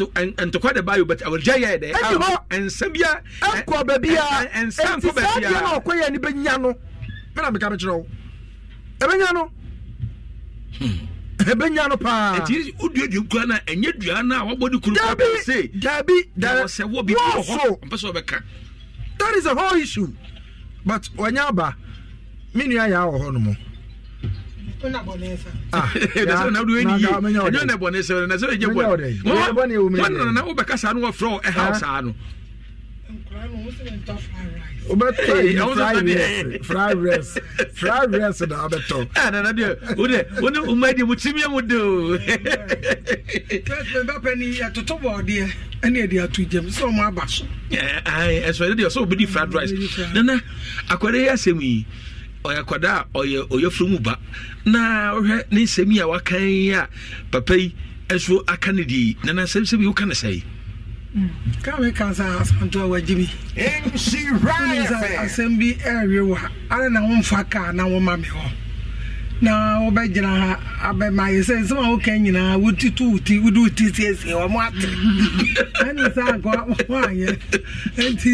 ntɔkwa eh, de ba yi o bɛtɛ awɔrija yɛ dɛ ɛdi hɔ nsɛm bia ɛnkɔ bɛbi a ɛnsa nkɔ bɛbi a ɛnti sáà deɛ ɔkɔ yɛ ni bɛ nya no mena mi ka mi kyerɛ o ɛbɛ eh, no ɛbɛ hmm. nya no paa ɛti o dua dua kura na enye dua na wabɔ ne kunu kura bɛ se dabi dabi wɔsɛ wɔ bi wɔ hɔ mpɛsɛ ɔbɛ ka that is a whole issue but wanyaba minu ya ya yɛ awɔ hɔ Ah, na ato gyam sɛ ɔmo so ɛsɔɛde deɛ sɛ wobɛdi fried rice nana akwade yɛ asɛm yi ɔyɛ akwadaa a ɔyɛ ɔyɛforo mu ba na ɔhwɛ ne nsɛm yi a waka yi a papa yi nso aka ne di na na nsɛm sɛbi woka ne sɛ hmm. kame ka sa asanto a wagye bi asɛm bi ɛrewe wɔ ana na womfa kaa na woma me hɔ na wobɛgyina ha abɛma yɛ sɛ nsɛm a woka nyinaa wotutu woti wode woti siesie wɔ mo ate ɛne saa nka woayɛ nti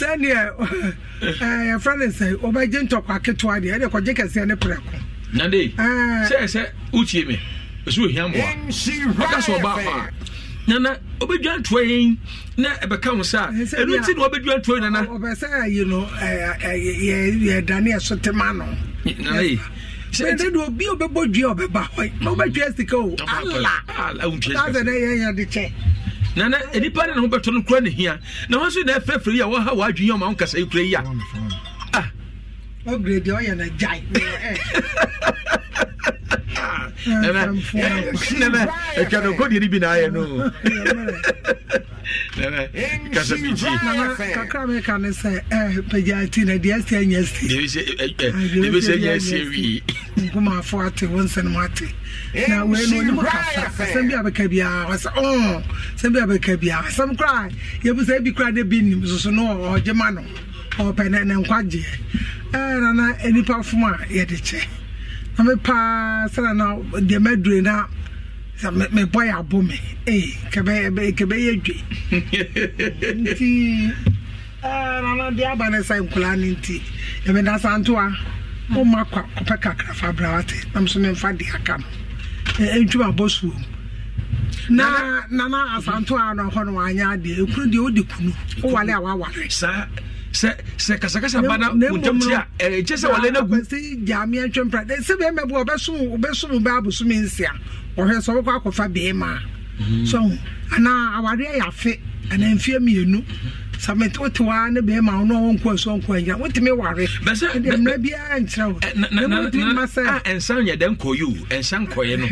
sɛneɛ eh, yɛfrɛ ne sɛ wobɛgye ntɔkwa ketewa deɛ ɛne kɔgye kɛseɛ ne prɛko nade eh. sɛ sɛ wotie me ɛsɛ ohia mmoa ɔka sɛ ɔba fa nana obedwa ntoa yi na ɛbɛka ho saa ɛnu nti na obedwa ntoa yi nana. ɔbɛsɛ ayi no ɛɛ eh, yɛ yɛ dani ɛso no. nana yi sɛde de obi obɛbɔ dua ɔbɛba hɔ na wobɛdua sika o alaasɛ ne yɛyɛ de kyɛ nana nipa ne ne ho bɛtɔ no kora ne hia na ho nso na ɛfrɛfrɛ yi a wɔha wɔadwene yi ɔma wo nkasa yi kora yi a o grade ɔyɛ na gyae nana no bi naayɛ no meka ne sɛ eh, pagyaati na deɛ asi anya siebɛsɛ eh, eh, ate wo nsɛnom ate na wei ɔnim kasa asɛm bi abɛka biara ɔsɛ oh, sɛm bi abɛka biara asɛm koraa yɛbu sɛ bi koraa de bi nnim soso no ɔgye ma no ɔpɛ ne nkwagyeɛ Eh, na na nipa fom a yɛde kyɛ na me paa sɛna na deɛ madure na mebɔ yɛ abo me ee eh, kɛbɛyɛ dwe nti eh, nana deɛ aba ne sɛ nkoraa no nti yɛmeda santoa woma kɔpɛ kakra fa bra wate nam so memfa de aka no ɛntwum abɔ suo mu na nana asantoa no hɔ no wanyɛ adeɛ ɛkunu deɛ wodi kunu wowale a waware saa sɛ sɛ kasakasa ba na wotɛmti a sɛ wɔlɛ no gugyame atwa mpra sɛ bɛɛ mɛbo ɔbɛsom wobɛsom bɛ abosome nsia ɔhwɛ sɛ wobɛkɔ akɔfa bɛɛma mhm. so anaa awareɛ yɛ afe anaa mfeɛ mmienu sàmẹtì wòtí wá ne bẹẹ ma ọnà ọwọn nkọ ẹsọ nkọ ẹnyà wòtí mi wàre. bẹsẹ bẹsẹ mìíràn bí a nkyerẹ o. Eh, na na ah, na na a ẹnsan yẹ dẹ nkọ yi o ẹnsan kọ yẹ no.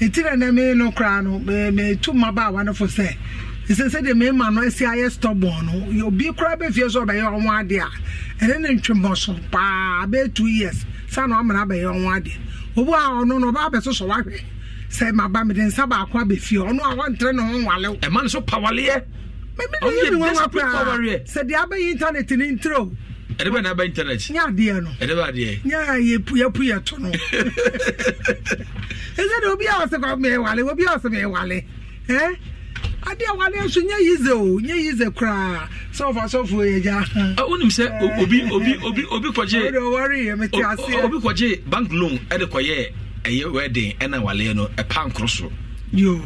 etí rẹ̀ nà mi nù kura sɛ sɛdeɛ mmarima no ɛsi ayɛ stɔbɔn no obi koraa bɛfie so ɔbɛyɛ ɔmo adeɛ a ɛne ne ntwemɔ so paa bɛyɛ two years saa na ɔmena bɛyɛ ɔmo adeɛ obi a ɔno no ɔbaa bɛsoso wahwɛ sɛ maba mede nsa baako abɛfie ɔno a wɔntere ne ho nwale. ɛma no so pawaleɛ. mɛmi de yi mi wɔn wa koraa sɛdeɛ abɛyɛ internet ne ntire o. ɛde bɛ n'aba internet. n y'a deɛ no. ɛde bɛ adeɛ. n y'a yɛ pu yɛ pu yɛ to no. ɛsɛ de obi a ɔsɛ kɔ mɛ wale obi a ɔsɛ mɛ wale ɛɛ. ade a nso nye yize o nye yize koraa sọfọ asọfọ yẹja. Eh, onim sẹ eh. obi obi obi obi bank loan wedding no nkoro so. yo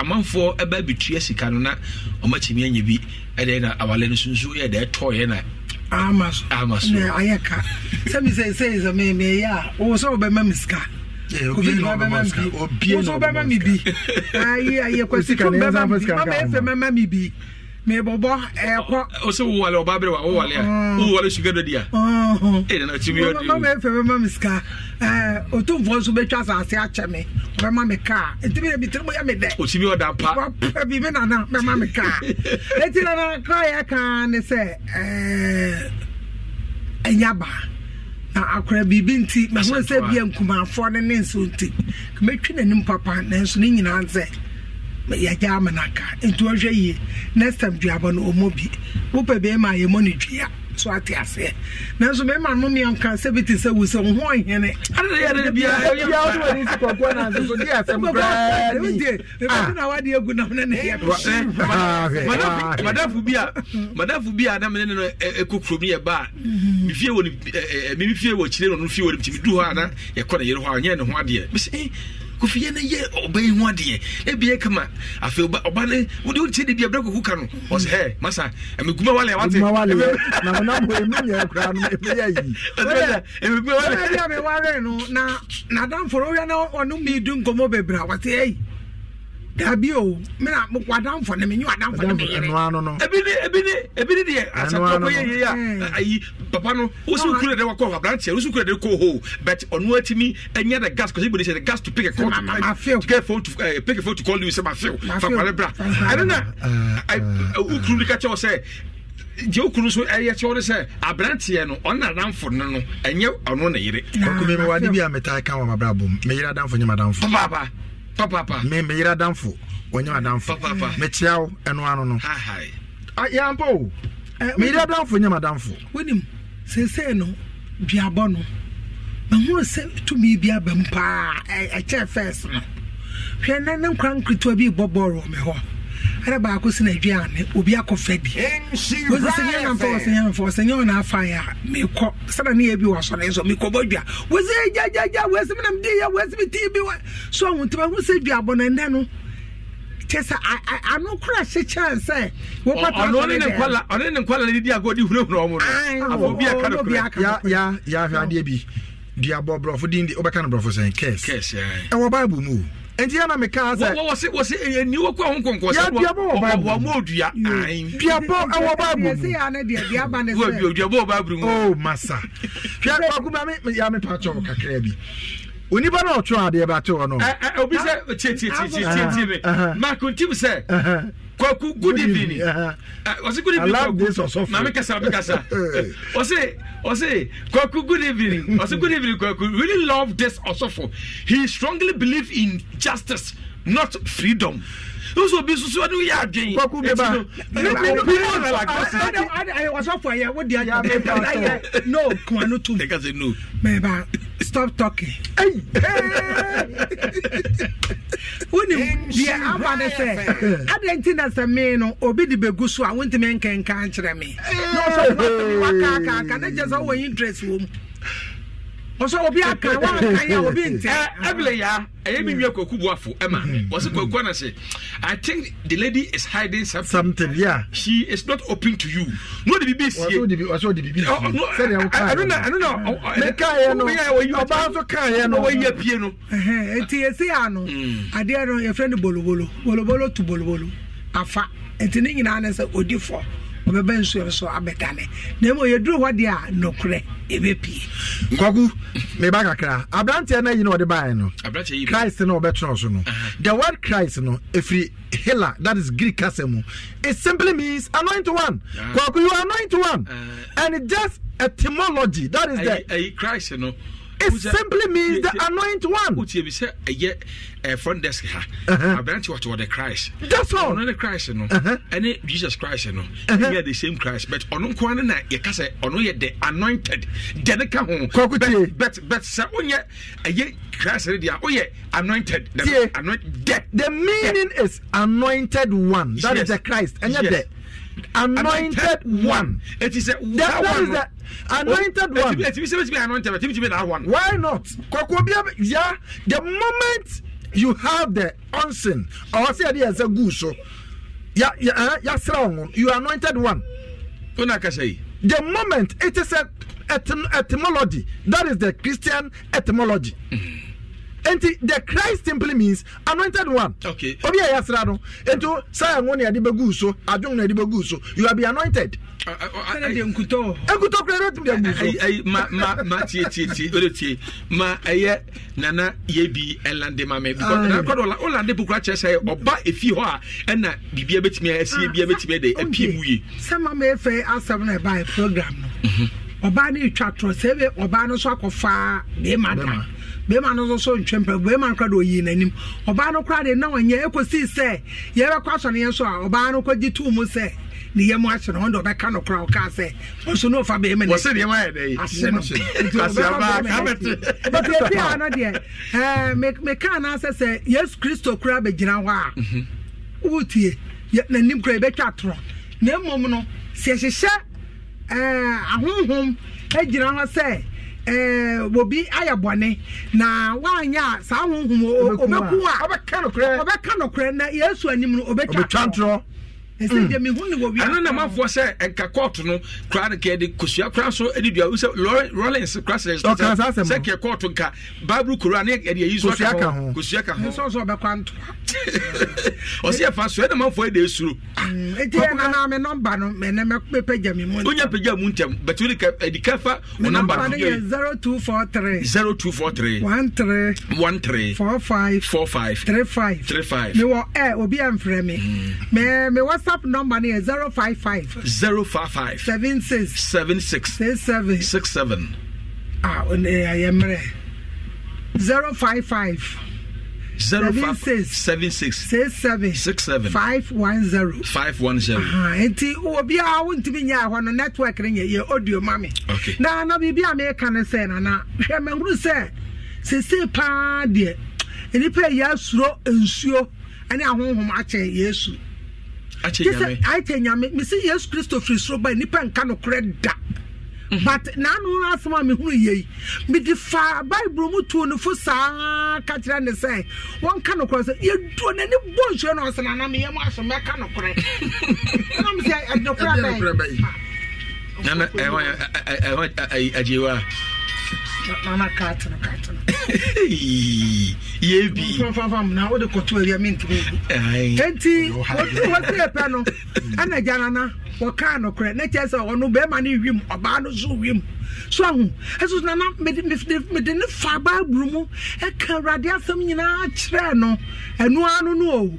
amanfoɔ sika no na anya bi na awale no yɛ dɛ na ama so ayɛ ka sɛ sɛ a sɛ covid bɛ mɛma mi bi muso bɛ mɛma mi bi ayi ayi kwasi fun bɛ mɛma mi bi mama efe mɛma mi bi mebɔbɔ ɛkɔ. Eh, o se wo wale o b'a bere wa o wale ya o ah. wale sukɛ dɔ di ya. Ah. e eh, nana tibi yɔ di. mama efe mɛma mi sika ɛɛ eh, o tun fɔ nso bɛ twa saase akyɛ mi mɛma mi kaa eti mi yɛ bi tiri mo yɛ mi dɛ. o tibi yɔ da pa. ebi. pɛ bi mi nana mɛma mi kaa eti nana kura yɛ kan ne sɛ ɛɛ ɛnyaba akwara biribi nti mehu sɛ bia nkumafoɔ no ne nso nti mɛtwi n'anim papa nanso ne nyinaa sɛ yɛagya ama no aka nti ɔhwɛ yie next duaba no ɔmɔ bi wopɛ bɛɛma a no dua so ate aseɛ nanso mɛma no meɛnka sɛ bi te sɛ wo sɛ wo ho ɔhene nawadeɛ gu nam ne neyɛmadafo bi a madafo bi a na mene ne no ɛkɔ kurom ne yɛba a mefie wɔ memefie wɔ kyire no no fie wɔ ne mti medu hɔ a na yɛkɔ ne yere hɔ a ɔnyɛ ne ho adeɛ mesɛ kofi yɛ ne yɛ ɔba yi ho adeɛ ebi yɛ kama afei ɔba ɔba ne wode wotie de bi abira koko ka no ɔsɛ hɛ masa ɛmɛ kuma wale wate kuma wale na mo nam hɔ emu nyɛ kura no emu yɛ yi ɛmɛ kuma wale ɛmɛ yɛ wale no na na danforo yɛ na ɔno mi du nkɔmɔ bebree a wate ɛyi dabi o mina wadamfo ne menye wadamfo ne meyere ebi ne ebi ne ebi deɛ asatɔ kɔ yɛ mm. papa no wosi kura de wakɔ aberanteɛ wosi kura de kɔ hoo but ɔno atimi anya the gas kɔsi ibi sɛ the gas to pick a call to get phone to eh, pick a phone to call you sɛ ma feel fakwale bra ɛno na wokuru bi ka kyɛw sɛ deɛ wokuru nso ɛyɛ eh, kyɛw no sɛ aberanteɛ no ɔno nadamfo no no ɛnyɛ ɔno ne yere kɔkɔmɛmɛ wade bi a metaa ka wɔ mabrabɔ m meyere adamfo nyɛ madamfo Papa, me me yira danfo wonye adamfo me chiao, eno ano no ha ha A ah, mpo eh, me yira danfo nyama madamfo. wonim sese no biabɔ no se sɛ tumi bi aba mu paa ɛkyɛ eh, eh, fɛs no hwɛ na ne nkora bi bɔ me ho ɛna baako si na adua ane obi akɔ fɛ bi wosi sɛ nyɛ namfa wɔ sɛ nyɛ namfa wɔ sɛ afa yɛ a mekɔ sɛna ne yɛ bi wɔ asɔre nso mekɔ bɔ dua wosi gyagyagya wɔasi mi nam de yɛ wɔasi mi tii bi wɔ so ɔmo ntoma ho sɛ dua abɔ na nnɛ no kyɛ sɛ ano kora hyekyɛ sɛ wɔkɔtɔ ɔno ne ne nkwala ne di agɔ di hunahuna ɔmo no afɔ obi aka no kora yɛ ahwɛ adeɛ nti yɛn na mi ka sɛ. wɔ wɔsi wɔsi ɛni wɔkɔ ɔhun pa kyɛw kakra bi onipa náà ɔtún adeɛ bá tó ɔnọ. obi sɛ tie tie tie tie sɛ kwaku good evening ɔsi ah, ah, good evening kwaku maame kasa maame kasa ɔsi ɔsi kwaku good evening ɔsi good evening kwaku really love this ɔsɔfo he strongly believe in justice not freedom nso bi soso ni yɛ adwen kɔku mi ba obi wɔ na la gasi ɔsɔfo yɛ o di ɛyà mi ba yɛ no kuma no tum ɛka se no mɛ ba stop talking ɛyi wóni diɛ aba ne sɛ adan ti na sɛ mi no obi de bɛ gu so a wontumi nkankan kyerɛ mi na ɔsɔfo wa wa kaakaaka ne jɛ sɛ ɔwɔ interest wɔ mu ɔsɛ obi aka waaka obi ntɛ ɛbile eh, ya ɛyɛ hmm. mi nua kwaku buafo ɛma wɔsi kwaku ana se i think the lady is hiding something something yeah she is not open to you no de bibi sie wɔsɛ odibi wɔsɛ odibi bi sie oh, oh, sɛdeɛ ɔka ɛnu na ɛnu na ɔbɛ ka yɛ no ɔbaa nso ka yɛ no ɔbɛ yɛ no eti esi ya adeɛ no yɛfrɛ no bolobolo bolobolo tu bolobolo afa eti ne nyinaa ne sɛ odi fɔ ɔbɛbɛ nsuo no so abɛdane na mmom yɛduru hɔ deɛ a nokorɛ ɛbɛpie kwaku meba kakra aberanteɛ no ayi no ɔde baɛ no christ no ɔbɛtwerɛ so no the word christ no ɛfiri hela that is greek kasa mu it simply means anoint one kwaku you anoint one uh, and just etymology that is the christ you know it simply means the anointed one. wotie bi sɛ eh, ɛyɛ eh, front desk ha aberante wɔte wɔde christ that's all ɔno ne christ no ɛne uh-huh. jesus christ no ɛbi uh-huh. are the same christ but ɔno nko ara na yɛka sɛ ɔno yɛ the anointed deɛ ne ka ho kɔkutie but but sɛ wonyɛ ɛyɛ eh, christ ne deɛ woyɛ anointed tie the meaning is anointed one that is the christ ɛnyɛ the anointed one. It is a that, that is the anointed oh, one. It is anointed. one. Why not? Yeah, the moment you have the onsen or say there is a gusho, yeah, yeah, yeah, you are anointed one. The moment it is an etymology. That is the Christian etymology. Mm. nti the christ simply means anointed one okay obi a yasra no nti saa ngo na yɛde bɛgu so adwom na yɛde bɛgu so you are be anointed. nkutɔ nkutɔ pere tun bɛ gu so. ayi ma ma ma tie tie tie o de tie ma ɛyɛ nana yɛ bi ɛlande ma mɛ because na kɔdɔ la ɔlande bukura kyerɛ sɛ ɔba efi hɔ a ɛna bibi ɛbɛtumi ɛsi ebi ɛbɛtumi ah, ɛde ɛpie ah, mu ye. sɛma mi fɛ asɛm na ɛba yɛ program no ɔbaa mhm. ni itwa tɔ sɛbi ɔbaa ni so akɔ faa bɛɛ ma da bɛrima no nso ntwɛ mpɛ bɛrima nkora de oyi n'anim ɔbaa no kora de na ɔnyɛ ekosi sɛ yɛbɛkɔ asɔre yɛn so a ɔbaa no kɔgye tuu mu sɛ ne yɛm ahyɛ no ɔnde ɔbɛka no kora ɔkaa sɛ ɔso ne ɔfa bɛrima no wɔsɛ nneɛma yɛ dɛ ahyɛ no bɛtɛ pia no deɛ ɛɛ eh, me no asɛ sɛ yesu kristo kora bɛgyina hɔ a mhm. wotie n'anim kora yɛbɛtwa atorɔ na mmom no sɛ ɛhyehyɛ ɛɛ eh, ahohom gyina hɔ sɛ Eh, obi ayɛ bɔne na waanyɛ a saa honhom obɛku a ɔbɛka nokorɛ na yesu anim no obɛtwa ntorɔ Mm. ɛno na mafoɔ sɛ ɛnka court no kora no kɛde kosua kora so ne dua sɛ rollins kora sɛ kɛ court nka bible koro a ne ɛde ayi so kosua ka hoɔsɛ yɛfa so ɛna mafoɔ ɛde suro wonya pagya mu ntɛm but wodika fa onumber 0243 13 45 35 35 mewɔ ɛ obi amfrɛ me mm. mewɔ whatsapp number is yɛ zero five five. zero five five. seven six. seven six. six seven. ah ɛyɛ ɛyɛ mmerɛ zero five five. seven six seven six six seven six seven five one zero five one zero. nti obiara wontumi nyɛ ahɔ no network ne yɛ audio ma okay na na biribi a meka ne sɛ nana hwɛ mɛ nkuru sɛ sese paa deɛ nipa yɛ asuro nsuo ɛne akyɛ nyame mesi yesu kristo firi soro ba nipa nka nokorɛ da mhm. but naano asɛm a mehunu yei mede fa bible mu tuo no fo saa ka kyerɛ ne sɛ wɔnka nokorɛ sɛ yɛduo n'ani bɔ nsuo no ɔsɛ nana meyɛ mu aso mɛka nokorɛ nam sɛ nokorɛ bɛn agyewa mama cat no cat no yɛ bi na wode kɔto awia mentimi enti wɔte ɛpɛ no ɛna gya nana wɔkaa nokorɛ na kyerɛ sɛ ɔno bɛrima no no so wiem so ahu ɛso so nana mede ne fa baa buru mu ɛka awurade asɛm no ɛnoa no no ɔwu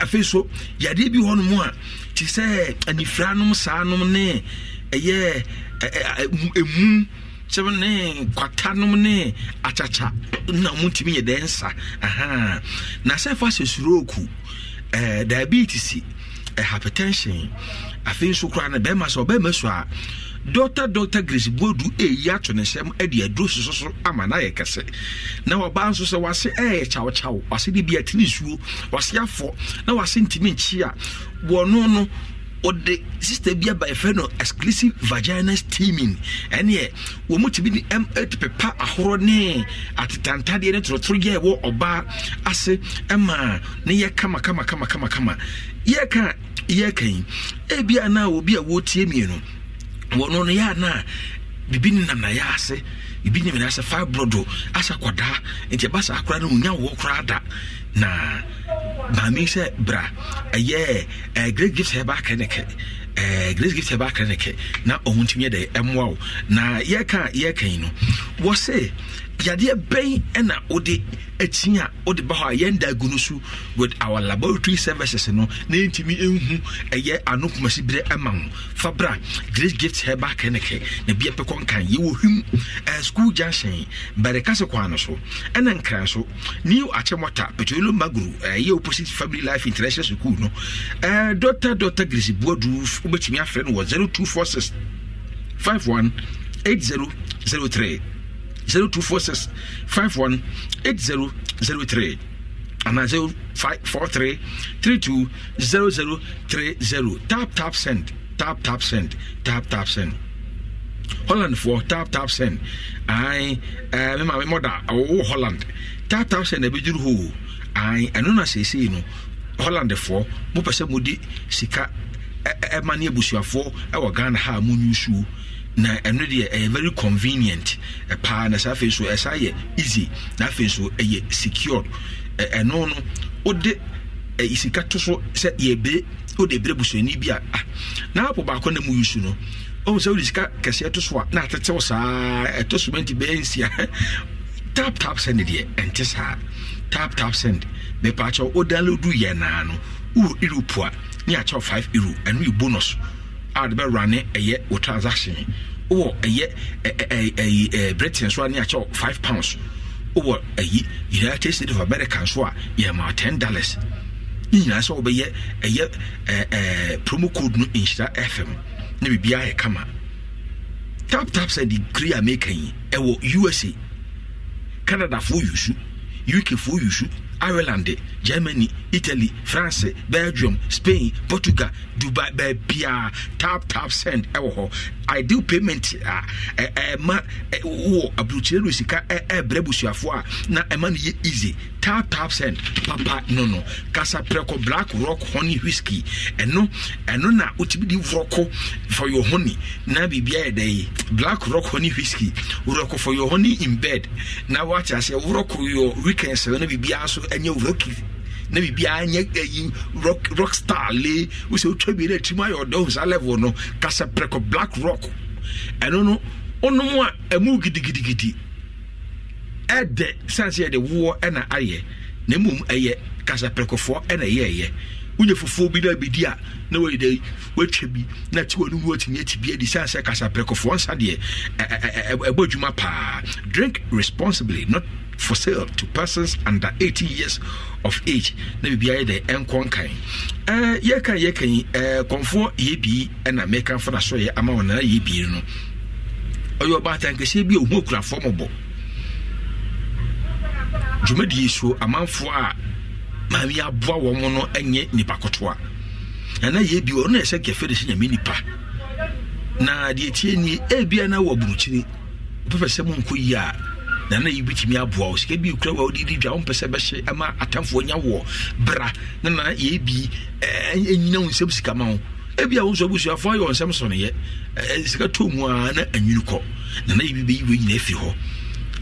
afei so yadeɛ bi hɔ a te sɛ anifira nom saa nom ne ɛyɛ emu kyɛm ne kwata nom ne akyakya na motumi yɛ dɛn nsa aha na sɛ fa sɛ suroku ɛɛ diabetes ɛhypertension afei nso koraa no bɛrima sɛ ɔbɛrima so a dɔta dɔta grace bodu ɛyi eh, ato ne nsɛm ɛde eh, aduro soso so ama no ayɛ kɛse na ɔbaa nso sɛ wase ɛyɛ eh, kyawkyaw wase de bi atene nsuo wase afɔ na wase ntimi nkyi a wɔno no ɔde sister bi aba ɛfɛ no exclusive vagina steaming ɛneɛ wɔ mu tumi pepa ahoro ne atetantadeɛ ne torotoro yɛ ɛwɔ ɔbaa ase ɛma ne yɛ kama kama kama kama kama yɛka yɛka yi ebia na obi a wɔtie mmienu wɔno no yɛ ana biribi ne nam nayɛ ase biribi nyam nayɛ ase brodo asa kwadaa nti ɛba saa koraa no wonya wɔ koraa da na maame sɛ bra ɛyɛ uh, great gift herbal clinic uh, grace gift herbal clinic na ɔho ntumi yɛ dɛ ɛmmoa wo na yɛka yɛka yi no wɔ se yadeɛ bɛn ɛna wode akyi a wode ba hɔ a yɛn da agu no so with our laboratory services no na yɛntumi ɛnhu ɛyɛ ano kumasi berɛ ɛma ho fa bra great gift herba clinic na bia pɛ kɔnkan yɛwɔ hwim uh, eh, school junction bɛrekase kwan no so ɛna nkran so new akyɛmɔta petrolo maguru ɛyɛ eh, uh, opposite family life international school no uh, dr dr grace buadu wobɛtumi afrɛ no wɔ 0246 51 8003 0246 51 8003 and 0543 32 0030. Tap, tap, send. Tap, tap, send. Tap, tap, send. Holland for tap, tap, send. I, uh, my mother, oh, Holland. Tap, tap, send. A bit who? I, I know not say, see, you know, Holland for, mo pese mudi sika, e, e, e, e, e, e, e, e, e, na ɛno deɛ ɛyɛ very convenient paa na saa afei so ɛsa yɛ easy na afei so ɛyɛ secured ɛno no wode ɛyi sika to so sɛ yɛbere wode ebere busuani bi a ah, na apɔ baako na mu yi su no ɔmu sɛ wode sika kɛseɛ to so a na atetew saa ɛtɔ sumɛnti bɛyɛ nsia tap tap send deɛ ɛnte saa tap tap send mepaakyɛw wo download yɛ naa no wo euro po a ne akyɛw five iru. ɛno yɛ bonus a de bɛrane ɛyɛ wo transaction wowɔ ɛyɛ britain so a ne akyɛw 5 pounds wowɔ ayi united states of america nso a yɛma ten dollars ne nyinaa sɛ wobɛyɛ ɛyɛ promo code no nhyira fm na biribiaa yɛ kama taptap sɛ degree a meka yi ɛwɔ usa Canada, canadafoɔ yusu ukfoɔ yusu ireland germany italy france belgium spain portugal dubai baabiaa ah, tap tap send ɛwɔ hɔ ideal payment a ah, ɛma eh, eh, eh, wɔ aburukyerɛ no sika ɛbrɛ busuafoɔ a na ɛma no yɛ easy tap tap send papa no no kasa prɛko black rock honey whiskey. ɛno ɛno na wotumi di worɔko for your honey na bibi yɛ dɛ yi black rock honey whiskey. worɔko for your honey in bed na woakyɛ sɛ worɔko your weekend sɛ na bibi aso ɛnyɛ worɔki na biribiara nyɛ ɛyi eh, rock rock star lee wosɛ wotwa bi na ayɛ ɔdɔ wo saa level no kasa prɛko black rock ɛno no wonom a ɛmu gidigidigidi ɛdɛ sane sɛ yɛde woɔ ɛna ayɛ na mmom ɛyɛ kasa prɛkofoɔ ɛna ɛyɛɛyɛ wonyɛ fufuo bi na bidi a na wɔyɛ dɛ wɔatwa bi na ti wɔn nuhu ɔtumi ati bi adi sane sɛ kasa prɛkofoɔ nsa deɛ ɛbɔ adwuma paa drink responsibly not for sale to persons under 80 years of age na biribiara yɛ dɛ ɛnkɔ nkan yɛka yɛka yi kɔnfoɔ yɛbi ɛna mɛka fa so yɛ ama wɔn nana yɛbi no ɔyɛ ɔbaatan kɛseɛ bi a ohun okura fɔm bɔ dwumadie so amanfoɔ a maame aboa wɔn no nyɛ nipa kotoa nana yɛbi wɔn na yɛsɛ kɛfɛ de sɛ nyame nipa na deɛ tie nie ebia na wɔ burukyiri pɛpɛ sɛ mo nkɔ yie a na na yɛbɛtumi aboa wo sika bi kura wa wodedi dwa wompɛ sɛ bɛhye ama atamfoɔ nya woɔ bra na na yɛbi ɛnyina wo nsɛm sika ma wo ebia wo nso abusuafoɔ ayɛ ɔnsɛm so no yɛ sika tɔ mu a na anwini kɔ na na yɛbi bɛyi wei nyina afiri hɔ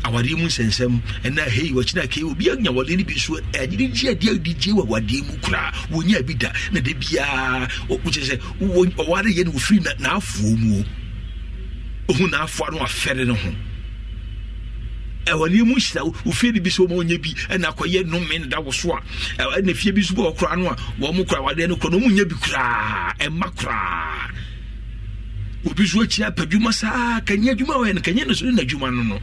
awadeɛ mu nsɛnsɛm ɛna hei wakyena kei obi anya awadeɛ no bi nso agyede gye adeɛ de gye wɔ awadeɛ mu koraa wɔnya bi da na da biaa wokyerɛ sɛ ɔwareyɛ no wɔfiri n'afoɔ mu o ɔhu n'afoa no afɛre no ho ɛwɔdeɛ mu hyira wo fie no bi sɛ wɔma wɔnyɛ bi ɛna akɔyɛ nome no da wo so a ɛna fie bi so bɛ wɔkora no a wɔn mo kora awadeɛ no kora na wɔn nyɛ bi koraa ɛma koraa obi so akyi apɛ adwuma saa kanyɛ adwuma wɔyɛ no kanyɛ no so ne n'adwuma no no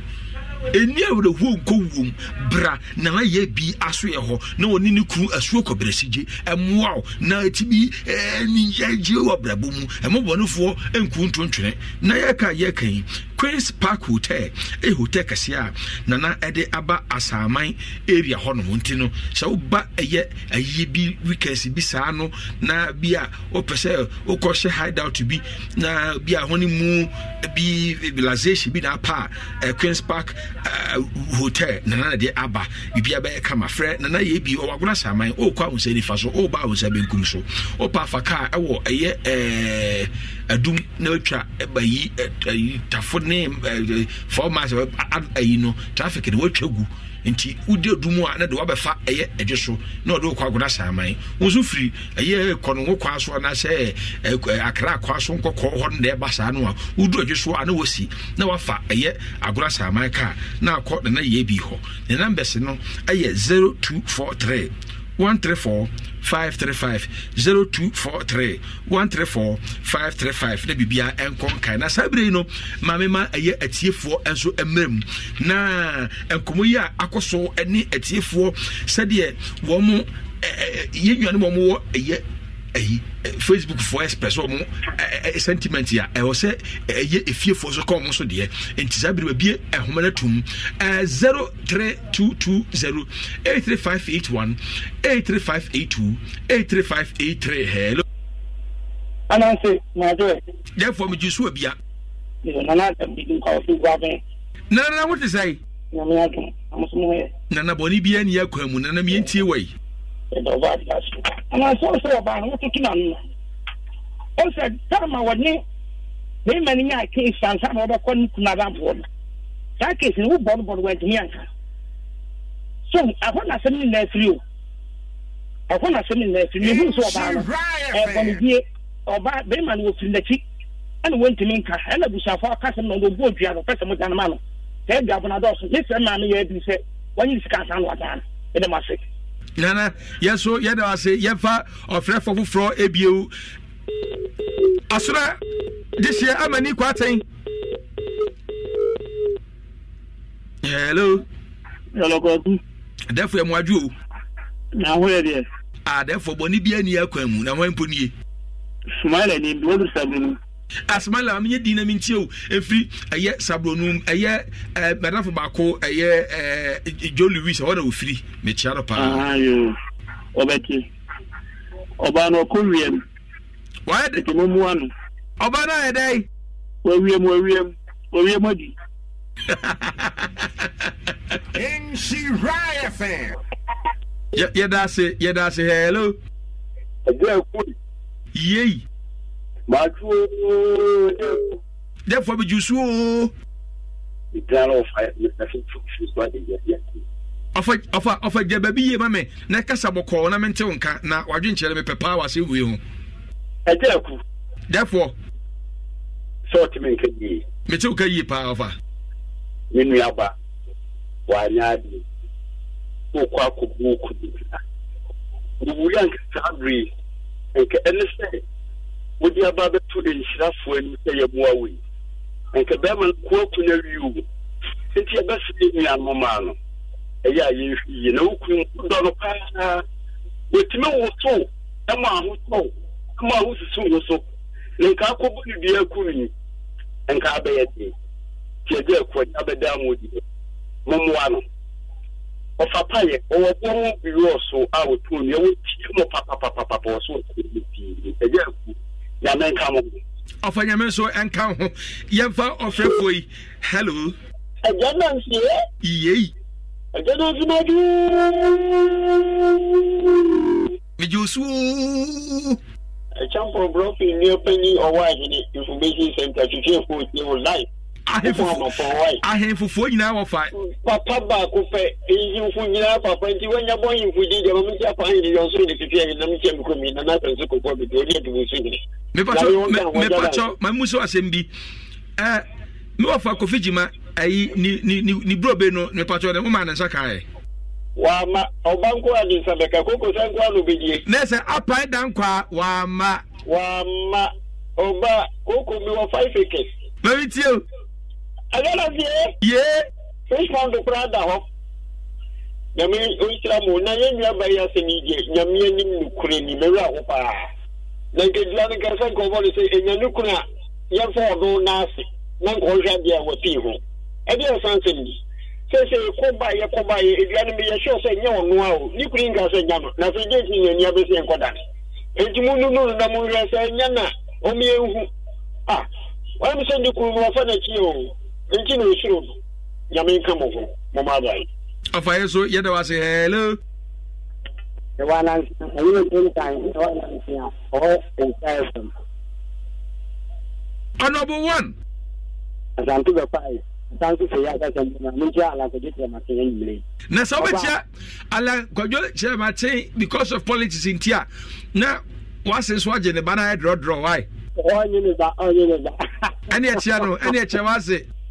ɛni awerɛhoɔ nkɔ wom bra na ayɛ bi aso yɛ hɔ na ɔne ne kuru asuo kɔbrɛsigye ɛmmoa wo na ɛtumi ɛniyɛgye wɔ brabɔ mu ɛmɔbɔnefoɔ nku ntontwene na yɛka yɛka yi praise park hotel ɛyɛ hotel kɛseɛ a nana ɛde aba asaaman area hɔnom nti no sɛ woba ɛyɛ ayie bi weekends bi saa no na bi a wopɛ sɛ wokɔhyɛ hideout bi na bi a hɔne mu bi civilization bi na apa a queens park hotel nana na deɛ aba biribia bɛyɛ kama frɛ nana yɛ bi ɔwagona asaaman wokɔ ahosɛ nifa so woba ahosɛ benkum so wopa afa kaa ɛwɔ ɛyɛ ɛɛ adum na atwa ba yi ayi tafo ne formas ayi no trafik na watwa gu nti wode adum a na de wabɛfa ɛyɛ adwe so na ɔde wokɔ agona saaman wo so firi ɛyɛ kɔno wo kɔa so anaasɛ akra kɔa so nkɔkɔɔ hɔ no na ɛba saa no a wodu adwe so a na wasi na wafa ɛyɛ agona saaman kaa na akɔ nana yɛ bi hɔ ne numbers no ɛyɛ 0243 one three four five three five zero two four three one three four five three five na biribia nkɔ nkae na saa bere yi no maame ma ɛyɛ atiefoɔ nso mmerɛ mu na nkɔmɔ yi a akɔ so ne atiefoɔ sɛdeɛ wɔn yɛn nnuane wɔn wɔ ɛyɛ ɛyi facebook fo express wɔn sentiment a ɛwɔ sɛ ɛyɛ efiefoɔ so kɔn mo so deɛ nti saa biriba bie ɛhoma na tum ɛɛ zero three two two zero eight three five eight one eight three five eight two eight three five eight three hello. anansi maajo. dẹ́fọ̀ mi ju sùn ebia. nana dabi nka ọsùn nana nana wọ́n ti sẹ́yìn. nana yà nana bọ̀ ni bí yẹn ni yẹ kọ́ ẹ̀ mu nana mi yẹn ti wọ̀ yìí. ɛdɛ ɔba adi ase ana sɛ ɔsɛ ɔbaa no na no ọ dama wɔne mɛrima no nyaa kee sansa na ɔbɛkɔ ne kunu adamfoɔ no saa kesi no wobɔdobɔdo wɔantumi anka so ɛhɔ na asɛm nyinaa firi o ɛhɔ na asɛm nyinaa firi mehu sɛ ɔbaa ɛna wɔntumi nka ɛna akasɛm na ɔde ɔbu odua no pɛ sɛ mogyanoma no sɛ aduabonadɔso ne sɛ maa no yɛ sɛ sika asa no wadaa no ase nana yɛso yɛda ase yɛfa ɔfrɛfo foforɔ ebiewu asora dehyeɛ ama ni kɔ atɛn hello yɛlɔkɔku dɛfo yɛ moadwo o naho yɛ deɛ a dɛfo bɔne bia ni akwan mu na ho mpo nie sumaila ni bi wɔduru sabre mu asmala menyɛ din na mentie o ɛfiri ɛyɛ sabronu ɛyɛ madafo baako ɛyɛ jo lewis ɛhɔ na ɔfiri mekyia no paa ɔbɛte ɔbaa no ɔkɔ wiem wɔayɛ de mamua no ɔbaa na ayɛ dɛn wawiem wawiem wawiem adi nhyira fm yɛda ase yɛda ase hello yei màtúwò dẹ́fọ̀ bí jùsù o. ìdáná ọ̀fà mr fífún fífún àdéhìí àti àti. ọfọ ọfọ ọfọ na kasa bọkọ ọ na mi nka na wàjú nkyẹrẹ mi pẹ paa wà sí wúye o. ẹ jẹ́ ẹ̀kú. mi nkẹ́ yìí. mi tí o kẹ́ yìí paa ọfà. mi nu yaba wà á nyá o kọ akọ bu o kù nígbà. òwúrọ̀ nkà sábìrì nkà wodi aba bɛto nhyirafoɔ anim sɛ yɛboa wei anka bɛrima no koako no awie o nti yɛbɛsɛ yɛ nuanomaa no ɛyɛ a yɛhwɛ yie na wokunu dɔ no paa wɔtumi wotow ɛma ahotɔw ɛma ahosisiw wo so na nka akɔbɔ ne bia ku no yi nka abɛyɛ den nti ɛgya akua ne abɛda ma odiɛ mommoa no ɔfa payɛ ɔwɔ bɔ ho biwɔ so a wɔtoo nua wɔtie mɔ papapapapa wɔ so wɔtoo no pii nyame nka mo ɔfa nyame nso nka ho yɛmfa ɔfrɛfoɔ yi hello agya na mfie yei agya na mfi madu megye osuo ɛkyɛmpɔborɔfo nnuapanyi ɔwɔ ahene information center twitwefoɔ tie wo life ahemfofoɔ nyinaa wɔfa papa baako pɛ yimfo nyinaa papa nti wanya bɔ yimfo di deɛ mamenti apa ahene yɔ nso ne fifi ayɛ nam kyɛ mekɔ mi na nasɛ nso kɔkɔ bi deɛ ɔne adubu nso nyini mepakyɛ mamu so asɛm bi me wɔfa kofi gyima ayi ne burobe no mepakyɛ dɛ moma ne nsa kaɛ wama ɔbanko a ne nsa bɛka koko sɛ nkoa no bɛdie na sɛ apae da nkɔ a wama wama ɔba koko mi wɔ five acres mami tie o ɛyɛlɛfie. yee. fish pond kura da hɔ nyame ɔnhyira mu na yɛn nua ba yi ase ni yɛ nyame anim nukuri ni mɛwura ho paa na nkedula no kɛsɛ nkɔbɔ no sɛ ɛnya nukuri a yɛmfa ɔdo n'ase na nkɔhwɛ adeɛ a wɔpii ho ɛde ɛsan sɛm bi sɛsɛ yɛkɔ ba yɛkɔ ba yɛ edua no mi yɛhyɛ sɛ nyɛ ɔno a o ne kuri nka sɛ nya no na afei gye nti nyani abɛsi nkɔ da no na mu hwɛ sɛ nya na ɔmo yɛn hu a wɔn nti na osoro no nyame nka mo ho mo ma ba yi. afa yẹn so yẹ dẹ wa se hello. ẹwà anansi ẹyin ló ń ta ẹyin ẹwà anansi yẹn ọwọ ẹnta ẹsẹm. honourable one. asante bẹ pa yi sanso sɛ yɛ akasa mu na menkyɛ alakɔdwo kyerɛmate ɛ nyimere na sɛ wobɛkyia alakɔdwo kyerɛmate because of politics nti a na wase so agye ne ba no ayɛ drɔdrɔ wae ɔnye ne ba ɔnye ne ba ɛne ɛkyia no ɛne ɛkyɛ wase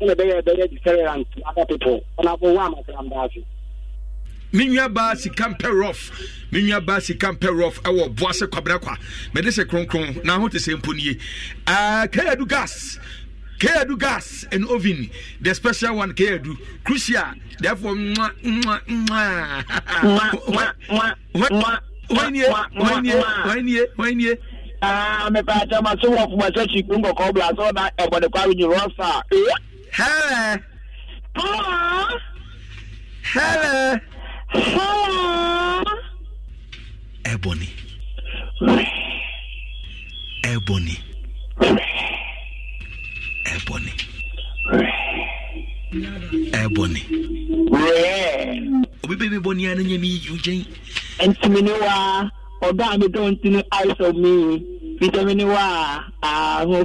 ɛna ɛbɛyɛ ɛbɛyɛ deterrent to other people ɔna fɔ wɔn amasram daase. menua baa sika mpɛ rof menua baa sika mpɛ rof ɛwɔ boase kwabra kwa mede sɛ kronkron na ho te sɛ mpo nie uh, kayadu gas kayadu gas and oven the special one kayadu crucial therefore mwa mwa mwa mwa mwa mwa wainie wainie wainie wainie mepɛ atɛma sɛ wɔfoma sɛ kyi nkɔkɔ bla sɛ ɔna ɛbɔde kwa renyi rosa Hello. Hello. Hello. Hello. Ebony. Ebony. Ebony. Ebony. Obi baby Bonnie and Yemi Eugene. And Timiniwa, or Dami don't know eyes of me. Vitaminiwa, ah, uh,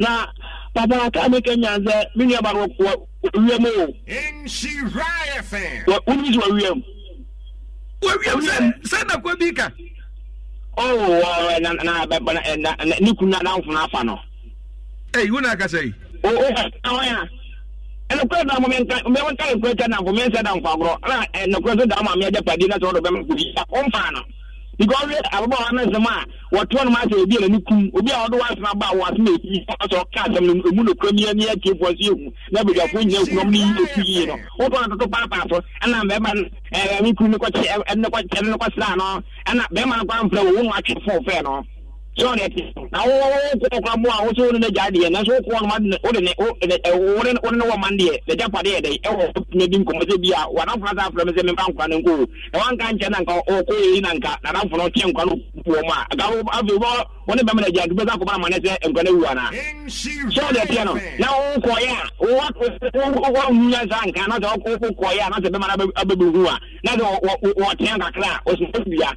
na papa aka meka nya sɛ me nua ba wawia mu o wonimi sɛ wawia mu sɛ nakwa bi ka ne kunu adamfo no afa no ei wo na aka sɛ ɛnokora da mɛmɛnka nokora twa namfo mensɛ damfo agorɔ na nokora so da ma meɛgya padi na sɛ wɔde bɛma kɔbi ɔmfaa no because ɔbɛ ababa wa ne nsɛm a wɔtɔ no ma sɛ obi a obi a wɔde wasena ba a wɔasena esi asɛ ɔka asɛm emu no kura miyɛ ne yɛ tie ehu na badwafoɔ nyinaa kunom ne yi efi yie no wɔtɔ no toto paapaa so ɛna mɛɛma no ɛɛ ɛmi kuru ne kɔ kyɛ ɛne no ɛna bɛɛma no kɔ amfra wɔn wɔn atwe fɔɔfɛɛ no. sọọ na ẹtì na wọ́n wọ́n kọ́ ọkọ̀ abọ́ àwọn sọ wọn ní ẹja ọ náà sọ wọ́n kọ́ ọ̀nà máa ọ̀dẹ̀ ní wọ́n ní wọ́n máa ń diẹ ẹja padì ẹ̀dẹ̀ ẹ̀ wọ́n tún ẹbí nkọ̀mọ́ sẹ́bi à wà náà fúnra sáà fúnra mi sẹ́ mi bá nkọ́ wọ́n nka nkyẹn náà nka ọkọ̀ yìí náà nka nàdá wọ́n a wọ́n wọ́n na wọ́n kọ́ yẹ a wọ́n wọ́n wọ́n a wọ́n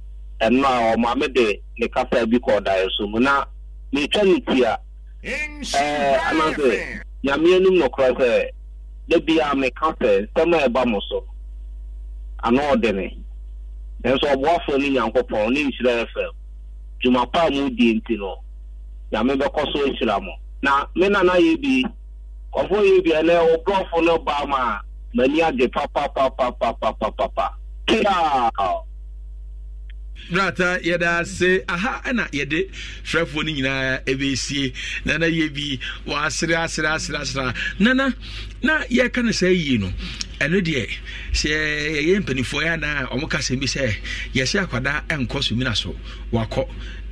ɛno a ɔmaame de ne kasa bi kɔ ɔdaeɛ so na metwa ne ti a anasɛ nyame na nokorɛ sɛ ebi nsɛm a ɛba mo so ne dwuma pa nti no nyame bɛkɔ so mo na me nana yɛ bi kɔfoɔ yɛ bi ɛnɛ ɔborɔfo no baa ma m'ani agye brata yɛde ase aha ɛna yɛde frɛfoɔ no nyinaa ɛbɛsie nana yɛ bi wɔasere asere asere asere nana na yɛka no saa yie no ɛno deɛ sɛ yɛyɛ mpanimfoɔ yɛ anaa ɔmo kasɛm bi sɛ yɛsɛ akwadaa ɛnkɔ so mina so wakɔ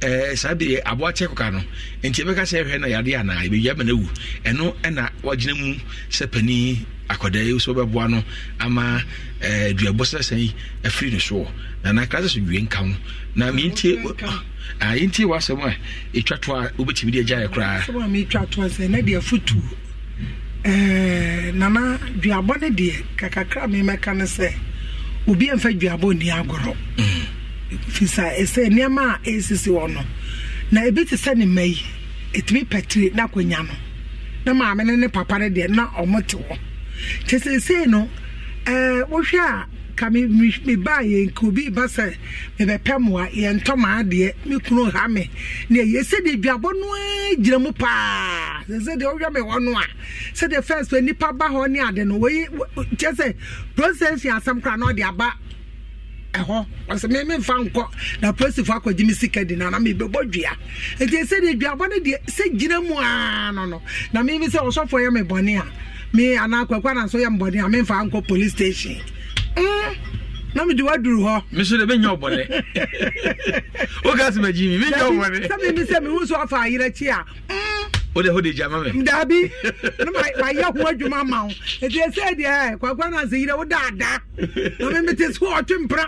Eh, saa de aboa kyɛ kɔka no nti ɛbɛka sɛ ɛhwɛ na yade ana ɛbɛwia ma no awu ɛno ɛna wagyina mu sɛ panyin akwadaa yi nso bɛboa no ama eh, dua bɔ sɛ sɛn afiri ne soɔ nana kra sɛ so wie nka ho na mentie ah, yɛntie w'asɛm a ɛtwa to a wobɛtumi de agyaeɛ koraa eh, nana dua bɔ no deɛ kakakra memɛka no sɛ obi dua bɔ nni agorɔ mm. fisa ɛsɛ nneɛma a ɛresisi hɔ no na ebi te sɛ ne mma yi etumi pɛtiri n'akonnwa no na maame ne ne papa ne deɛ na wɔn te hɔ kyɛ sɛ ɛsɛ no ɛɛ wohwɛ a ka mi mi mi baa yɛn ka obi ba sɛ mebɛpɛ mmoa yɛn ntɔma adeɛ mi kunu ha mi na yɛ sɛ de duabɔ noa gyina mu paa sɛ de ɔhwɛ mi hɔ no a sɛ de fɛs nipa ba hɔ ne ade no wɔyi kyɛ sɛ process yɛ asɛm kora na ɔde aba ɛhɔ ɔsɛ me memfa nkɔ na polisifoɔ akɔgye me sika di nana mebɛbɔ dua ɛnti sɛdeɛ duabɔ no deɛ sɛ gyina mu aa no no na mebi sɛ ɔsɔfoɔ yɛ me bɔne a me anaa kwakwa na nso yɛ mbɔne a memfa nkɔ police station mm. na mede woaduru hɔ meso de bɛnya ɔbɔne woka sɛ magyi mi menya ɔbɔne sɛ mebi sɛ mehu so afa ayerɛkyi a mm wode hode gya ma me daabi na mayɛ ho adwuma ma wo ɛti ɛsɛ deɛ kwakwa no asɛ yerɛ woda ada na memete so ɔtwe mpra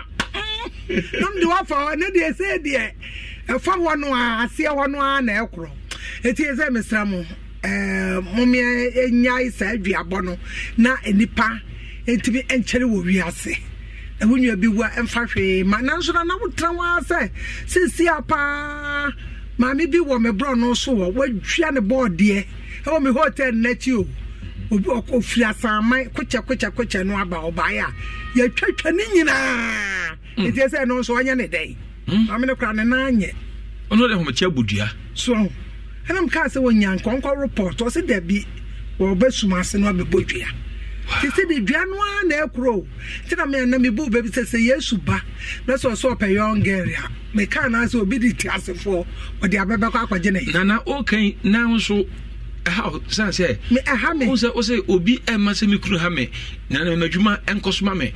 na mede woafa hɔ ne deɛ ɛsɛ deɛ ɛfa hɔ no a aseɛ hɔ no a na ɛkorɔ ɛti ɛsɛ mesra mo eh, momeɛ ɛnyae eh, saa e, aduabɔ no na nnipa e, ɛntumi e, ɛnkyɛre wɔ wiase ɛho nua bi wua ɛmfa hwee ma nanso na na wotena hɔ sɛ seesia paa maame bi wɔ me borɔ no so wɔ wadua ne bɔɔdeɛ ɛwɔ me hotel n'akyi o obi ɔfiri asaaman kokyɛ kokyɛ kokyɛ no aba ɔbaeɛ a yɛtwatwa ne nyinaa hmm. ɛtiɛ sɛ ɛno nso ɔnyɛ ne dɛn hmm. maame no kora ne nan nyɛ ɔno de homekyɛ abu dua so ɛnam kaa sɛ wɔnya nkɔnkɔ report ɔse dabi wɔbɛsum ase no abɛbɔ dua te di de dua no ara na ɛkoro nti na mena mebu baabi sɛ sɛ yesu ba na sɛ ɔsɛ ɔpɛ young girl a mekaa naa sɛ obi de ti asefoɔ ɔde abɛbɛkɔ akɔgye ne nana okan na nso ɛha san sɛ ɛha me wo sɛ obi ɛmma sɛ me kuru ha me nana mmadwuma ɛnkɔ so ma me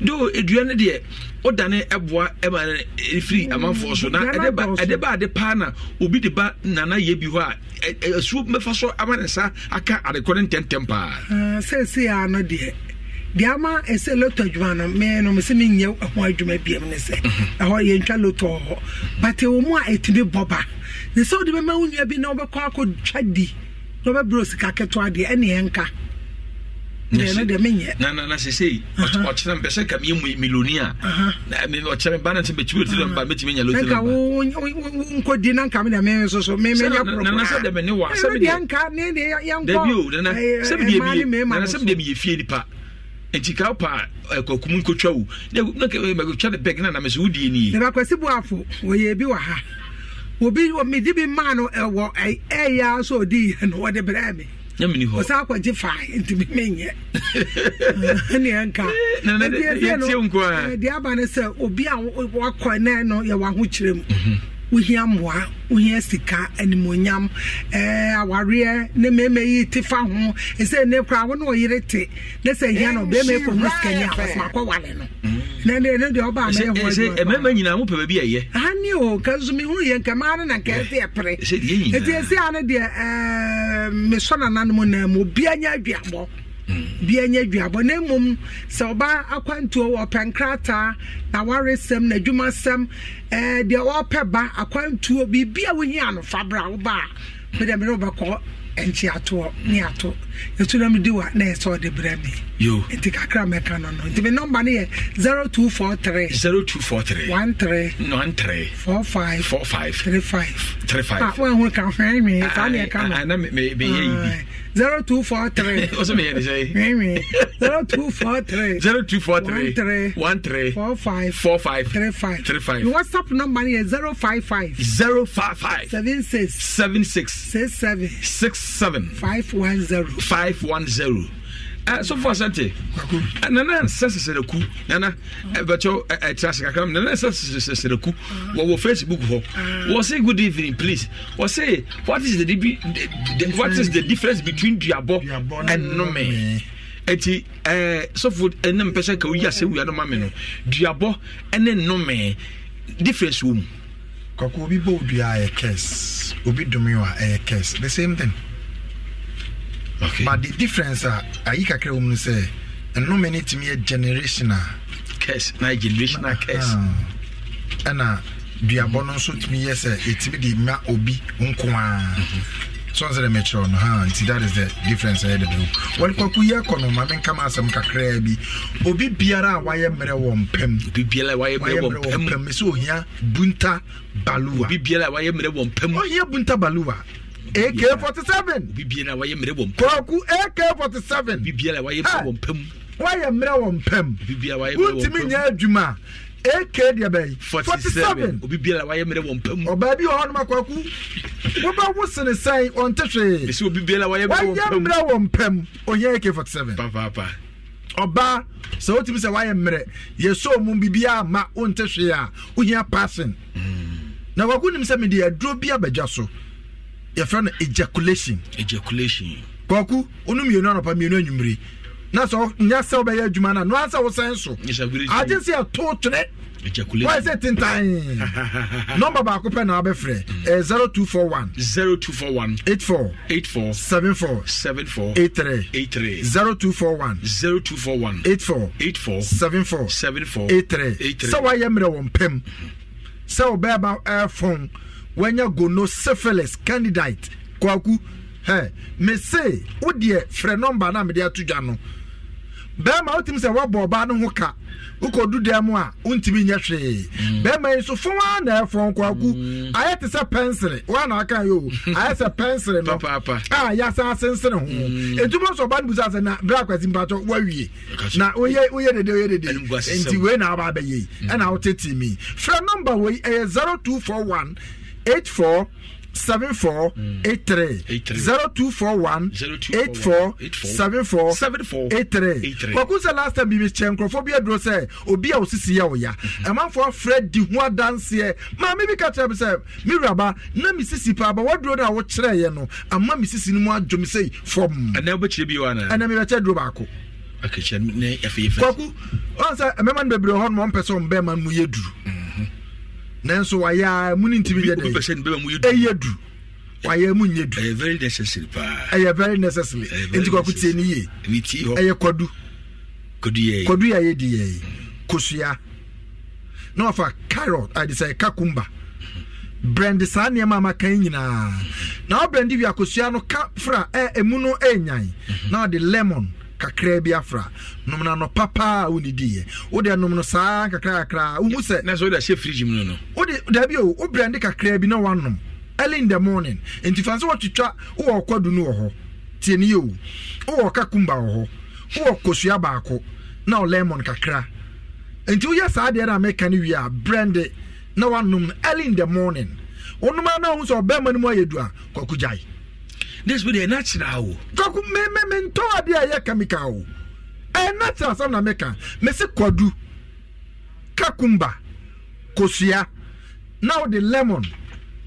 do edua no deɛ wodane ɛboa ɛma no ɛfiri eh, mm, amanfoɔ so na ɛde ba ɛde ba ade paa na obi de ba nana yɛ bi hɔ a asuo eh, eh, mɛfa so ama ne nsa aka adekɔ ne ntɛmtɛm paa. Ah, sɛsi a no deɛ deɛ ama ɛsɛ lotɔ adwuma no mee no mesɛ menyɛ ho adwuma biam ne sɛ mhm. ɛhɔ yɛntwa lotɔ hɔ but ɛwɔ mu a ɛtumi bɔ ba ne sɛ wode bɛma wo nua bi na wobɛkɔ akɔtwa di na wobɛbrɛ sika ketewa deɛ ɛne ɛnka na sesei ɔkyerɛ mpɛ sɛ ka meyɛ miloni a ɔkyerɛ ba no sɛ mɛkyimi lotiri ba mɛtumi nya lotirikɔdi na nka mede eh, eh, me nso so memenyɛnana sɛ dɛ mene wa sɛ medeɛ meyɛ fie nipa nti ka pa eh, kwakum nkɔtwa wo mɛtwa ne bɛg na namɛ sɛ wodie nie nabakwasi boafo wɔyɛ bi wɔ ha obi mede bi maa no ɛwɔ ɛyɛ a sɛ ɔdi yɛ no wɔde nyamini hɔ ɔsan akɔgye fa ntumi menyɛ ne ɛnka yɛtie nko a eh, no yɛwɔ ahokyerɛ wohia mmoa wohia sika animonyam ɛɛ eh, awareɛ ne mmarima yi te fa ho ɛsɛ ne kora wo ne ɔyere te ne sɛ hia no bɛrima kɔ mu sika ni a ɔsoma kɔ wale no mm. na ne ne deɛ ɔba amɛ ho ɛsɛ mmarima nyinaa mo pɛ baabi ɛyɛ ani o kasumi ho yɛ nkɛmaa no na nkɛse ɛpere ɛti ɛsi ano deɛ ɛɛ eh, mesɔ nananom na obiara nyɛ aduabɔ bia nyɛ aduabɔ na mmom sɛ ɔba akwantuo wɔpɛ nkrataa na waresɛm na adwumasɛm eh, deɛ wɔpɛ ba akwantuo biribia wohia no fabra woba a mede mede wobɛkɔ ɛnkyi atoɔ ne ato yɛtunam di wa na ɛsɛ ɔde berɛ me nti kakra mɛka no no nti me nɔmba no yɛ 0243 0243 13 45 45 35 35 woahunu ka hwɛnwe saa ne ɛka no zero two four three. What's me here say? Mimi zero two four three. Zero two four three. One three. One three. Four five. Four five. Three five. Three five. Your WhatsApp number is zero five five. Zero five five. Seven six. Seven six. Six seven. Six seven. Five one zero. Five one zero. Ah, sɔfo asante nana ah, nsɛ sɛsɛrɛku nana eh, bɛkyɛw ɛtrase eh, eh, kakra mu nana nsɛ sɛsɛrɛku wɔwɔ facebook hɔ ah. wɔse good evening please wɔse what is the, the, the what is the difference between duabɔ and nnome ɛti ɛɛ sɔfo ɛnna mpɛ sɛ ka oyi asɛ wuya no ma mi no duabɔ ɛne nnome difference wɔ mu. kɔkɔ obi bɔ odua ɛyɛ kɛs obi dumi wa ɛyɛ kɛs the same thing okay. but the difference a uh, ayi kakra wɔ mu no sɛ nnome no tumi yɛ generational curse na generational ah. curse ɛna duabɔ no nso tumi yɛ sɛ ɛtumi de ma obi nko a mhm. so sɛ dɛ no ha nti that is the difference ɛyɛ dɛdɛ wɔde kwaku yi akɔ no ma menka ma asɛm kakraa bi obi biara a wayɛ mmerɛ wɔ mpɛm obi biara a wayɛ mmerɛ wɔ mpɛm ɛsɛ ohia bunta baluwa obi biara a wayɛ mmerɛ wɔ mpɛm ohia bunta baluwa ak forty seven kɔɔku ak forty seven wayɛ mmerɛ wɔ mpɛm wontumi nyɛ adwuma ak deɛ bɛyi forty seven Obi ɔbaa bi wɔ hɔ nom akɔku wobɛwo sene sɛn ɔnte hwee wayɛ mmerɛ wɔ mpɛm ɔnyɛ ak forty seven ɔbaa sɛ wotumi sɛ woayɛ mmerɛ yɛsɛ mu biribiaa ma wonte hwee a wohia passing? Hmm. na kwaku nim sɛ mede aduro bi abagya so yɛfrɛ no ejaculation ejaculation kɔku ɔno mmienu anɔpa mmienu anwummere na sɛ nyɛ sɛ wobɛyɛ adwuma no no ansɛ wo sɛn so agye sɛ yɛto twene wayɛ sɛ tentae nɔmba baako pɛ na eh, Zero two four one. Eight four. Eight four. Seven four. Seven four. Eight three. Eight three. sɛ woayɛ mmerɛ wɔ mpam sɛ wobɛɛba ɛɛfɔn wanya gono syphilis candidate kwaku hɛ mese wo deɛ frɛ nɔmba na mede ato dwa no bɛrima wotumi sɛ woabɔ ɔbaa no ho ka wokɔdu dan mu a wontumi nyɛ hwee mm. bɛrima yi nso fom a na ɛfɔn kwaku mm. ayɛ te sɛ pɛnsere woana aka yi o ayɛ sɛ pɛnsere no a yɛasan asensene ho ɛnti mm. sɛ ɔba no busa sɛ na berɛ akwasi mpatɔ woawie na woyɛ woyɛ dede woyɛ dede nti wei na waba abɛyɛ yi ɛna wotetee mi frɛ nɔmba wei ɛyɛ 0241 eight four seven four eight three zero two four one eight four seven four eight three kɔkun last time bibi kyɛn nkurɔfoɔ bi aduro sɛ obi a osisi yɛ oya mhm. ɛmanfoɔ afrɛ di ho adanseɛ maame bi ka kyerɛ mi sɛ mi raba na mi sisi paaba waduro na wɔkyerɛ yɛ no ama mi sisi no mu adwo mi sɛ fɔm ɛnɛ bɛ kyerɛ bi wa na ɛnɛ mi bɛ kyerɛ duro baako kɔku ɔn sɛ mɛma no bebree hɔ no ma ɔmpɛ sɛ ɔmbɛma no mu yɛ duru. Mhm. nanso wayɛ a mu no ntimi yɛdɛyɛ du wayɛ mu nyɛ duɛyɛ very necessary nti kwako tie no yie ɛyɛ kwadu kwadu yɛ yɛdi yɛi kosua na wafa carot ade sɛ kakumba brɛnde saa nneɛma a maka nyinaa na wobrɛnde wie akosua no ka fra ɛmu no ɛnyan na ɔde lemon kakra bi afra nom na nɔpa paa wonediiɛ wode nom no saa kakrakakra wohu sɛ wode daabi o wo brɛnde kakra bi na woanom early in the morning nti fa nso wɔtwitwa wowɔ ɔkwadu no wɔ hɔ tie o yɛo wowɔ kakumba wɔ hɔ wowɔ kosua baako na lemon kakra nti woyɛ saa deɛ no a meka no wie a brɛnde na woanom no early in the morning wonom na wohu sɛ ɔbɛrima no mu ayɛ du a kwakugyae this be the natural. tɔku mɛmɛ mi ntɔ adi a yɛ chemical o ɛ natural asam na mɛka mɛsi kɔdu kakumba Kosia, now the lemon.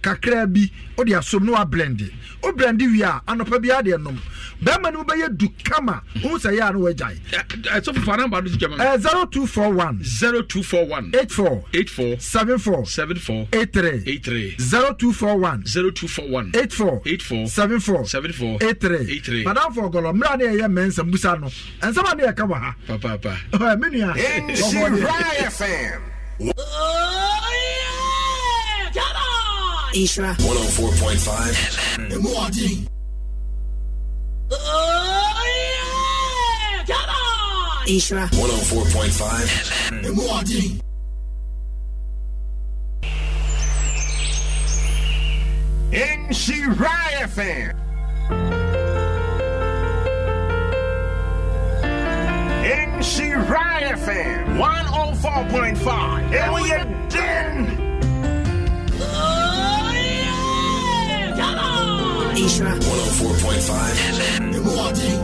kakraa bi wode asom na wabrɛnde wobrɛnde wie a anɔpa bi adeɛ nom bɛrima no mobɛyɛ du kama wohu sɛ yɛ no wagyae ɛsɛfofa eh, namba eh, no 0241 0241 84 84 74 74 83 83 0241 0241 84 84 74 74 83 83 madam for gɔlɔ mmerɛ ne ɛyɛ mmɛnsɛm busa no ɛnsɛm a ne yɛka wɔ ha papaapa menua nhyira fm Ishra. 104.5 MRD. Mm. Oh, yeah! Come on! 104.5 MRD. Mm. In Shirai FM. In FM. 104.5. And we are done. Isra. 104.5 FM. Milwaukee.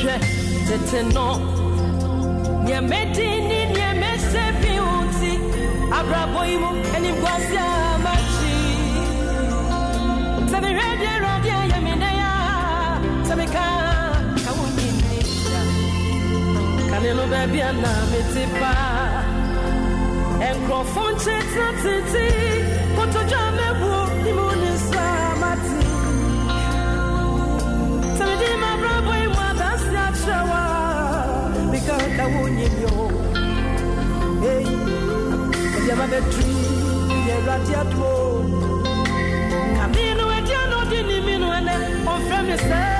hwɛ tete no nyɛmɛ di ni nyɛmɛ sɛ mu animguase amakyi sɛ mehwɛ deɛ kane no baabi a na mete paa nkurɔfo nkye tena tete kotodwa mɛbuo ne mu ne sa mate sɛ mede mabrabɔ yi mu adase akyerɛ wo a mekanka wo nyimyɛ o ei ɛdeɛma bɛduru deɛ awurade adoo kame no adia na ɔde nimi no ɛnɛ ɔmfrɛ me sɛ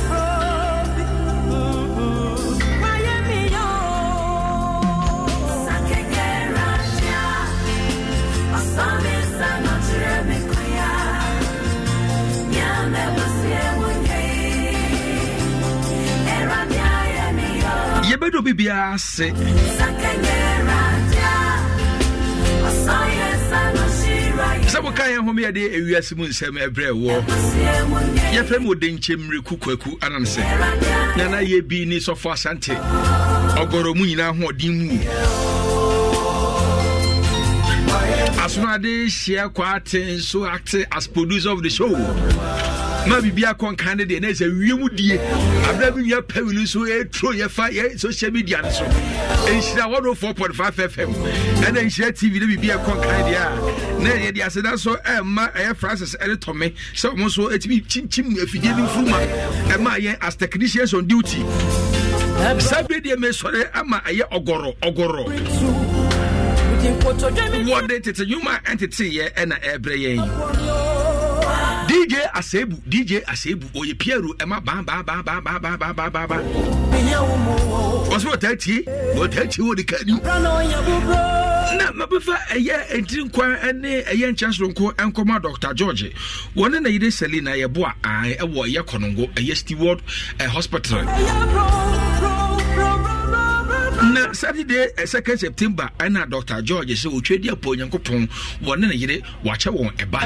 radio bibiara ase sɛ woka yɛ home yɛde awiase mu nsɛm ɛberɛ ɛwɔ yɛfrɛ mu ɔde nkyɛmmere ku kwaku anam sɛ nyana yɛ bi ne sɔfo asante ɔgɔrɔ mu nyinaa mu hyia as producer of the show ma biribi akɔ nkan ne deɛ na ɛsɛ wiem die abera bi nwia pɛwi no nso ɛturo yɛfa yɛ social media no so nhyira wɔdo 4.5 fm ɛna nhyira tv ne biribi ɛkɔ nkan deɛ a na yɛde aseda nso ɛma ɛyɛ francis ɛne tɔme sɛ ɔmo nso ɛtumi kyimkyim afidie no mfuruma ɛma yɛn as technicians on duty saa bi deɛ mesɔre ama ɛyɛ ɔgɔrɔ ɔgɔrɔ wɔde tete nnwuma ɛnteteyɛ ɛna ɛbrɛ yɛn dj asebu dj asebu oyɛ pieru ɛma baabaabaabaabaabaabaaba ɔsɛ ɔtaakyi ɔtaakyi wɔ de ka nim na mabɛfa ɛyɛ ɛntiri nkwa ne ɛyɛ nkyɛnsoronko nkɔma dr george wɔne na yere selina yɛboa ɛwɔ ɛyɛ kɔnongo ɛyɛ steward hospital saturday eh, second september ɛna uh, dr george sɛ ɔtwa di apɔ onyankopɔn wɔne ne yere wakyɛ wɔn ɛba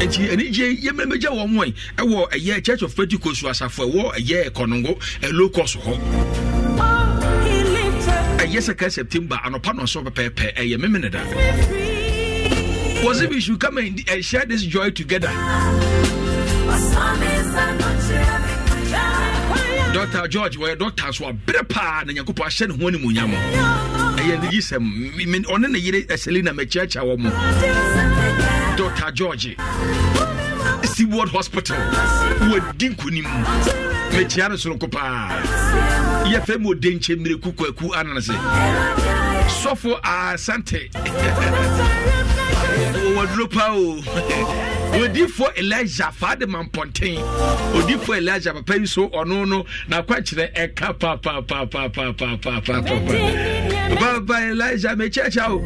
enti anigye yɛmɛmɛgya wɔn wɔn ɛwɔ ɛyɛ church of pentecost asafo ɛwɔ ɛyɛ kɔnongo ɛlo kɔs hɔ ɛyɛ second september anɔpa no nso pɛpɛɛpɛ ɛyɛ memene da wɔse we should come and eh, share this joy together dr george wɔyɛ doctor so abere paa na nyankopɔn ahyɛ ne ho animuonyam ɛyɛ ne yisɛm ɔne ne yere eh, selina makyiakya wɔ mu dr george seaward hospital wɔadi nkonim makyia no soronko paa yɛfɛ mu ɔde nkyɛ mmireku kwaku anane se sɔfo asante wɔwaduro paa o odiifoɔ elijah faade mampɔnten odiifoɔ elijah papa yi so ɔno no n'akwakyerɛ ɛka pa pa elijah mekyɛkyɛ o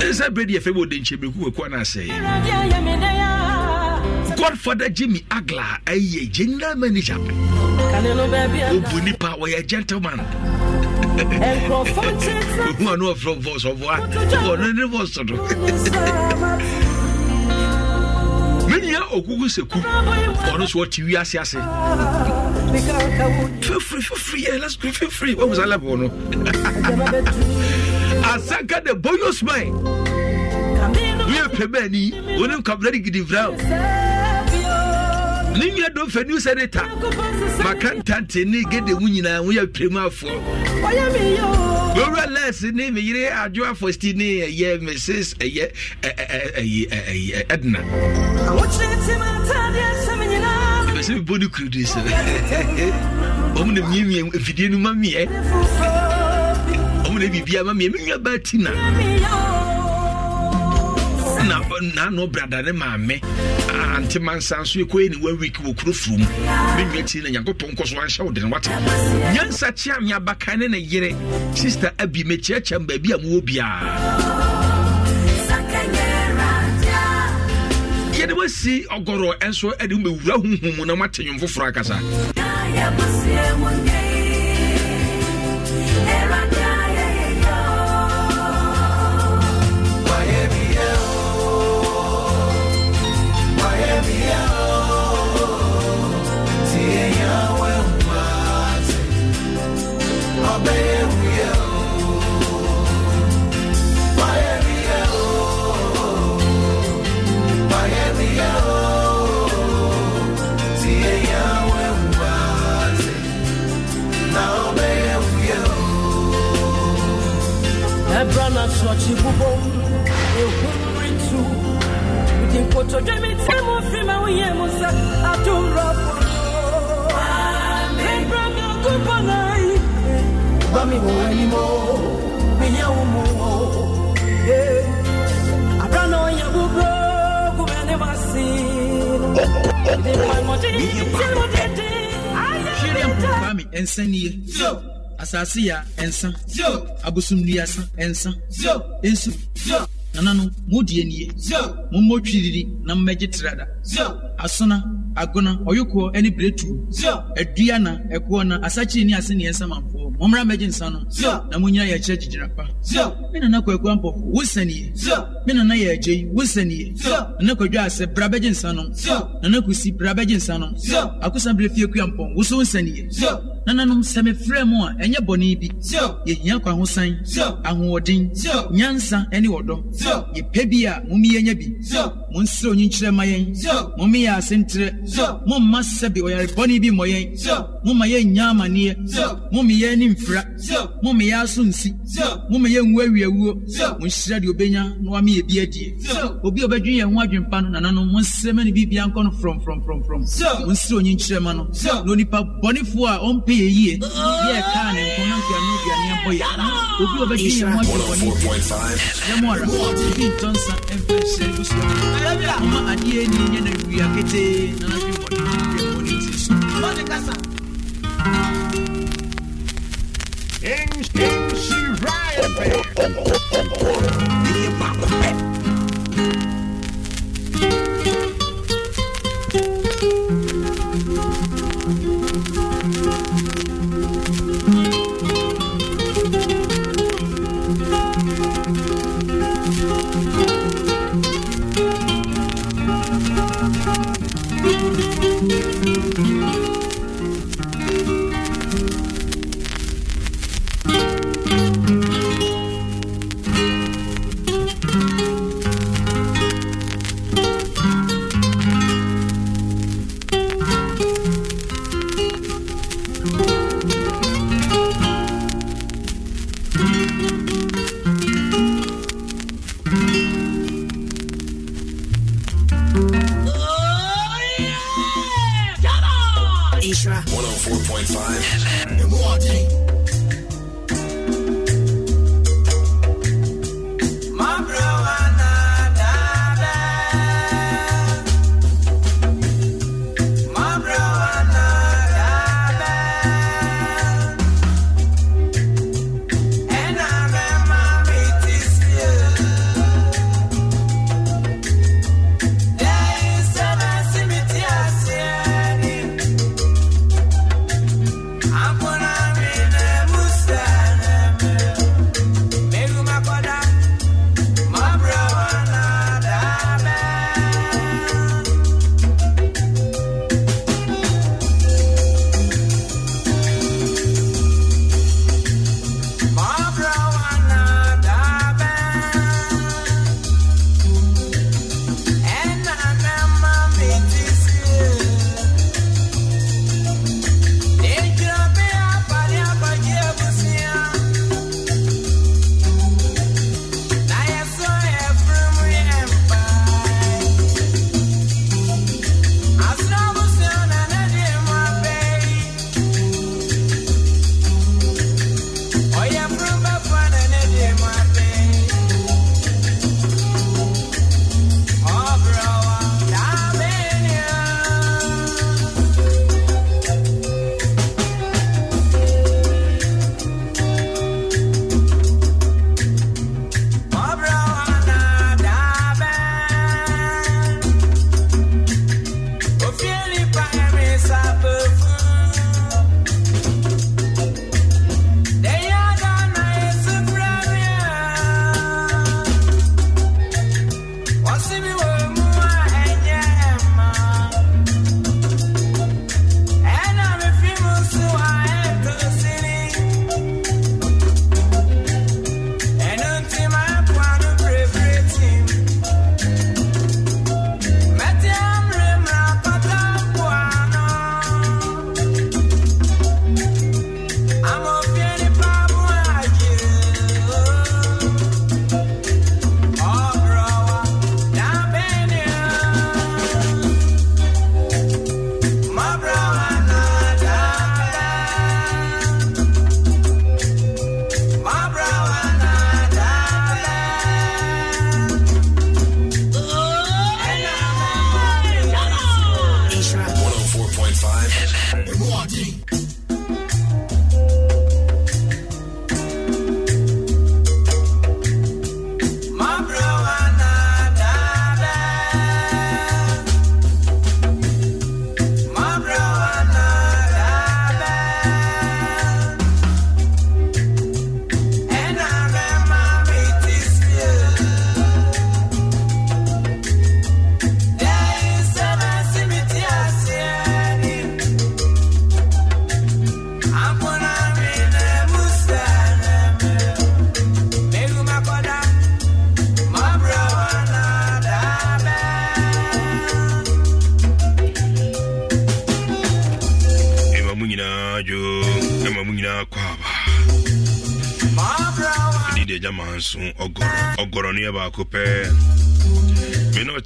ɛsɛ bere deɛ fɛ bɛ ɔde nkyɛn mɛku wɛku ɔna asɛe godfather jimmy agla ɛyɛ general manager obu nipa ɔyɛ gentleman ma no from voice of what one ne voice do menya okugu seku ono so ti wi ase ase eh. feel free feel free let's go feel free what was i like no asaka the boyos mind we pe bani onim kabla gidi vrao ne nua dɔ fani sɛneta makantante ne gede mu nyinaa woyɛ piramuafoɔ wowura les ne meyere adwo afosti ne ɛyɛ mrs ɛyɛ edna ɛbɛ sɛ mebɔ ne kurudi sɛ ɔm ne miamia afidie no ma miɛ ɔm ne biribia ma miɛ menua baatina na brada ne maame antema ah, nsa nso ɛkɔyɛ ne one week wɔ kuro furu mu menua tiri na nyankopɔn nkɔ so anhyɛ wo dene nyansa kyea abakan ne ne yere sister abi mekyerɛkyɛm baabi a mowɔ biaa yɛde wasi ɔgɔrɔ ɛnso ɛde wobɛwura honhom na moate nwom foforɔ akasa chibubom ehumritu nti nkoto dwemite mu fima woyɛ mu sɛ atomrɔfo ɛbrɛ me ɔkopɔnai ba me wɔ anim menya wo mu abra na ɔyɛ bubrɔ gumɛne mase de mmɔden tɛmɔdede ayɛ nsanie asase ya ɛnsa zio abosomnuasa ɛnsa zio nsu zio nananom mo die nie zio mommɔ twiriri na mmɛgye trada zio asona agona ɔyokoɔ ne biretuo adua na ɛkoɔ na asakyere ni ase ne yɛn samanfoɔ mommra mɛgye nsa no na monyina yɛ kyerɛ gyigyina pa me nana kwaakua mpɔfo wo sɛneɛ me na yɛ agye yi wo sɛneɛ nana kwadwa asɛ bra bɛgye nsa no nana kosi bra bɛgye nsa no akosa berɛ fie kua mpɔn wo so wo sɛneɛ nananom sɛ mefrɛ mu a ɛnyɛ bɔne bi yɛhia kwahosan ahoɔden nyansa ne ɔdɔ yɛpɛ bi a momi nya bi monserɛ onyinkyerɛ nkyerɛ ma yɛn momi yɛ asentere oh. oh momma sɛbe bi nsi adie obi no onyi no a ne obi no ara ni kete na people dey politics. Lọ́dún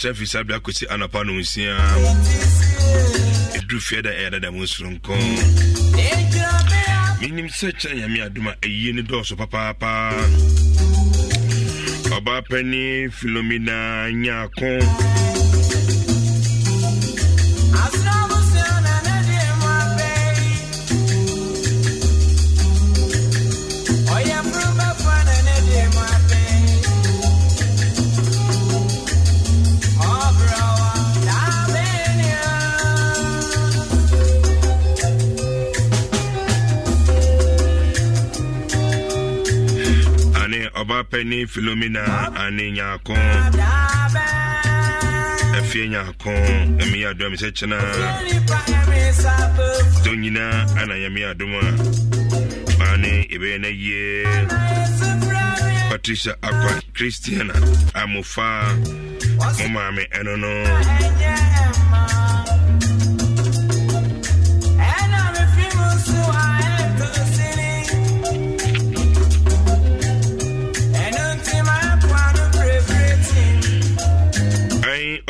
ɛtra firi saa bere akɔsi anapa no nsia ɛduru fie da ɛyɛ dada mu nsoronko menim sɛ kyɛ nyame adom a ɛyie ne dɔɔso papaapaa ɔbaa pani filomina nyaako ne filomina ani nyaako afie nyaako ɛme yɛ adom a mesɛ kyena dɔ nyinaa ana yɛme yɛ adom a maa ne yɛbɛyɛ no yie patricia akwa christiana amofa mo maame ɛno no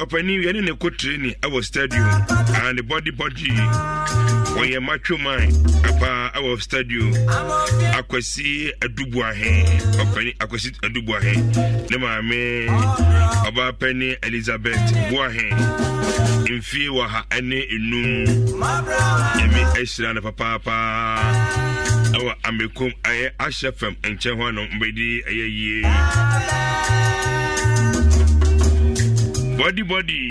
ɔpanin yɛne ne kɔ training ɛwɔ stadium and ah, ne body body wɔyɛ macho man apaa ɛwɔ stadium akwasi adubuahe ɔpanin akwasi adubuahe ne maame ɔbaa panin elizabeth buahe mfie wɔ ha ɛne enum ɛmi ɛhyira no papaapaa ɛwɔ amekom ɛyɛ ahyɛ fam nkyɛn hɔ nom bɛdi ɛyɛ yie. Body, body.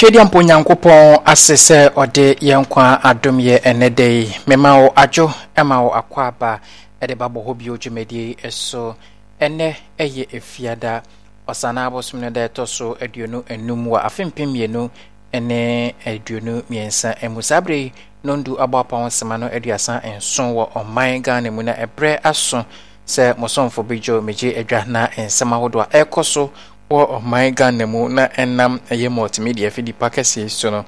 atwedeɛ mpo nyankopɔn ase sɛ ɔde yɛn nkwa adomyɛ ɛnɛ da yi mema wo adwo ma wo akɔ aba ɛde babɔ hɔ bio dwumadie so ɛnɛ ɛyɛ efiada ɔsana abosom no da ɛtɔ so aduonu enum wɔ afempem mmienu ne aduonu mmiɛnsa mu saa bere nondu abɔ sema no aduasa nson wɔ ɔman ghana mu na ɛberɛ aso sɛ mosomfo bi gyo megye adwa na nsɛm ahodoɔ ɛrekɔ so wɔ ɔman ghana mu na ɛnam ɛyɛ multimedia fidipa kɛseɛ so no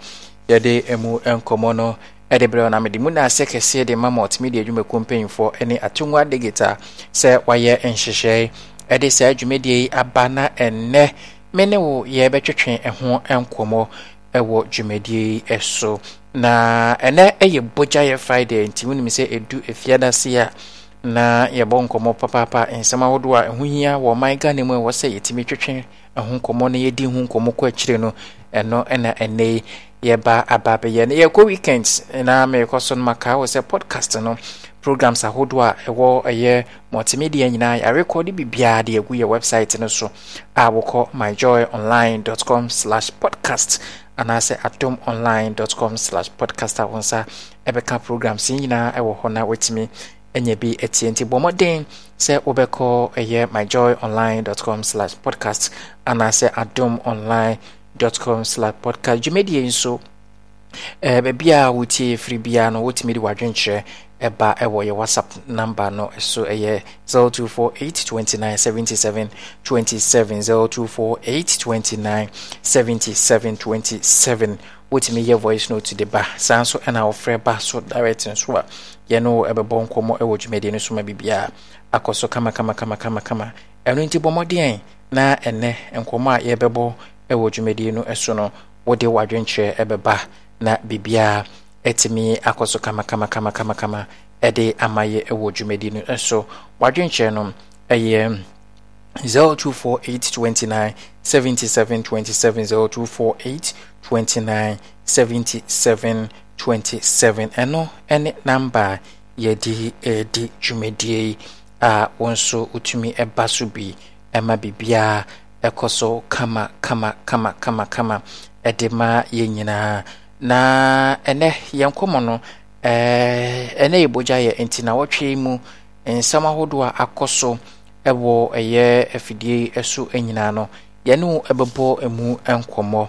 yɛde ɛmu nkɔmɔ no ɛde berɛ na mede mu na asɛ kɛseɛ de ma multimedia adwumakuo mpanyimfoɔ ɛne atongua digita sɛ wayɛ nhyehyɛe ɛde saa dwumadie yi aba na ɛnɛ me ne wo yɛbɛtwetwe ɛho nkɔmɔ ɛwɔ dwumadie yi ɛso na ɛnɛ ɛyɛ yɛ friday nti wonim sɛ ɛdu afiadase a na yɛbɔ nkɔmmɔ papaapa nsɛm ahodoɔ a ɛho hia wɔ ɔman ghana mu a ɛwɔ sɛ yɛtumi twetwe ɛho nkɔmmɔ na yɛdi ho nkɔmmɔ kɔ akyire no ɛno ɛna ɛnɛ yɛba aba bɛyɛ no yɛkɔ weekend na merekɔ so no makaa wɔ sɛ podcast no programs ahodoɔ a ɛwɔ ɛyɛ multimedia nyinaa yɛarekɔde biribiaa de agu yɛ website no so a wokɔ com slash podcast anaasɛ atom com slash podcast a wo nsa ɛbɛka programs yi nyinaa ɛwɔ hɔ na watumi ɛnyɛ bi ɛtie nti bɔ mmɔden sɛ wobɛkɔ ɛyɛ myjoyonline.com slash podcast anaasɛ adom online com slash podcast dwumadie nso eh, baabi a wotie firi biara no wotumi de wadwenkyerɛ ɛba e ɛwɔ e yɛ whatsapp number no e so ɛyɛ twenty seven wotumi yɛ voice note de ba saa nso ɛna wɔfrɛ ba so direct nso a yɛno ɛbɛbɔ nkɔmmɔ ɛwɔ dwumadie no so ma biribiaa akɔ so kamakamakamakama ɛno nti bɔ mmɔden na ɛnɛ nkɔmmɔ a yɛbɛbɔ ɛwɔ dwumadie no so no wode w'adwenkyerɛ ɛbɛba na biribiaa ɛtumi akɔ so kamakamakamakama ɛde ama yɛ ɛwɔ dwumadie no so w'adwenkyerɛ no ɛyɛ 024829 7727 0248 29 77 27 ɛno ne namba yɛde ɛredi dwumadie yi a wɔn nso wotumi ɛba so bi ɛma biribiara ɛkɔ so kama kama kama kama kama ɛde ma yɛn nyinaa na ɛnɛ yɛn kɔmɔ no ɛɛ ɛnɛ yɛ bogya yɛ nti na wɔtwe mu nsɛm ahodoɔ a akɔ so ɛwɔ ɛyɛ afidie ɛso nyinaa no yɛne wo ɛbɛbɔ ɛmu nkɔmmɔ